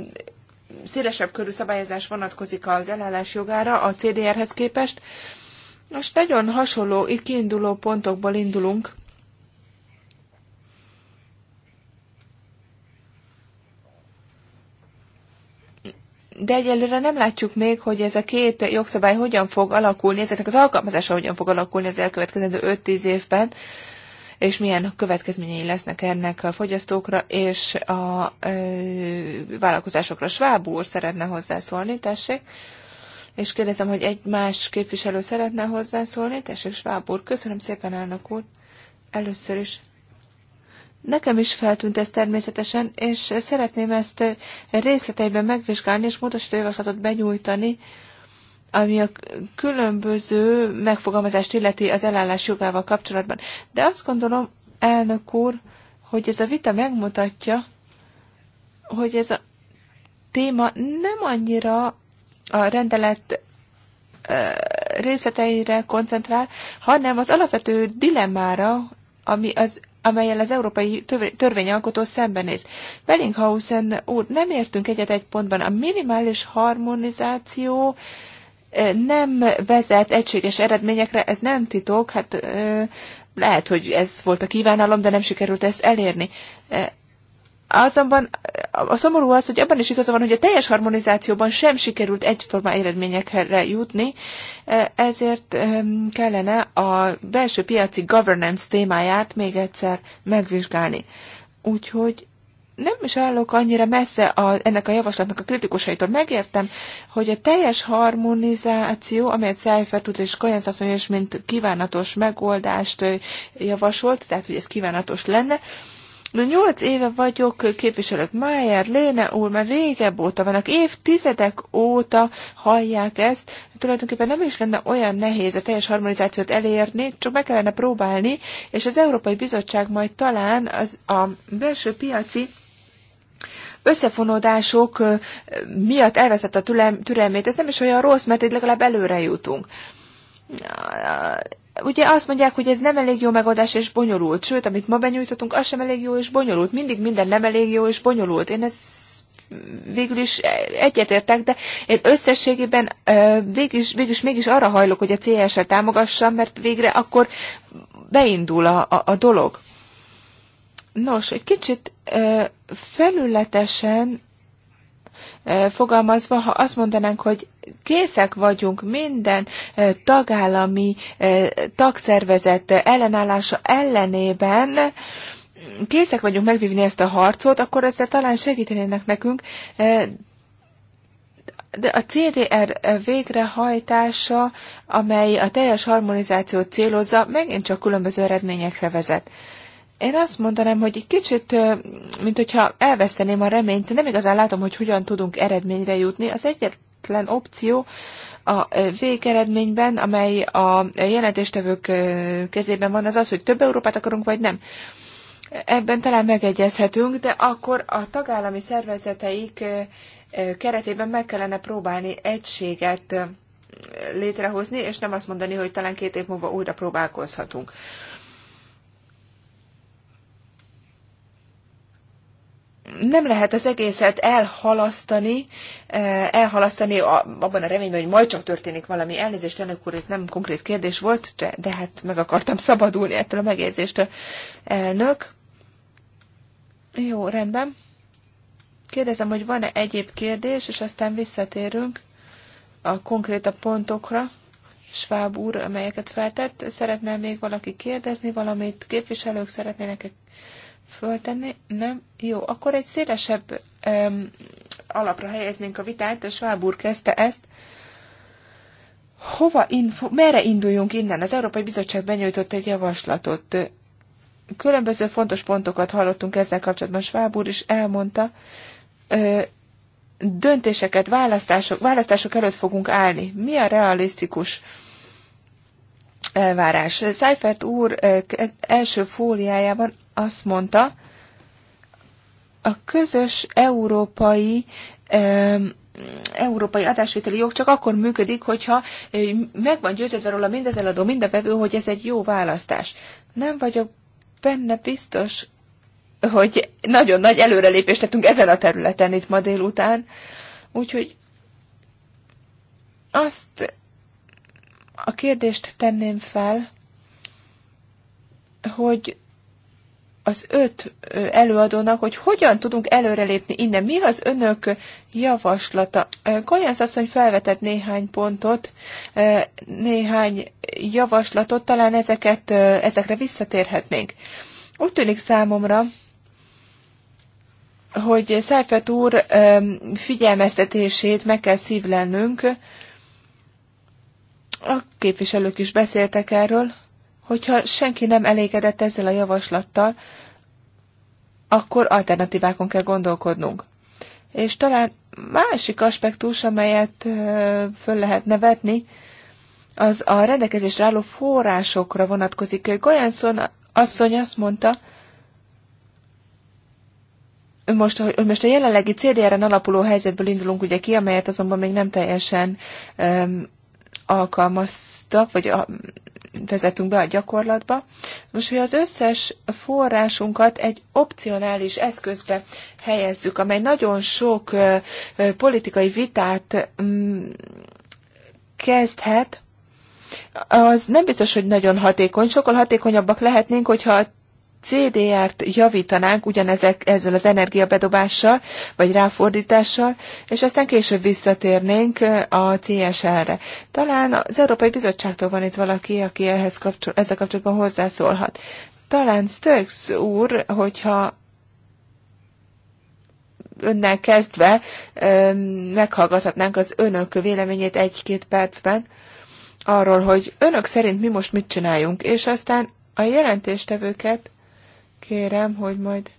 szélesebb körű szabályozás vonatkozik az elállás jogára a CDR-hez képest. Most nagyon hasonló, itt kiinduló pontokból indulunk. de egyelőre nem látjuk még, hogy ez a két jogszabály hogyan fog alakulni, ezeknek az alkalmazása hogyan fog alakulni az elkövetkezendő 5-10 évben, és milyen következményei lesznek ennek a fogyasztókra és a ö, vállalkozásokra. Schwab úr szeretne hozzászólni, tessék. És kérdezem, hogy egy más képviselő szeretne hozzászólni. Tessék, Schwab úr, köszönöm szépen, elnök úr. Először is Nekem is feltűnt ez természetesen, és szeretném ezt részleteiben megvizsgálni, és módosító javaslatot benyújtani, ami a különböző megfogalmazást illeti az elállás jogával kapcsolatban. De azt gondolom, elnök úr, hogy ez a vita megmutatja, hogy ez a téma nem annyira a rendelet részleteire koncentrál, hanem az alapvető dilemmára, ami az amelyel az európai törvényalkotó szembenéz. Bellinghausen úr, nem értünk egyet egy pontban. A minimális harmonizáció eh, nem vezet egységes eredményekre, ez nem titok, hát eh, lehet, hogy ez volt a kívánalom, de nem sikerült ezt elérni. Eh, Azonban a szomorú az, hogy abban is igaza van, hogy a teljes harmonizációban sem sikerült egyforma eredményekre jutni, ezért kellene a belső piaci governance témáját még egyszer megvizsgálni. Úgyhogy nem is állok annyira messze a, ennek a javaslatnak a kritikusaitól. Megértem, hogy a teljes harmonizáció, amelyet Seifert út és Kajenc asszony mint kívánatos megoldást javasolt, tehát hogy ez kívánatos lenne, Nyolc éve vagyok képviselők, Mayer, Léne úr, már régebb óta vannak, évtizedek óta hallják ezt. Tulajdonképpen nem is lenne olyan nehéz a teljes harmonizációt elérni, csak meg kellene próbálni, és az Európai Bizottság majd talán az, a belső piaci összefonódások miatt elveszett a türelmét. Ez nem is olyan rossz, mert itt legalább előre jutunk ugye azt mondják, hogy ez nem elég jó megoldás és bonyolult, sőt, amit ma benyújtottunk, az sem elég jó és bonyolult, mindig minden nem elég jó és bonyolult. Én ezt végül is egyetértek, de én összességében végül is, végül is mégis arra hajlok, hogy a CS-el támogassam, mert végre akkor beindul a, a, a dolog. Nos, egy kicsit felületesen fogalmazva, ha azt mondanánk, hogy készek vagyunk minden tagállami tagszervezet ellenállása ellenében, készek vagyunk megvívni ezt a harcot, akkor ezzel talán segítenének nekünk, de a CDR végrehajtása, amely a teljes harmonizációt célozza, megint csak különböző eredményekre vezet. Én azt mondanám, hogy egy kicsit, mint hogyha elveszteném a reményt, nem igazán látom, hogy hogyan tudunk eredményre jutni. Az egyetlen opció a végeredményben, amely a jelentéstevők kezében van, az az, hogy több Európát akarunk, vagy nem. Ebben talán megegyezhetünk, de akkor a tagállami szervezeteik keretében meg kellene próbálni egységet létrehozni, és nem azt mondani, hogy talán két év múlva újra próbálkozhatunk. nem lehet az egészet elhalasztani, eh, elhalasztani abban a reményben, hogy majd csak történik valami. Elnézést, elnök úr, ez nem konkrét kérdés volt, de, de hát meg akartam szabadulni ettől a megjegyzéstől. Elnök. Jó, rendben. Kérdezem, hogy van-e egyéb kérdés, és aztán visszatérünk a a pontokra. Schwab úr, amelyeket feltett, szeretne még valaki kérdezni valamit? Képviselők szeretnének -e föltenni? Nem? Jó, akkor egy szélesebb um, alapra helyeznénk a vitát, és Schwab kezdte ezt. Hova info, merre induljunk innen? Az Európai Bizottság benyújtott egy javaslatot. Különböző fontos pontokat hallottunk ezzel kapcsolatban. Schwab úr is elmondta, ö, döntéseket, választások, választások előtt fogunk állni. Mi a realisztikus elvárás? Seifert úr első fóliájában azt mondta, a közös európai európai adásvételi jog csak akkor működik, hogyha meg van győződve róla mind az eladó, mind a vevő, hogy ez egy jó választás. Nem vagyok benne biztos, hogy nagyon nagy előrelépést tettünk ezen a területen itt ma délután. Úgyhogy azt a kérdést tenném fel, hogy az öt előadónak, hogy hogyan tudunk előrelépni innen. Mi az önök javaslata? Kajansz asszony felvetett néhány pontot, néhány javaslatot, talán ezeket, ezekre visszatérhetnénk. Úgy tűnik számomra, hogy Szájfet úr figyelmeztetését meg kell szívlennünk. A képviselők is beszéltek erről Hogyha senki nem elégedett ezzel a javaslattal, akkor alternatívákon kell gondolkodnunk. És talán másik aspektus, amelyet föl lehet nevetni, az a rendelkezésre álló forrásokra vonatkozik. Goyanszon asszony azt mondta, most, hogy most a jelenlegi CDR-en alapuló helyzetből indulunk ugye ki, amelyet azonban még nem teljesen um, alkalmaztak, vagy a, vezetünk be a gyakorlatba. Most, hogy az összes forrásunkat egy opcionális eszközbe helyezzük, amely nagyon sok politikai vitát mm, kezdhet, az nem biztos, hogy nagyon hatékony. Sokkal hatékonyabbak lehetnénk, hogyha a CDR-t javítanánk ugyanezek ezzel az energiabedobással, vagy ráfordítással, és aztán később visszatérnénk a CSR-re. Talán az Európai Bizottságtól van itt valaki, aki ehhez kapcsol, ezzel kapcsolatban hozzászólhat. Talán Stöks úr, hogyha önnel kezdve meghallgathatnánk az önök véleményét egy-két percben arról, hogy önök szerint mi most mit csináljunk, és aztán a jelentéstevőket kérem, hogy majd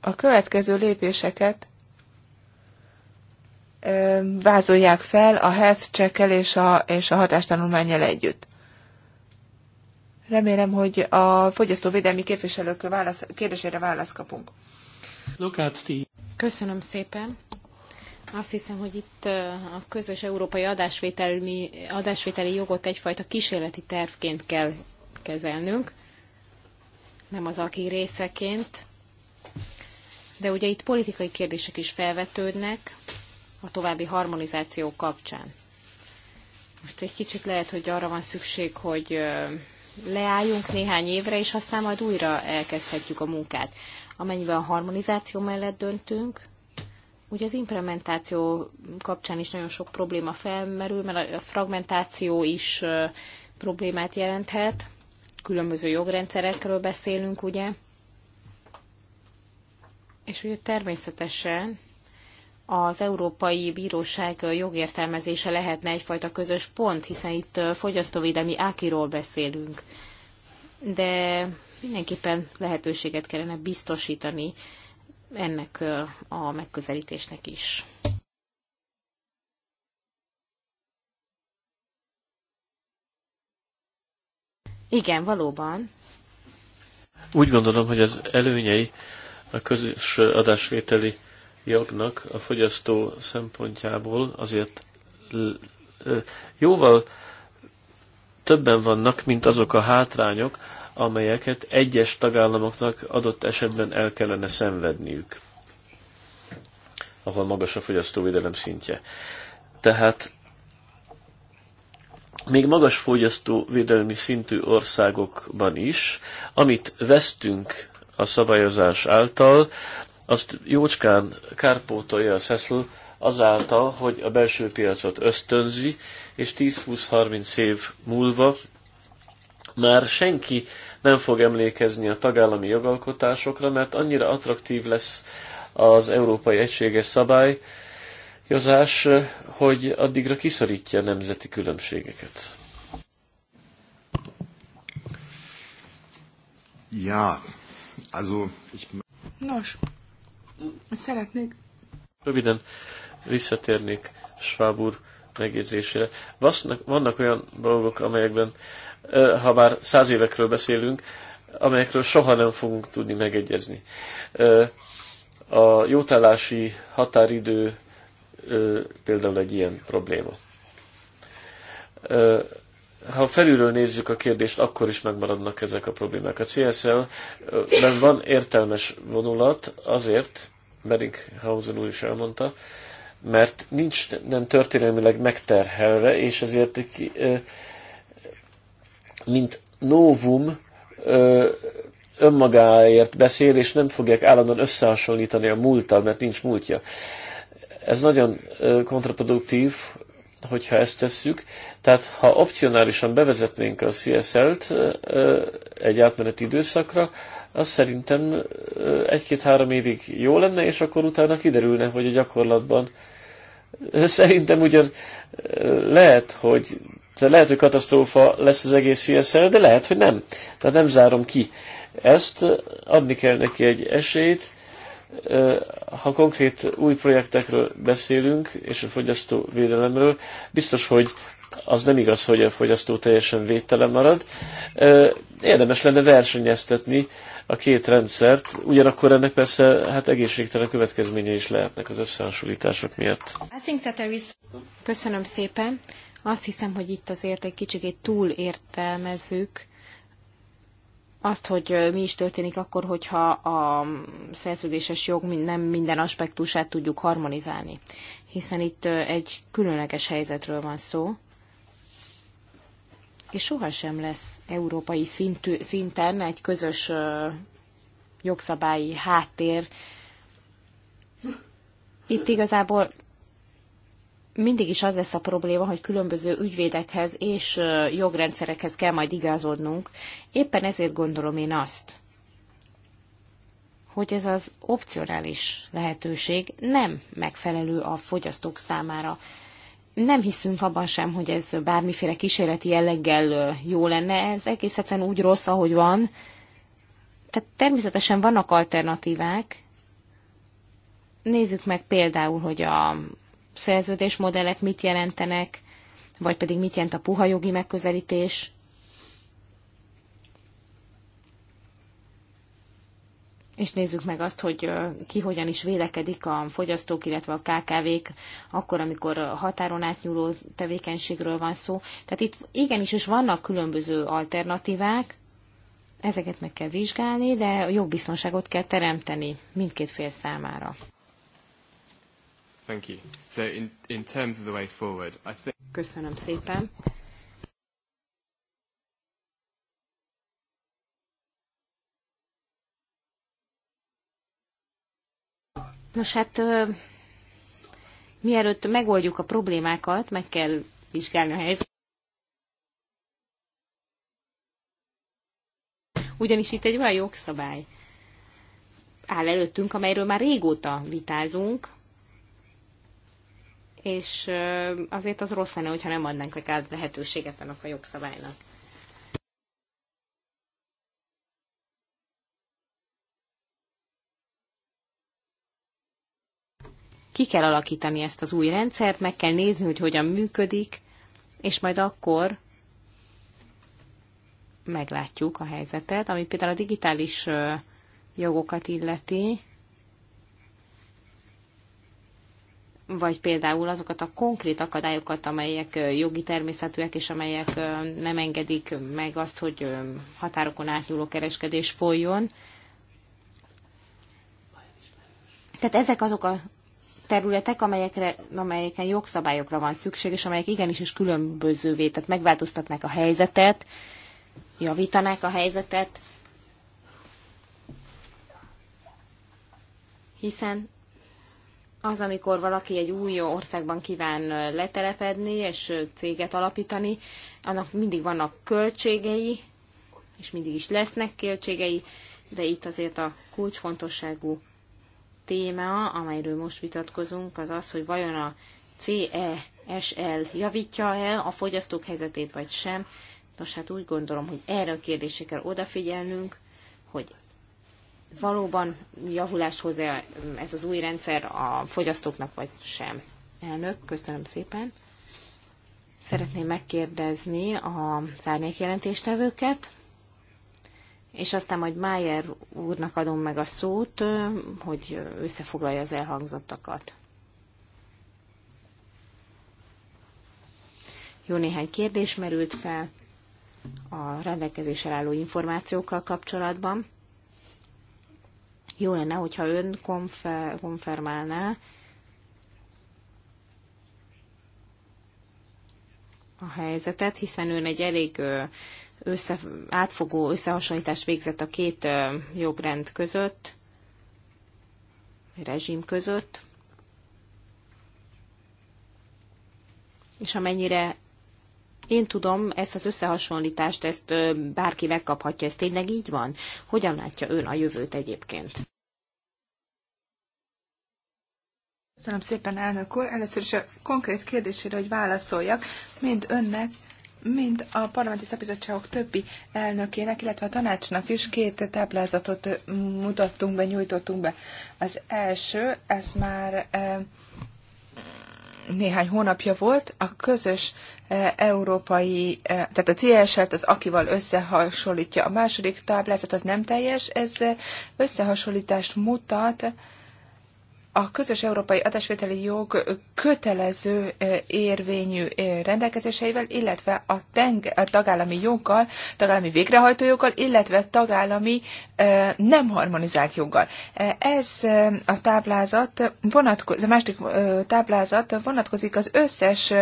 a következő lépéseket vázolják fel a health check és a, és a hatástanulmányjal együtt. Remélem, hogy a fogyasztóvédelmi képviselők válasz, kérdésére választ kapunk. Köszönöm szépen. Azt hiszem, hogy itt a közös európai adásvételi, adásvételi jogot egyfajta kísérleti tervként kell kezelnünk nem az aki részeként, de ugye itt politikai kérdések is felvetődnek a további harmonizáció kapcsán. Most egy kicsit lehet, hogy arra van szükség, hogy leálljunk néhány évre, és aztán majd újra elkezdhetjük a munkát. Amennyiben a harmonizáció mellett döntünk, ugye az implementáció kapcsán is nagyon sok probléma felmerül, mert a fragmentáció is problémát jelenthet különböző jogrendszerekről beszélünk, ugye? És ugye természetesen az Európai Bíróság jogértelmezése lehetne egyfajta közös pont, hiszen itt fogyasztóvédelmi ákiról beszélünk. De mindenképpen lehetőséget kellene biztosítani ennek a megközelítésnek is. Igen, valóban. Úgy gondolom, hogy az előnyei a közös adásvételi jognak a fogyasztó szempontjából azért jóval többen vannak, mint azok a hátrányok, amelyeket egyes tagállamoknak adott esetben el kellene szenvedniük, ahol magas a fogyasztóvédelem szintje. Tehát még magas fogyasztóvédelmi szintű országokban is, amit vesztünk a szabályozás által, azt jócskán kárpótolja a Cecil azáltal, hogy a belső piacot ösztönzi, és 10-20-30 év múlva már senki nem fog emlékezni a tagállami jogalkotásokra, mert annyira attraktív lesz az európai egységes szabály, szabályozás, hogy addigra kiszorítja a nemzeti különbségeket. Ja, also ich... Nos, szeretnék... Röviden visszatérnék Schwab úr megjegyzésére. Vasznak, vannak olyan dolgok, amelyekben, ha már száz évekről beszélünk, amelyekről soha nem fogunk tudni megegyezni. A jótállási határidő például egy ilyen probléma. Ha felülről nézzük a kérdést, akkor is megmaradnak ezek a problémák. A CSL-ben van értelmes vonulat azért, Hausen úr is elmondta, mert nincs nem történelmileg megterhelve, és ezért mint novum önmagáért beszél, és nem fogják állandóan összehasonlítani a múlttal, mert nincs múltja. Ez nagyon kontraproduktív, hogyha ezt tesszük. Tehát ha opcionálisan bevezetnénk a CSL-t egy átmeneti időszakra, az szerintem egy-két-három évig jó lenne, és akkor utána kiderülne, hogy a gyakorlatban szerintem ugyan lehet, hogy lehet, hogy katasztrófa lesz az egész CSL, de lehet, hogy nem. Tehát nem zárom ki. Ezt adni kell neki egy esélyt, ha konkrét új projektekről beszélünk, és a fogyasztó védelemről, biztos, hogy az nem igaz, hogy a fogyasztó teljesen védtelen marad. Érdemes lenne versenyeztetni a két rendszert, ugyanakkor ennek persze hát egészségtelen következménye is lehetnek az összehasonlítások miatt. Köszönöm szépen. Azt hiszem, hogy itt azért egy kicsit túl értelmezzük azt, hogy mi is történik akkor, hogyha a szerződéses jog nem minden aspektusát tudjuk harmonizálni. Hiszen itt egy különleges helyzetről van szó, és sohasem lesz európai szintű, szinten egy közös jogszabályi háttér. Itt igazából mindig is az lesz a probléma, hogy különböző ügyvédekhez és jogrendszerekhez kell majd igazodnunk. Éppen ezért gondolom én azt, hogy ez az opcionális lehetőség nem megfelelő a fogyasztók számára. Nem hiszünk abban sem, hogy ez bármiféle kísérleti jelleggel jó lenne, ez egész egyszerűen úgy rossz, ahogy van. Tehát természetesen vannak alternatívák. Nézzük meg például, hogy a szerződésmodellek mit jelentenek, vagy pedig mit jelent a puha jogi megközelítés. És nézzük meg azt, hogy ki hogyan is vélekedik a fogyasztók, illetve a KKV-k, akkor, amikor határon átnyúló tevékenységről van szó. Tehát itt igenis is vannak különböző alternatívák, ezeket meg kell vizsgálni, de jogbiztonságot kell teremteni mindkét fél számára. Thank you. So in, in terms of the way forward, I think... Köszönöm szépen. Nos hát, mielőtt megoldjuk a problémákat, meg kell vizsgálni a helyzetet. Ugyanis itt egy olyan jogszabály áll előttünk, amelyről már régóta vitázunk, és azért az rossz lenne, hogyha nem adnánk meg át lehetőséget annak a jogszabálynak. Ki kell alakítani ezt az új rendszert, meg kell nézni, hogy hogyan működik, és majd akkor meglátjuk a helyzetet, ami például a digitális jogokat illeti, vagy például azokat a konkrét akadályokat, amelyek jogi természetűek, és amelyek nem engedik meg azt, hogy határokon átnyúló kereskedés folyjon. Tehát ezek azok a területek, amelyekre, amelyeken jogszabályokra van szükség, és amelyek igenis is különbözővé, tehát megváltoztatnák a helyzetet, javítanák a helyzetet, hiszen az, amikor valaki egy új országban kíván letelepedni és céget alapítani, annak mindig vannak költségei, és mindig is lesznek költségei, de itt azért a kulcsfontosságú téma, amelyről most vitatkozunk, az az, hogy vajon a CESL javítja-e a fogyasztók helyzetét, vagy sem. Nos, hát úgy gondolom, hogy erre a kérdésre kell odafigyelnünk, hogy valóban javulást hoz -e ez az új rendszer a fogyasztóknak, vagy sem? Elnök, köszönöm szépen. Szeretném megkérdezni a jelentéstevőket, és aztán majd Májer úrnak adom meg a szót, hogy összefoglalja az elhangzottakat. Jó néhány kérdés merült fel a rendelkezésre álló információkkal kapcsolatban. Jó lenne, hogyha ön konfer- konfirmálná a helyzetet, hiszen ön egy elég össze, átfogó összehasonlítást végzett a két jogrend között, rezsim között, és amennyire én tudom, ezt az összehasonlítást, ezt bárki megkaphatja, ez tényleg így van? Hogyan látja ön a jövőt egyébként? Köszönöm szépen, elnök úr. Először is a konkrét kérdésére, hogy válaszoljak, mind önnek, mind a parlamenti szabizottságok többi elnökének, illetve a tanácsnak is két táblázatot mutattunk be, nyújtottunk be. Az első, ez már néhány hónapja volt, a közös európai, tehát a CSL-t az akival összehasonlítja. A második táblázat az nem teljes, ez összehasonlítást mutat, a közös európai adásvételi jog kötelező érvényű rendelkezéseivel, illetve a, teng- a tagállami joggal, tagállami végrehajtó joggal, illetve tagállami nem harmonizált joggal. Ez a táblázat vonatkozik, a másik táblázat vonatkozik az összes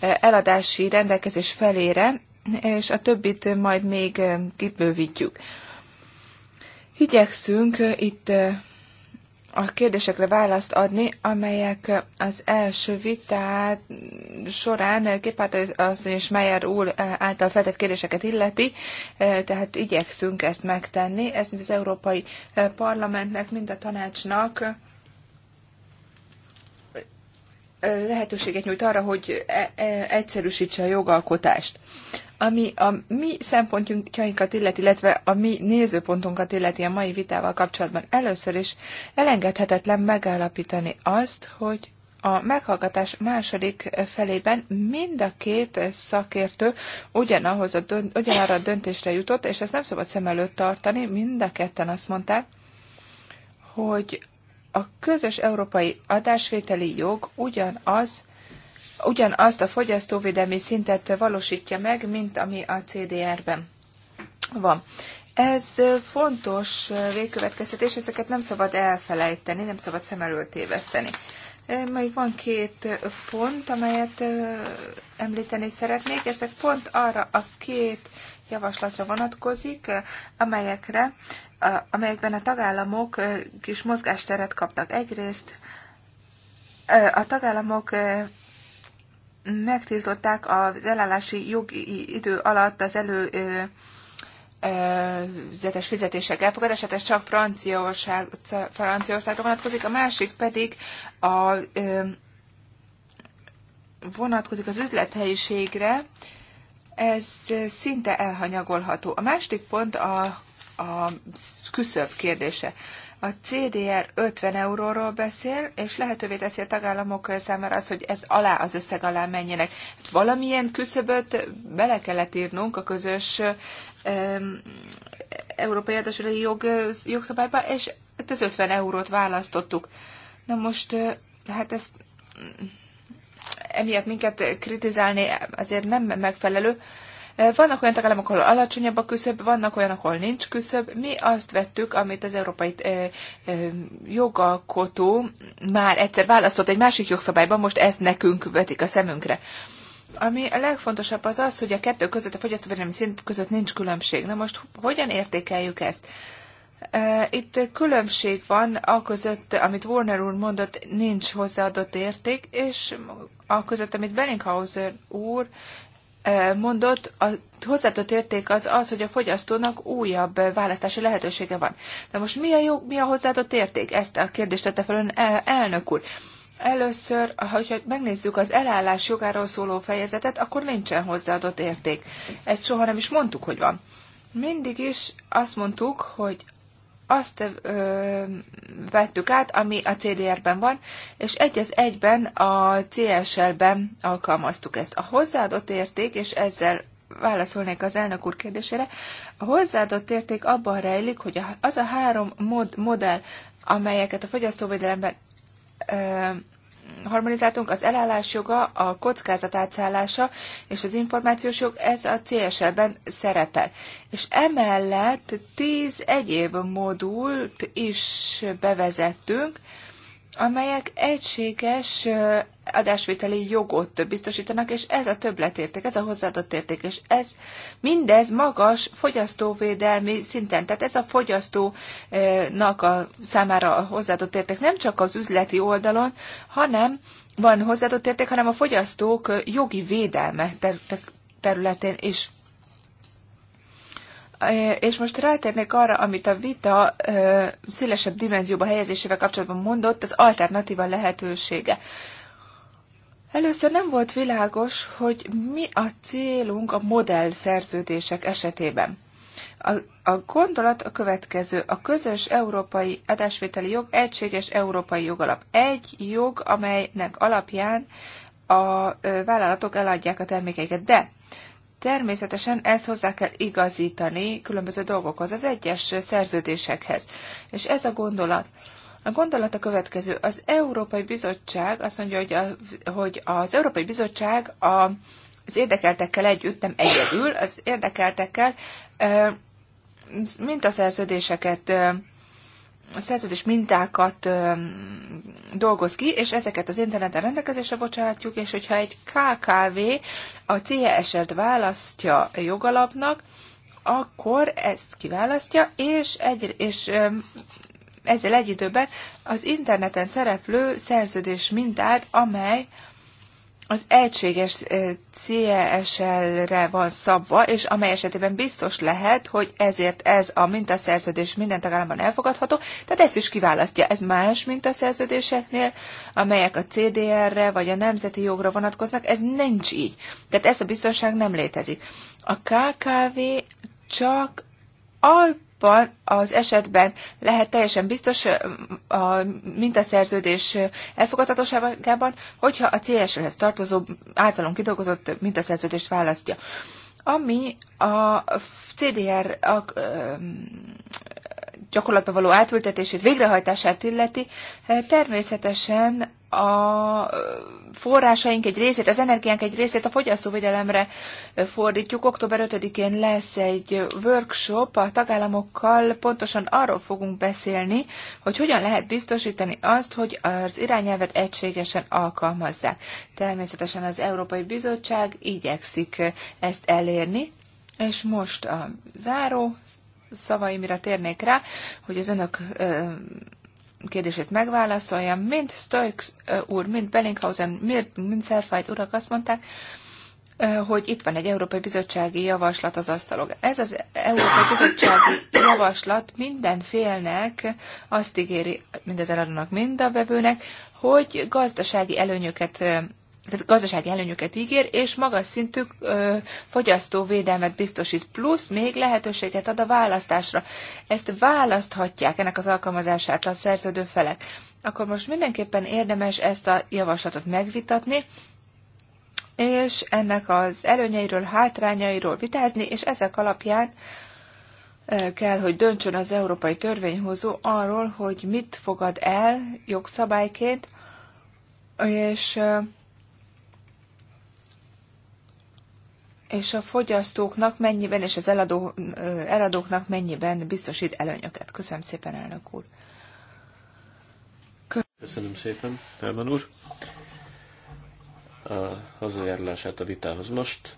eladási rendelkezés felére, és a többit majd még kibővítjük. Igyekszünk itt a kérdésekre választ adni, amelyek az első vitát során Képát az és Meyer úr eh, által feltett kérdéseket illeti, eh, tehát igyekszünk ezt megtenni. Ez mind az Európai eh, Parlamentnek, mind a tanácsnak lehetőséget nyújt arra, hogy e, e, egyszerűsítse a jogalkotást ami a mi szempontjainkat illeti, illetve a mi nézőpontunkat illeti a mai vitával kapcsolatban. Először is elengedhetetlen megállapítani azt, hogy a meghallgatás második felében mind a két szakértő ugyanahoz a dönt, ugyanarra a döntésre jutott, és ezt nem szabad szem előtt tartani, mind a ketten azt mondták, hogy a közös európai adásvételi jog ugyanaz, ugyanazt a fogyasztóvédelmi szintet valósítja meg, mint ami a CDR-ben van. Ez fontos végkövetkeztetés, ezeket nem szabad elfelejteni, nem szabad szem elől téveszteni. Még van két pont, amelyet említeni szeretnék. Ezek pont arra a két javaslatra vonatkozik, amelyekre, amelyekben a tagállamok kis mozgásteret kaptak. Egyrészt a tagállamok megtiltották az elállási jogi idő alatt az elő zetes fizetések elfogadását, ez csak Franciaország, Franciaországra vonatkozik, a másik pedig a, ö, vonatkozik az üzlethelyiségre, ez szinte elhanyagolható. A másik pont a, a küszöb kérdése. A CDR 50 euróról beszél, és lehetővé teszi a tagállamok számára az, hogy ez alá, az összeg alá menjenek. Hát valamilyen küszöböt bele kellett írnunk a közös um, európai adásügyi jog, jogszabályba, és hát az 50 eurót választottuk. Na most, hát ezt mm, emiatt minket kritizálni azért nem megfelelő, vannak olyan tagállamok, ahol alacsonyabb a küszöb, vannak olyan, ahol nincs küszöb. Mi azt vettük, amit az európai eh, eh, jogalkotó már egyszer választott egy másik jogszabályban, most ezt nekünk vetik a szemünkre. Ami a legfontosabb az az, hogy a kettő között, a fogyasztóvédelmi szint között nincs különbség. Na most hogyan értékeljük ezt? Eh, itt különbség van a között, amit Warner úr mondott, nincs hozzáadott érték, és a között, amit Bellinghauser úr mondott, a hozzáadott érték az az, hogy a fogyasztónak újabb választási lehetősége van. De most mi a, jó, mi a hozzáadott érték? Ezt a kérdést tette fel ön elnök úr. Először, ha megnézzük az elállás jogáról szóló fejezetet, akkor nincsen hozzáadott érték. Ezt soha nem is mondtuk, hogy van. Mindig is azt mondtuk, hogy azt ö, vettük át, ami a CDR-ben van, és egy az egyben a CSL-ben alkalmaztuk ezt. A hozzáadott érték, és ezzel válaszolnék az elnök úr kérdésére, a hozzáadott érték abban rejlik, hogy az a három mod, modell, amelyeket a fogyasztóvédelemben harmonizáltunk, az elállás joga, a kockázat átszállása és az információs jog, ez a CSL-ben szerepel. És emellett tíz egyéb modult is bevezettünk, amelyek egységes adásvételi jogot biztosítanak, és ez a többletérték, ez a hozzáadott érték, és ez mindez magas fogyasztóvédelmi szinten, tehát ez a fogyasztónak a számára a hozzáadott érték nem csak az üzleti oldalon, hanem van hozzáadott érték, hanem a fogyasztók jogi védelme területén is. E, és most rátérnék arra, amit a vita e, szélesebb dimenzióba helyezésével kapcsolatban mondott, az alternatíva lehetősége. Először nem volt világos, hogy mi a célunk a modell szerződések esetében. A, a gondolat a következő. A közös európai adásvételi jog egységes európai jogalap. Egy jog, amelynek alapján a vállalatok eladják a termékeiket. De természetesen ezt hozzá kell igazítani különböző dolgokhoz, az egyes szerződésekhez. És ez a gondolat. A gondolat a következő. Az Európai Bizottság azt mondja, hogy, a, hogy az Európai Bizottság a, az érdekeltekkel együtt, nem egyedül, az érdekeltekkel mint a szerződéseket, a szerződés mintákat dolgoz ki, és ezeket az interneten rendelkezésre bocsátjuk, és hogyha egy KKV a CSR-t választja jogalapnak, akkor ezt kiválasztja, és, egy, és ezzel egy időben az interneten szereplő szerződés mintát, amely az egységes CSL-re e van szabva, és amely esetében biztos lehet, hogy ezért ez a mintaszerződés minden tagállamban elfogadható, tehát ezt is kiválasztja. Ez más mintaszerződéseknél, amelyek a CDR-re vagy a nemzeti jogra vonatkoznak, ez nincs így. Tehát ezt a biztonság nem létezik. A KKV csak al- abban az esetben lehet teljesen biztos a mintaszerződés elfogadhatóságában, hogyha a CSR-hez tartozó általunk kidolgozott mintaszerződést választja. Ami a CDR a, gyakorlatba való átültetését, végrehajtását illeti, eh, természetesen a eh, forrásaink egy részét, az energiánk egy részét a fogyasztóvédelemre eh, fordítjuk. Október 5-én lesz egy workshop a tagállamokkal, pontosan arról fogunk beszélni, hogy hogyan lehet biztosítani azt, hogy az irányelvet egységesen alkalmazzák. Természetesen az Európai Bizottság igyekszik ezt elérni, és most a záró szavaimra térnék rá, hogy az önök kérdését megválaszoljam. Mind Stoik úr, mind Bellinghausen, mind Szerfajt urak azt mondták, hogy itt van egy Európai Bizottsági Javaslat az asztalon. Ez az Európai Bizottsági Javaslat minden félnek azt ígéri, mind adnak mind a vevőnek, hogy gazdasági előnyöket tehát gazdasági előnyöket ígér, és magas szintű ö, fogyasztóvédelmet biztosít, plusz még lehetőséget ad a választásra. Ezt választhatják ennek az alkalmazását a szerződő felek. Akkor most mindenképpen érdemes ezt a javaslatot megvitatni, és ennek az előnyeiről, hátrányairól vitázni, és ezek alapján kell, hogy döntsön az európai törvényhozó arról, hogy mit fogad el jogszabályként, és és a fogyasztóknak mennyiben, és az eladó, eladóknak mennyiben biztosít előnyöket. Köszönöm szépen, elnök úr. Köszönöm, Köszönöm szépen, Felman úr. A hazajárulását a vitához most.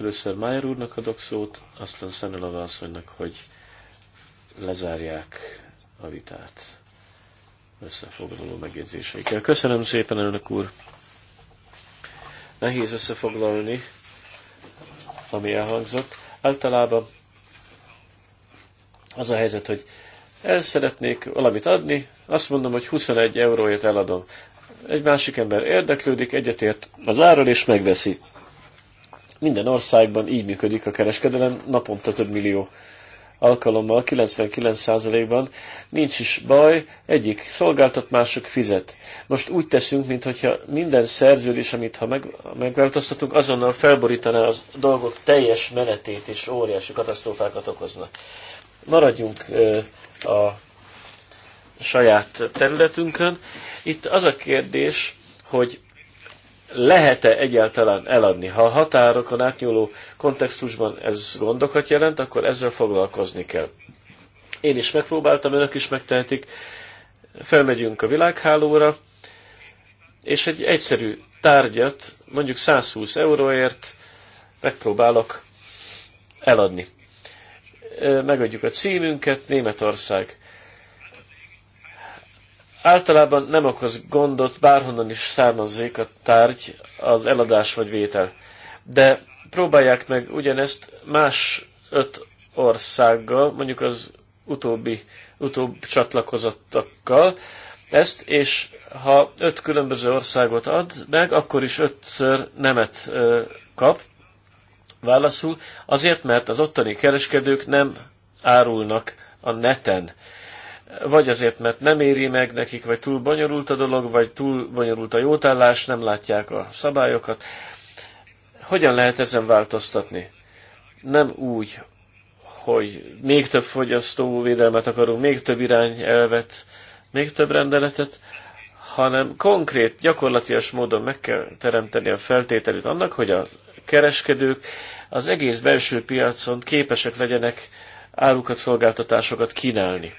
Először Májer úrnak adok szót, aztán Szenelava asszonynak, hogy lezárják a vitát összefoglaló megjegyzéseikkel. Köszönöm szépen, elnök úr! Nehéz összefoglalni ami elhangzott. Általában az a helyzet, hogy el szeretnék valamit adni, azt mondom, hogy 21 euróért eladom. Egy másik ember érdeklődik, egyetért az árral és megveszi. Minden országban így működik a kereskedelem, naponta több millió alkalommal 99%-ban nincs is baj, egyik szolgáltat, mások fizet. Most úgy teszünk, mintha minden szerződés, amit ha meg, megváltoztatunk, azonnal felborítaná az dolgok teljes menetét és óriási katasztrófákat okozna. Maradjunk a saját területünkön. Itt az a kérdés, hogy lehet-e egyáltalán eladni. Ha a határokon átnyúló kontextusban ez gondokat jelent, akkor ezzel foglalkozni kell. Én is megpróbáltam, önök is megtehetik. Felmegyünk a világhálóra, és egy egyszerű tárgyat, mondjuk 120 euróért megpróbálok eladni. Megadjuk a címünket, Németország Általában nem okoz gondot, bárhonnan is származzék a tárgy, az eladás vagy vétel. De próbálják meg ugyanezt más öt országgal, mondjuk az utóbbi, utóbb csatlakozottakkal, ezt, és ha öt különböző országot ad meg, akkor is ötször nemet kap válaszul, azért, mert az ottani kereskedők nem árulnak a neten vagy azért, mert nem éri meg nekik, vagy túl bonyolult a dolog, vagy túl bonyolult a jótállás, nem látják a szabályokat. Hogyan lehet ezen változtatni? Nem úgy, hogy még több fogyasztóvédelmet akarunk, még több elvet, még több rendeletet, hanem konkrét, gyakorlatias módon meg kell teremteni a feltételét annak, hogy a kereskedők az egész belső piacon képesek legyenek árukat, szolgáltatásokat kínálni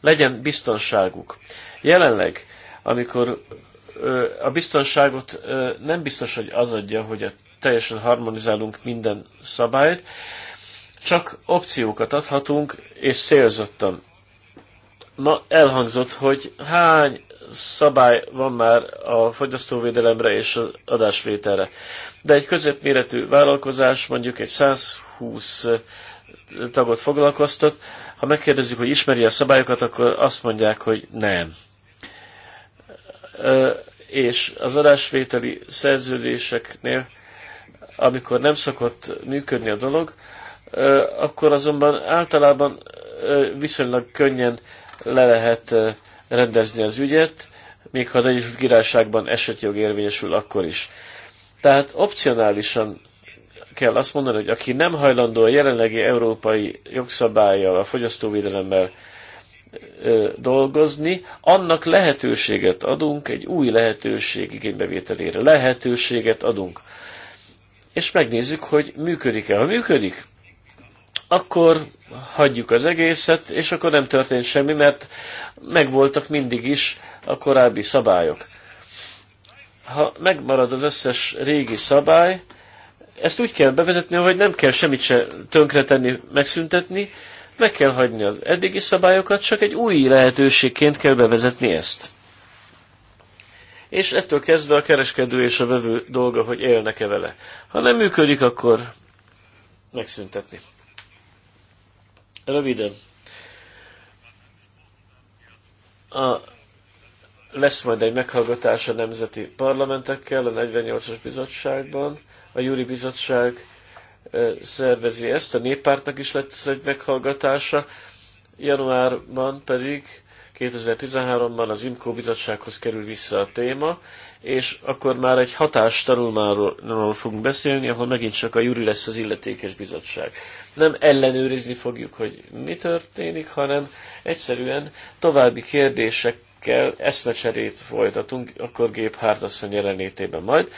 legyen biztonságuk. Jelenleg, amikor a biztonságot nem biztos, hogy az adja, hogy a teljesen harmonizálunk minden szabályt, csak opciókat adhatunk, és szélzottan. Ma elhangzott, hogy hány szabály van már a fogyasztóvédelemre és az adásvételre. De egy középméretű vállalkozás mondjuk egy 120 tagot foglalkoztat, ha megkérdezzük, hogy ismeri a szabályokat, akkor azt mondják, hogy nem. És az adásvételi szerződéseknél, amikor nem szokott működni a dolog, akkor azonban általában viszonylag könnyen le lehet rendezni az ügyet, még ha az Egyesült Királyságban esetjog érvényesül akkor is. Tehát opcionálisan kell azt mondani, hogy aki nem hajlandó a jelenlegi európai jogszabályjal, a fogyasztóvédelemmel dolgozni, annak lehetőséget adunk, egy új lehetőség igénybevételére lehetőséget adunk. És megnézzük, hogy működik-e. Ha működik, akkor hagyjuk az egészet, és akkor nem történt semmi, mert megvoltak mindig is a korábbi szabályok. Ha megmarad az összes régi szabály, ezt úgy kell bevezetni, hogy nem kell semmit se tönkretenni, megszüntetni, meg kell hagyni az eddigi szabályokat, csak egy új lehetőségként kell bevezetni ezt. És ettől kezdve a kereskedő és a vevő dolga, hogy élnek-e vele. Ha nem működik, akkor megszüntetni. Röviden. A lesz majd egy meghallgatás a nemzeti parlamentekkel, a 48-as bizottságban. A Júri Bizottság szervezi ezt, a néppártnak is lett egy meghallgatása. Januárban pedig 2013-ban az IMCO bizottsághoz kerül vissza a téma, és akkor már egy tanulmáról fogunk beszélni, ahol megint csak a Júri lesz az illetékes bizottság. Nem ellenőrizni fogjuk, hogy mi történik, hanem egyszerűen további kérdések önökkel eszmecserét folytatunk, akkor Géphárt asszony jelenlétében majd.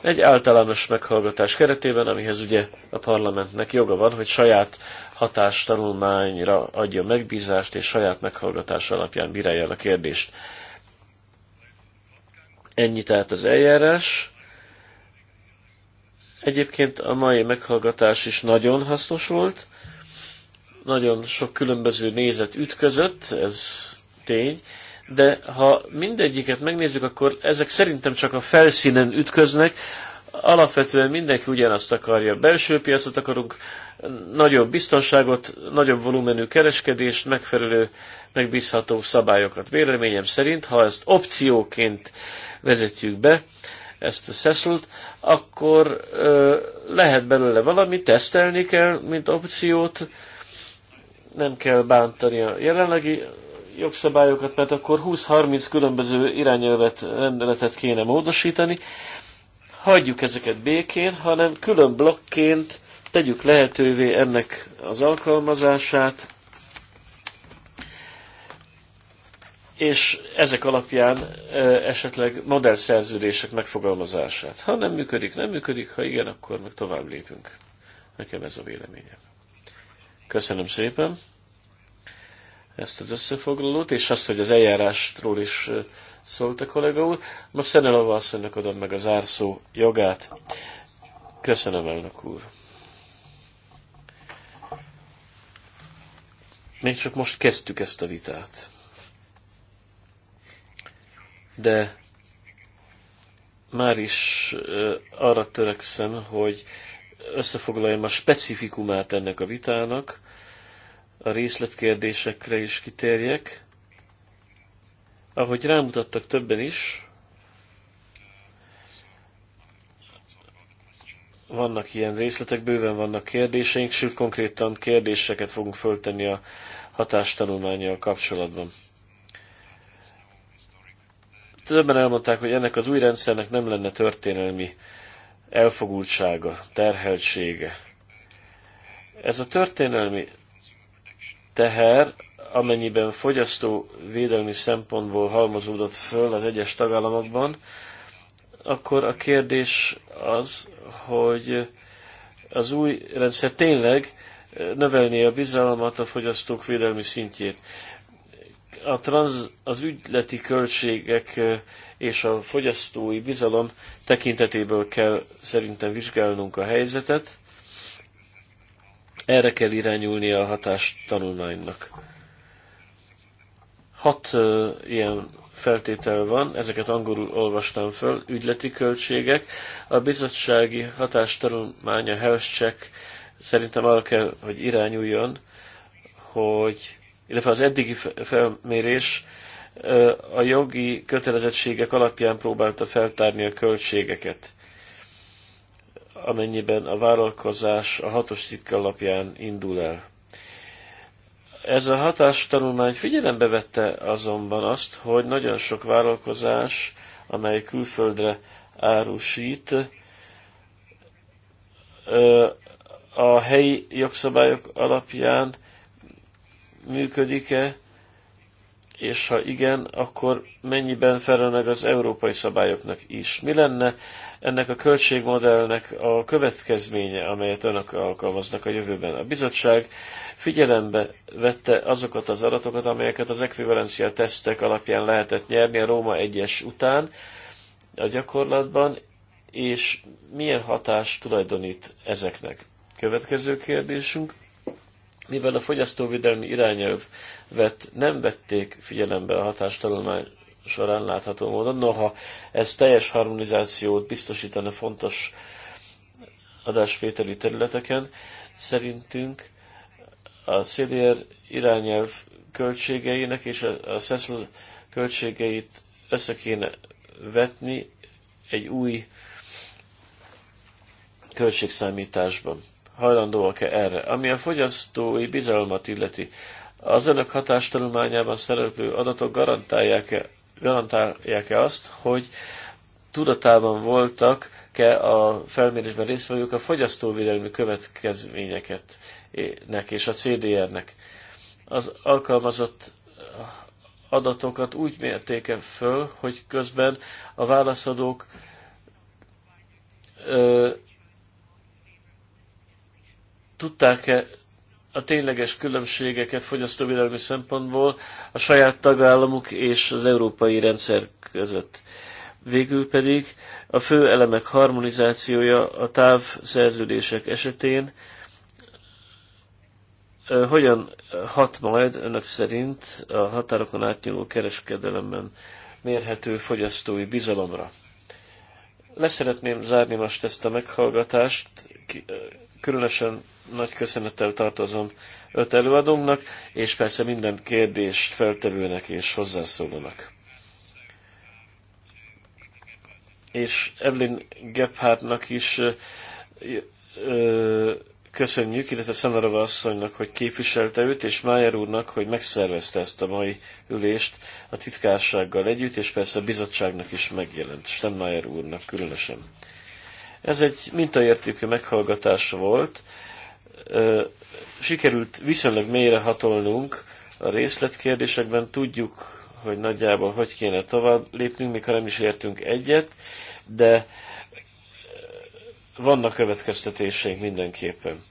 Egy általános meghallgatás keretében, amihez ugye a parlamentnek joga van, hogy saját hatástanulmányra adja megbízást, és saját meghallgatás alapján bírálja a kérdést. Ennyi tehát az eljárás. Egyébként a mai meghallgatás is nagyon hasznos volt. Nagyon sok különböző nézet ütközött, ez tény, de ha mindegyiket megnézzük, akkor ezek szerintem csak a felszínen ütköznek, alapvetően mindenki ugyanazt akarja. Belső piacot akarunk, nagyobb biztonságot, nagyobb volumenű kereskedést, megfelelő, megbízható szabályokat. Véleményem szerint, ha ezt opcióként vezetjük be, ezt a szeszult, akkor ö, lehet belőle valami, tesztelni kell, mint opciót, nem kell bántani a jelenlegi jogszabályokat, mert akkor 20-30 különböző irányelvet, rendeletet kéne módosítani. Hagyjuk ezeket békén, hanem külön blokként tegyük lehetővé ennek az alkalmazását, és ezek alapján e, esetleg modellszerződések megfogalmazását. Ha nem működik, nem működik, ha igen, akkor meg tovább lépünk. Nekem ez a véleményem. Köszönöm szépen! ezt az összefoglalót, és azt, hogy az eljárásról is szólt a kollega úr. Most Szenelova asszonynak adom meg az árszó jogát. Köszönöm, elnök úr. Még csak most kezdtük ezt a vitát. De már is arra törekszem, hogy összefoglaljam a specifikumát ennek a vitának, a részletkérdésekre is kitérjek. Ahogy rámutattak többen is, vannak ilyen részletek, bőven vannak kérdéseink, sőt konkrétan kérdéseket fogunk föltenni a hatástanulmányjal kapcsolatban. Többen elmondták, hogy ennek az új rendszernek nem lenne történelmi elfogultsága, terheltsége. Ez a történelmi teher, amennyiben fogyasztó védelmi szempontból halmozódott föl az egyes tagállamokban, akkor a kérdés az, hogy az új rendszer tényleg növelné a bizalmat a fogyasztók védelmi szintjét. A transz, az ügyleti költségek és a fogyasztói bizalom tekintetéből kell szerintem vizsgálnunk a helyzetet. Erre kell irányulni a hatás tanulmánynak. Hat ö, ilyen feltétel van, ezeket angolul olvastam föl, ügyleti költségek. A bizottsági hatás tanulmánya, health check szerintem arra kell, hogy irányuljon, hogy, illetve az eddigi felmérés a jogi kötelezettségek alapján próbálta feltárni a költségeket amennyiben a vállalkozás a hatos cikk alapján indul el. Ez a hatástanulmány figyelembe vette azonban azt, hogy nagyon sok vállalkozás, amely külföldre árusít, a helyi jogszabályok alapján működik-e, és ha igen, akkor mennyiben felel meg az európai szabályoknak is? Mi lenne ennek a költségmodellnek a következménye, amelyet önök alkalmaznak a jövőben. A bizottság figyelembe vette azokat az adatokat, amelyeket az ekvivalencia tesztek alapján lehetett nyerni a Róma 1-es után a gyakorlatban, és milyen hatást tulajdonít ezeknek. Következő kérdésünk. Mivel a fogyasztóvédelmi vett, nem vették figyelembe a hatástanulmány során látható módon. Noha ez teljes harmonizációt biztosítana fontos adásvételi területeken, szerintünk a CDR irányelv költségeinek és a CESL költségeit össze kéne vetni egy új költségszámításban. Hajlandóak-e erre? Ami a fogyasztói bizalmat illeti, az önök hatástanulmányában szereplő adatok garantálják-e garantálják-e azt, hogy tudatában voltak-e a felmérésben résztvevők a fogyasztóvédelmi következményeket nek és a CDR-nek. Az alkalmazott adatokat úgy mértéke föl, hogy közben a válaszadók ö, tudták-e a tényleges különbségeket fogyasztóvédelmi szempontból a saját tagállamuk és az európai rendszer között. Végül pedig a fő elemek harmonizációja a távszerződések esetén hogyan hat majd önök szerint a határokon átnyúló kereskedelemben mérhető fogyasztói bizalomra. Leszeretném zárni most ezt a meghallgatást, különösen nagy köszönettel tartozom öt előadónknak, és persze minden kérdést feltevőnek és hozzászólónak. És Evelyn Gephardnak is ö, ö, köszönjük, illetve Szenarova asszonynak, hogy képviselte őt, és Májer úrnak, hogy megszervezte ezt a mai ülést a titkársággal együtt, és persze a bizottságnak is megjelent, Stenmájer úrnak különösen. Ez egy mintaértékű meghallgatás volt, sikerült viszonylag mélyre hatolnunk a részletkérdésekben, tudjuk, hogy nagyjából hogy kéne tovább lépnünk, mikor nem is értünk egyet, de vannak következtetéseink mindenképpen.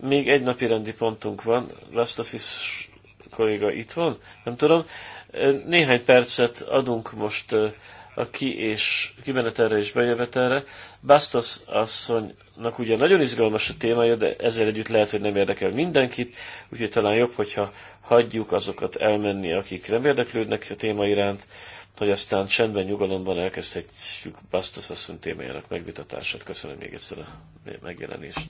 Még egy napi rendi pontunk van, Lastasis kolléga itt van, nem tudom. Néhány percet adunk most a ki és kimenetelre és bejövetelre. Bastos asszony Nak ugye nagyon izgalmas a témája, de ezzel együtt lehet, hogy nem érdekel mindenkit, úgyhogy talán jobb, hogyha hagyjuk azokat elmenni, akik nem érdeklődnek a téma iránt, hogy aztán csendben, nyugalomban elkezdhetjük Bastos asszony témájának megvitatását. Köszönöm még egyszer a megjelenést.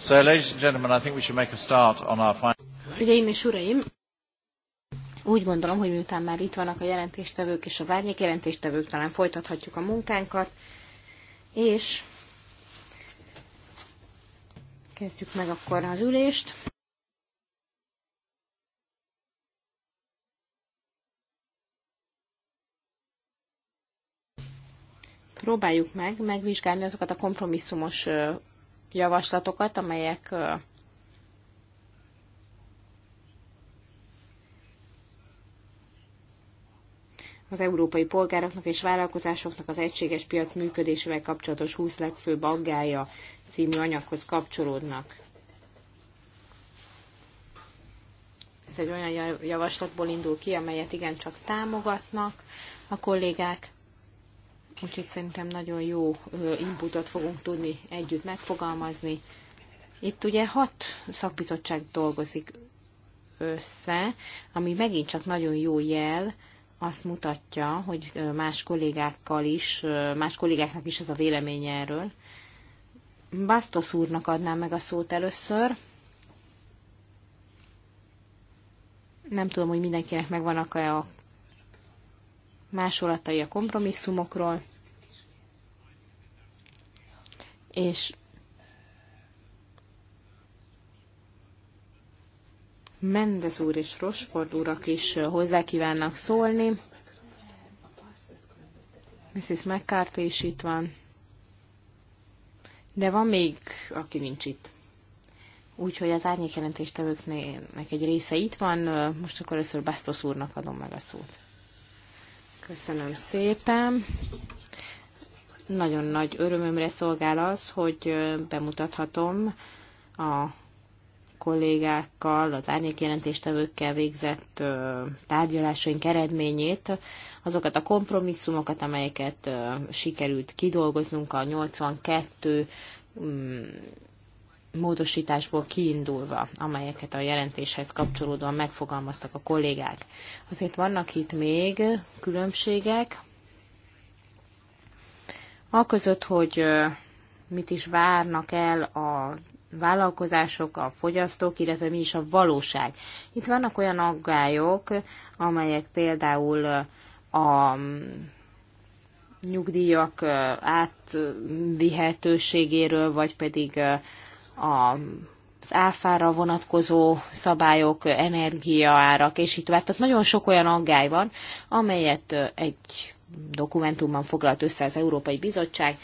So, ladies and gentlemen, I think we should make a start on our final... Hölgyeim és uraim, úgy gondolom, hogy miután már itt vannak a jelentéstevők és az árnyék jelentéstevők, talán folytathatjuk a munkánkat, és kezdjük meg akkor az ülést. Próbáljuk meg megvizsgálni azokat a kompromisszumos javaslatokat, amelyek az európai polgároknak és vállalkozásoknak az egységes piac működésével kapcsolatos 20 legfőbb aggája című anyaghoz kapcsolódnak. Ez egy olyan javaslatból indul ki, amelyet igencsak támogatnak a kollégák. Úgyhogy szerintem nagyon jó inputot fogunk tudni együtt megfogalmazni. Itt ugye hat szakbizottság dolgozik össze, ami megint csak nagyon jó jel, azt mutatja, hogy más kollégákkal is, más kollégáknak is ez a vélemény erről. Bastos úrnak adnám meg a szót először. Nem tudom, hogy mindenkinek megvannak-e a másolatai a kompromisszumokról, és Mendez úr és Rosford úrak is hozzá kívánnak szólni. Mrs. McCarthy is itt van. De van még, aki nincs itt. Úgyhogy az árnyékjelentéstevőknek egy része itt van, most akkor először Bastos úrnak adom meg a szót. Köszönöm szépen. Nagyon nagy örömömre szolgál az, hogy bemutathatom a kollégákkal, az árnyékjelentéstevőkkel végzett tárgyalásaink eredményét, azokat a kompromisszumokat, amelyeket sikerült kidolgoznunk a 82 módosításból kiindulva, amelyeket a jelentéshez kapcsolódóan megfogalmaztak a kollégák. Azért vannak itt még különbségek, aközött, hogy mit is várnak el a vállalkozások, a fogyasztók, illetve mi is a valóság. Itt vannak olyan aggályok, amelyek például a nyugdíjak átvihetőségéről, vagy pedig a az áfára vonatkozó szabályok, energiaárak, és itt tovább. Tehát nagyon sok olyan aggály van, amelyet egy dokumentumban foglalt össze az Európai Bizottság,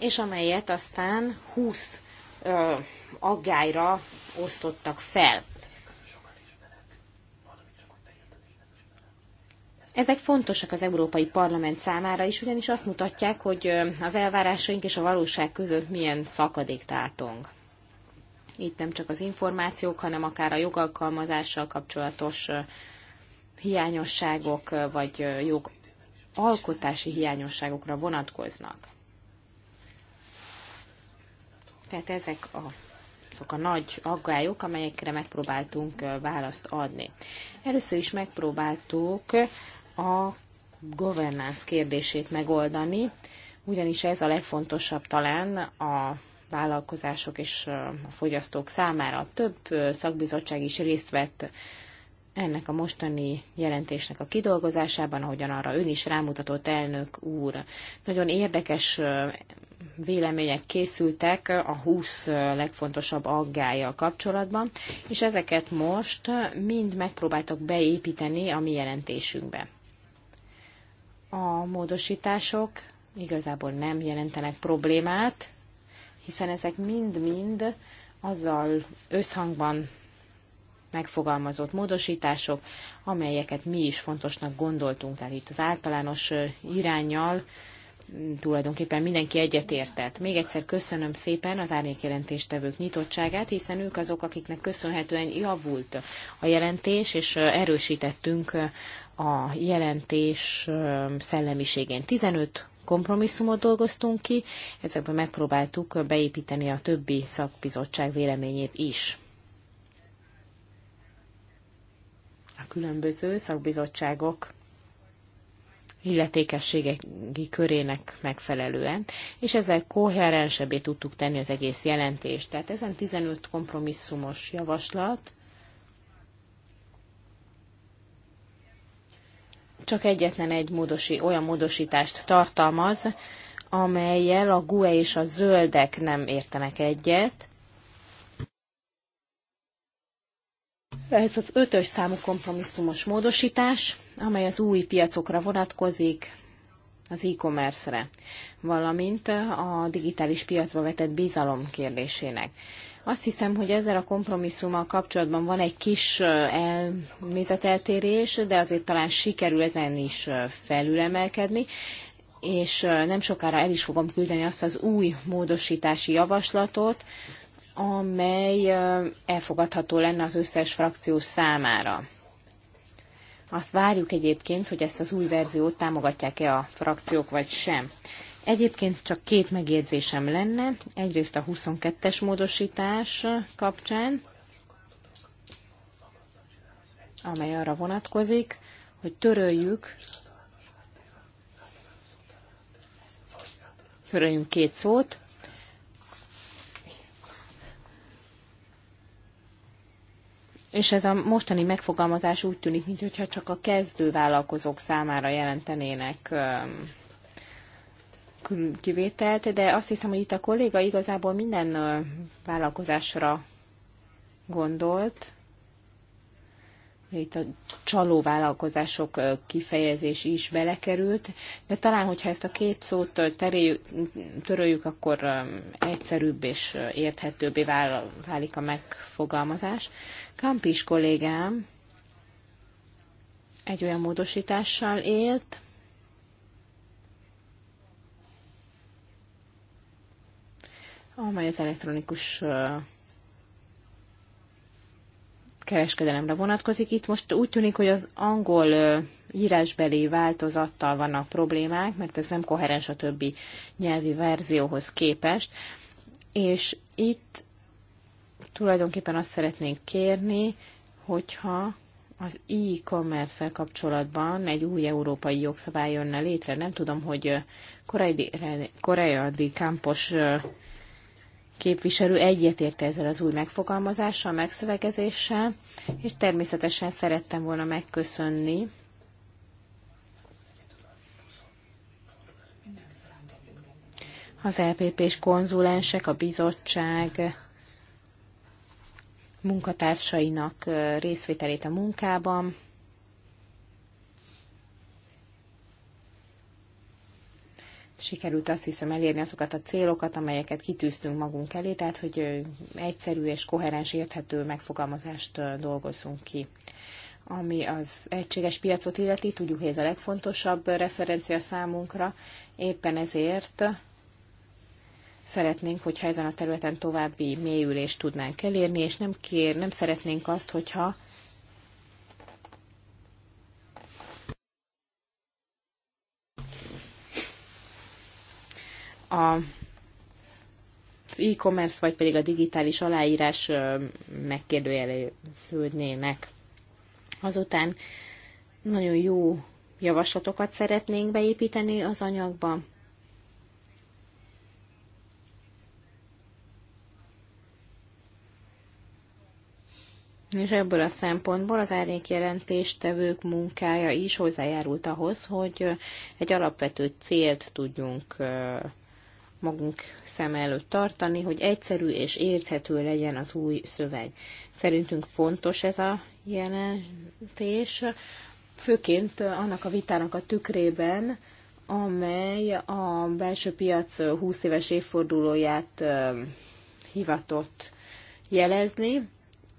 és amelyet aztán 20 ö, aggályra osztottak fel. Ezek fontosak az Európai Parlament számára is, ugyanis azt mutatják, hogy az elvárásaink és a valóság között milyen szakadék tátong. Itt nem csak az információk, hanem akár a jogalkalmazással kapcsolatos hiányosságok, vagy jogalkotási hiányosságokra vonatkoznak. Tehát ezek a azok a nagy aggályok, amelyekre megpróbáltunk választ adni. Először is megpróbáltuk a governance kérdését megoldani, ugyanis ez a legfontosabb talán a vállalkozások és a fogyasztók számára. Több szakbizottság is részt vett ennek a mostani jelentésnek a kidolgozásában, ahogyan arra ön is rámutatott elnök úr. Nagyon érdekes vélemények készültek a 20 legfontosabb aggája kapcsolatban, és ezeket most mind megpróbáltak beépíteni a mi jelentésünkbe. A módosítások igazából nem jelentenek problémát, hiszen ezek mind-mind azzal összhangban megfogalmazott módosítások, amelyeket mi is fontosnak gondoltunk, tehát itt az általános irányjal tulajdonképpen mindenki egyetértett. Még egyszer köszönöm szépen az árnyékjelentéstevők nyitottságát, hiszen ők azok, akiknek köszönhetően javult a jelentés, és erősítettünk a jelentés szellemiségén. 15 kompromisszumot dolgoztunk ki, ezekben megpróbáltuk beépíteni a többi szakbizottság véleményét is. A különböző szakbizottságok illetékességi körének megfelelően, és ezzel koherensebbé tudtuk tenni az egész jelentést. Tehát ezen 15 kompromisszumos javaslat csak egyetlen egy módosi, olyan módosítást tartalmaz, amelyel a GUE és a zöldek nem értenek egyet. Ez az ötös számú kompromisszumos módosítás, amely az új piacokra vonatkozik, az e-commerce-re, valamint a digitális piacba vetett bizalom kérdésének. Azt hiszem, hogy ezzel a kompromisszummal kapcsolatban van egy kis elnézeteltérés, de azért talán sikerül ezen is felülemelkedni, és nem sokára el is fogom küldeni azt az új módosítási javaslatot, amely elfogadható lenne az összes frakció számára. Azt várjuk egyébként, hogy ezt az új verziót támogatják-e a frakciók, vagy sem. Egyébként csak két megjegyzésem lenne. Egyrészt a 22-es módosítás kapcsán, amely arra vonatkozik, hogy töröljük, töröljünk két szót, és ez a mostani megfogalmazás úgy tűnik, mintha csak a kezdő vállalkozók számára jelentenének kivételt, de azt hiszem, hogy itt a kolléga igazából minden vállalkozásra gondolt, itt a csalóvállalkozások kifejezés is belekerült, de talán, hogyha ezt a két szót teréljük, töröljük, akkor egyszerűbb és érthetőbbé válik a megfogalmazás. Kampis kollégám egy olyan módosítással élt, amely az elektronikus kereskedelemre vonatkozik. Itt most úgy tűnik, hogy az angol írásbeli változattal vannak problémák, mert ez nem koherens a többi nyelvi verzióhoz képest. És itt tulajdonképpen azt szeretnénk kérni, hogyha az e-commerce-el kapcsolatban egy új európai jogszabály jönne létre. Nem tudom, hogy Koreai Di Campos képviselő egyetért ezzel az új megfogalmazással, megszövegezéssel, és természetesen szerettem volna megköszönni az lpp e és konzulensek, a bizottság munkatársainak részvételét a munkában. sikerült azt hiszem elérni azokat a célokat, amelyeket kitűztünk magunk elé, tehát hogy egyszerű és koherens érthető megfogalmazást dolgozzunk ki. Ami az egységes piacot illeti, tudjuk, hogy ez a legfontosabb referencia számunkra, éppen ezért szeretnénk, hogyha ezen a területen további mélyülést tudnánk elérni, és nem, kér, nem szeretnénk azt, hogyha a az e-commerce vagy pedig a digitális aláírás megkérdőjeleződnének. Azután nagyon jó javaslatokat szeretnénk beépíteni az anyagba. És ebből a szempontból az árnyékjelentéstevők munkája is hozzájárult ahhoz, hogy egy alapvető célt tudjunk magunk szem előtt tartani, hogy egyszerű és érthető legyen az új szöveg. Szerintünk fontos ez a jelentés, főként annak a vitának a tükrében, amely a belső piac 20 éves évfordulóját hivatott jelezni.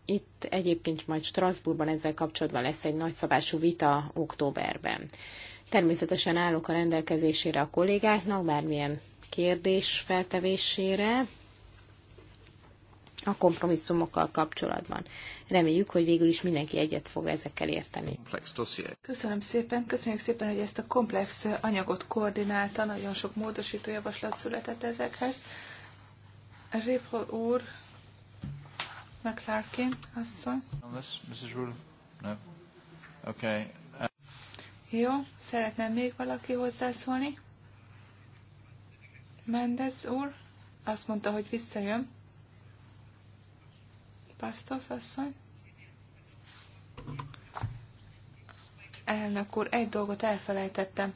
Itt egyébként majd Strasbourgban ezzel kapcsolatban lesz egy nagyszabású vita októberben. Természetesen állok a rendelkezésére a kollégáknak, bármilyen kérdés feltevésére a kompromisszumokkal kapcsolatban. Reméljük, hogy végül is mindenki egyet fog ezekkel érteni. Köszönöm szépen, köszönjük szépen, hogy ezt a komplex anyagot koordinálta, nagyon sok módosító javaslat született ezekhez. Riffel úr, McLarkin asszony. Jó, szeretném még valaki hozzászólni? Mendez úr azt mondta, hogy visszajön. Pasztos asszony. Elnök úr, egy dolgot elfelejtettem.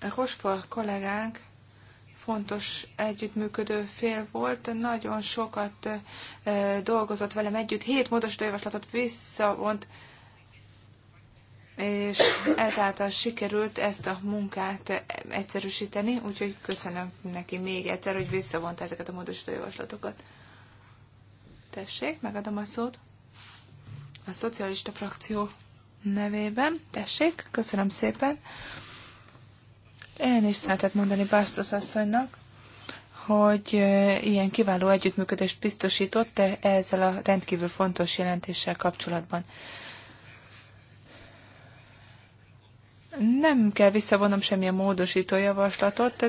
A Hosfa kollégánk fontos együttműködő fél volt, nagyon sokat dolgozott velem együtt, hét módosítójavaslatot visszavont, és ezáltal sikerült ezt a munkát egyszerűsíteni, úgyhogy köszönöm neki még egyszer, hogy visszavonta ezeket a módosító javaslatokat. Tessék, megadom a szót a szocialista frakció nevében. Tessék, köszönöm szépen. Én is szeretett mondani Bastos asszonynak, hogy ilyen kiváló együttműködést biztosított ezzel a rendkívül fontos jelentéssel kapcsolatban. Nem kell visszavonnom semmilyen módosító javaslatot, de,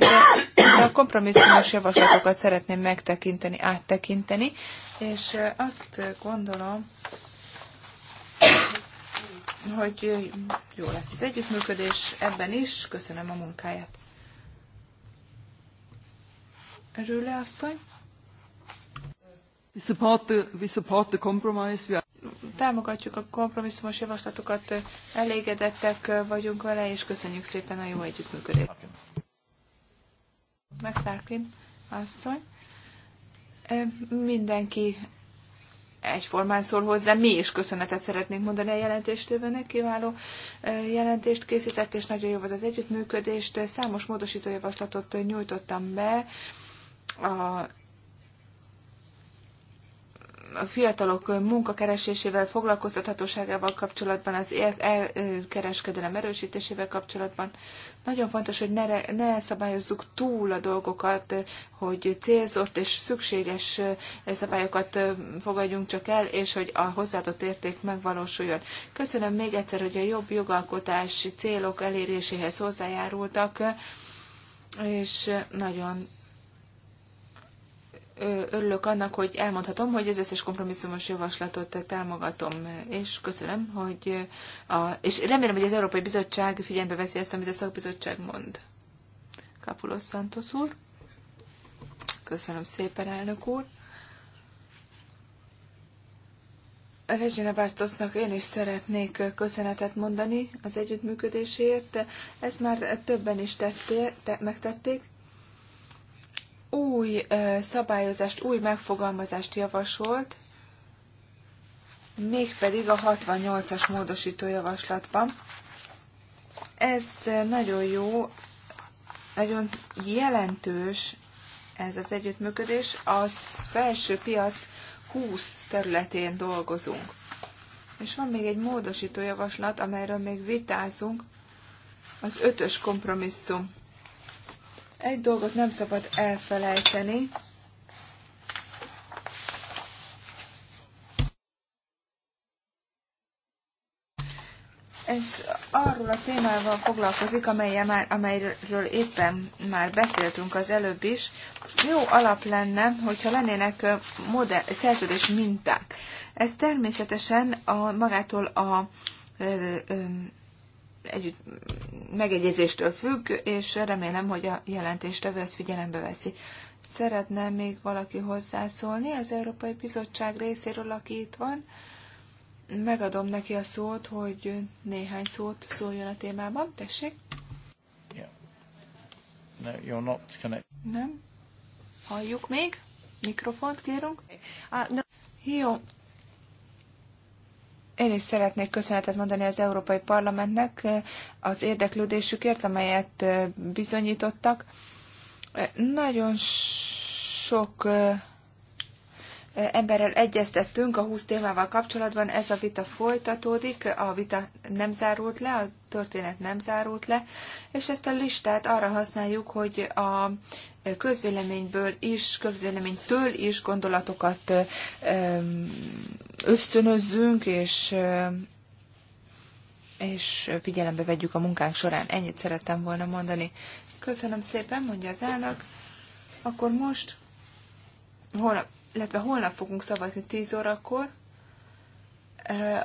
de a kompromisszumos javaslatokat szeretném megtekinteni, áttekinteni, és azt gondolom, hogy jó lesz az együttműködés ebben is. Köszönöm a munkáját. Rüle asszony. We support the, we support the compromise. We are... Támogatjuk a kompromisszumos javaslatokat, elégedettek vagyunk vele, és köszönjük szépen a jó együttműködést. McLarkin asszony. Mindenki egyformán szól hozzá. Mi is köszönetet szeretnénk mondani a jelentéstővőnek. Kiváló jelentést készített, és nagyon jó volt az együttműködést. Számos módosítójavaslatot nyújtottam be a a fiatalok munkakeresésével, foglalkoztathatóságával kapcsolatban, az elkereskedelem erősítésével kapcsolatban. Nagyon fontos, hogy ne, ne szabályozzuk túl a dolgokat, hogy célzott és szükséges szabályokat fogadjunk csak el, és hogy a hozzáadott érték megvalósuljon. Köszönöm még egyszer, hogy a jobb jogalkotási célok eléréséhez hozzájárultak, és nagyon örülök annak, hogy elmondhatom, hogy az összes kompromisszumos javaslatot támogatom, és köszönöm, hogy a, és remélem, hogy az Európai Bizottság figyelembe veszi ezt, amit a szakbizottság mond. Kapulos Santos úr. Köszönöm szépen, elnök úr. Regina Bastosnak én is szeretnék köszönetet mondani az együttműködésért. Ezt már többen is tették, te, megtették új szabályozást, új megfogalmazást javasolt, mégpedig a 68-as módosító javaslatban. Ez nagyon jó, nagyon jelentős ez az együttműködés. Az felső piac 20 területén dolgozunk. És van még egy módosító javaslat, amelyről még vitázunk, az ötös kompromisszum egy dolgot nem szabad elfelejteni. Ez arról a témával foglalkozik, már, amelyről éppen már beszéltünk az előbb is. Jó alap lenne, hogyha lennének modell, szerződés minták. Ez természetesen a, magától a együtt megegyezéstől függ, és remélem, hogy a jelentéstevő ezt figyelembe veszi. Szeretne még valaki hozzászólni az Európai Bizottság részéről, aki itt van? Megadom neki a szót, hogy néhány szót szóljon a témában. Tessék! Yeah. No, you're not connect. Nem? Halljuk még? Mikrofont kérünk? Ah, no. Jó, én is szeretnék köszönetet mondani az Európai Parlamentnek eh, az érdeklődésükért, amelyet eh, bizonyítottak. Eh, nagyon sok emberrel egyeztettünk a 20 témával kapcsolatban, ez a vita folytatódik, a vita nem zárult le, a történet nem zárult le, és ezt a listát arra használjuk, hogy a közvéleményből is, közvéleménytől is gondolatokat ösztönözzünk, és és figyelembe vegyük a munkánk során. Ennyit szerettem volna mondani. Köszönöm szépen, mondja az elnök. Akkor most holnap illetve holnap fogunk szavazni 10 órakor,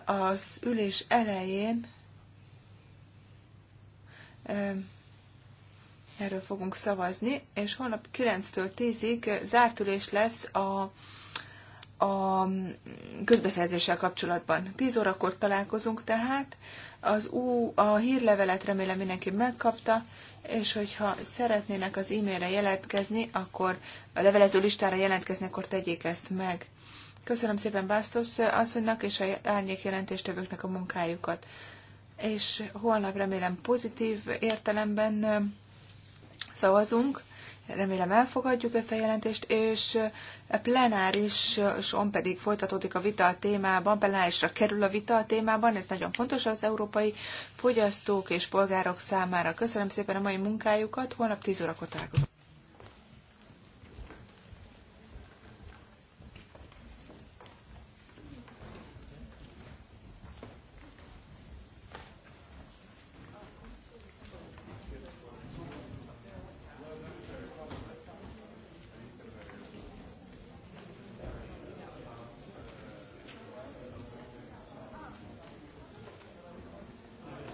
az ülés elején erről fogunk szavazni, és holnap 9-től 10-ig zárt ülés lesz a, a közbeszerzéssel kapcsolatban. 10 órakor találkozunk tehát, az ú, a hírlevelet remélem mindenki megkapta, és hogyha szeretnének az e-mailre jelentkezni, akkor a levelező listára jelentkezni, akkor tegyék ezt meg. Köszönöm szépen Bastos asszonynak és a árnyék jelentéstevőknek a munkájukat. És holnap remélem pozitív értelemben szavazunk, Remélem elfogadjuk ezt a jelentést, és plenárison pedig folytatódik a vita a témában, plenárisra kerül a vita a témában, ez nagyon fontos az európai fogyasztók és polgárok számára. Köszönöm szépen a mai munkájukat, holnap 10 órakor találkozunk.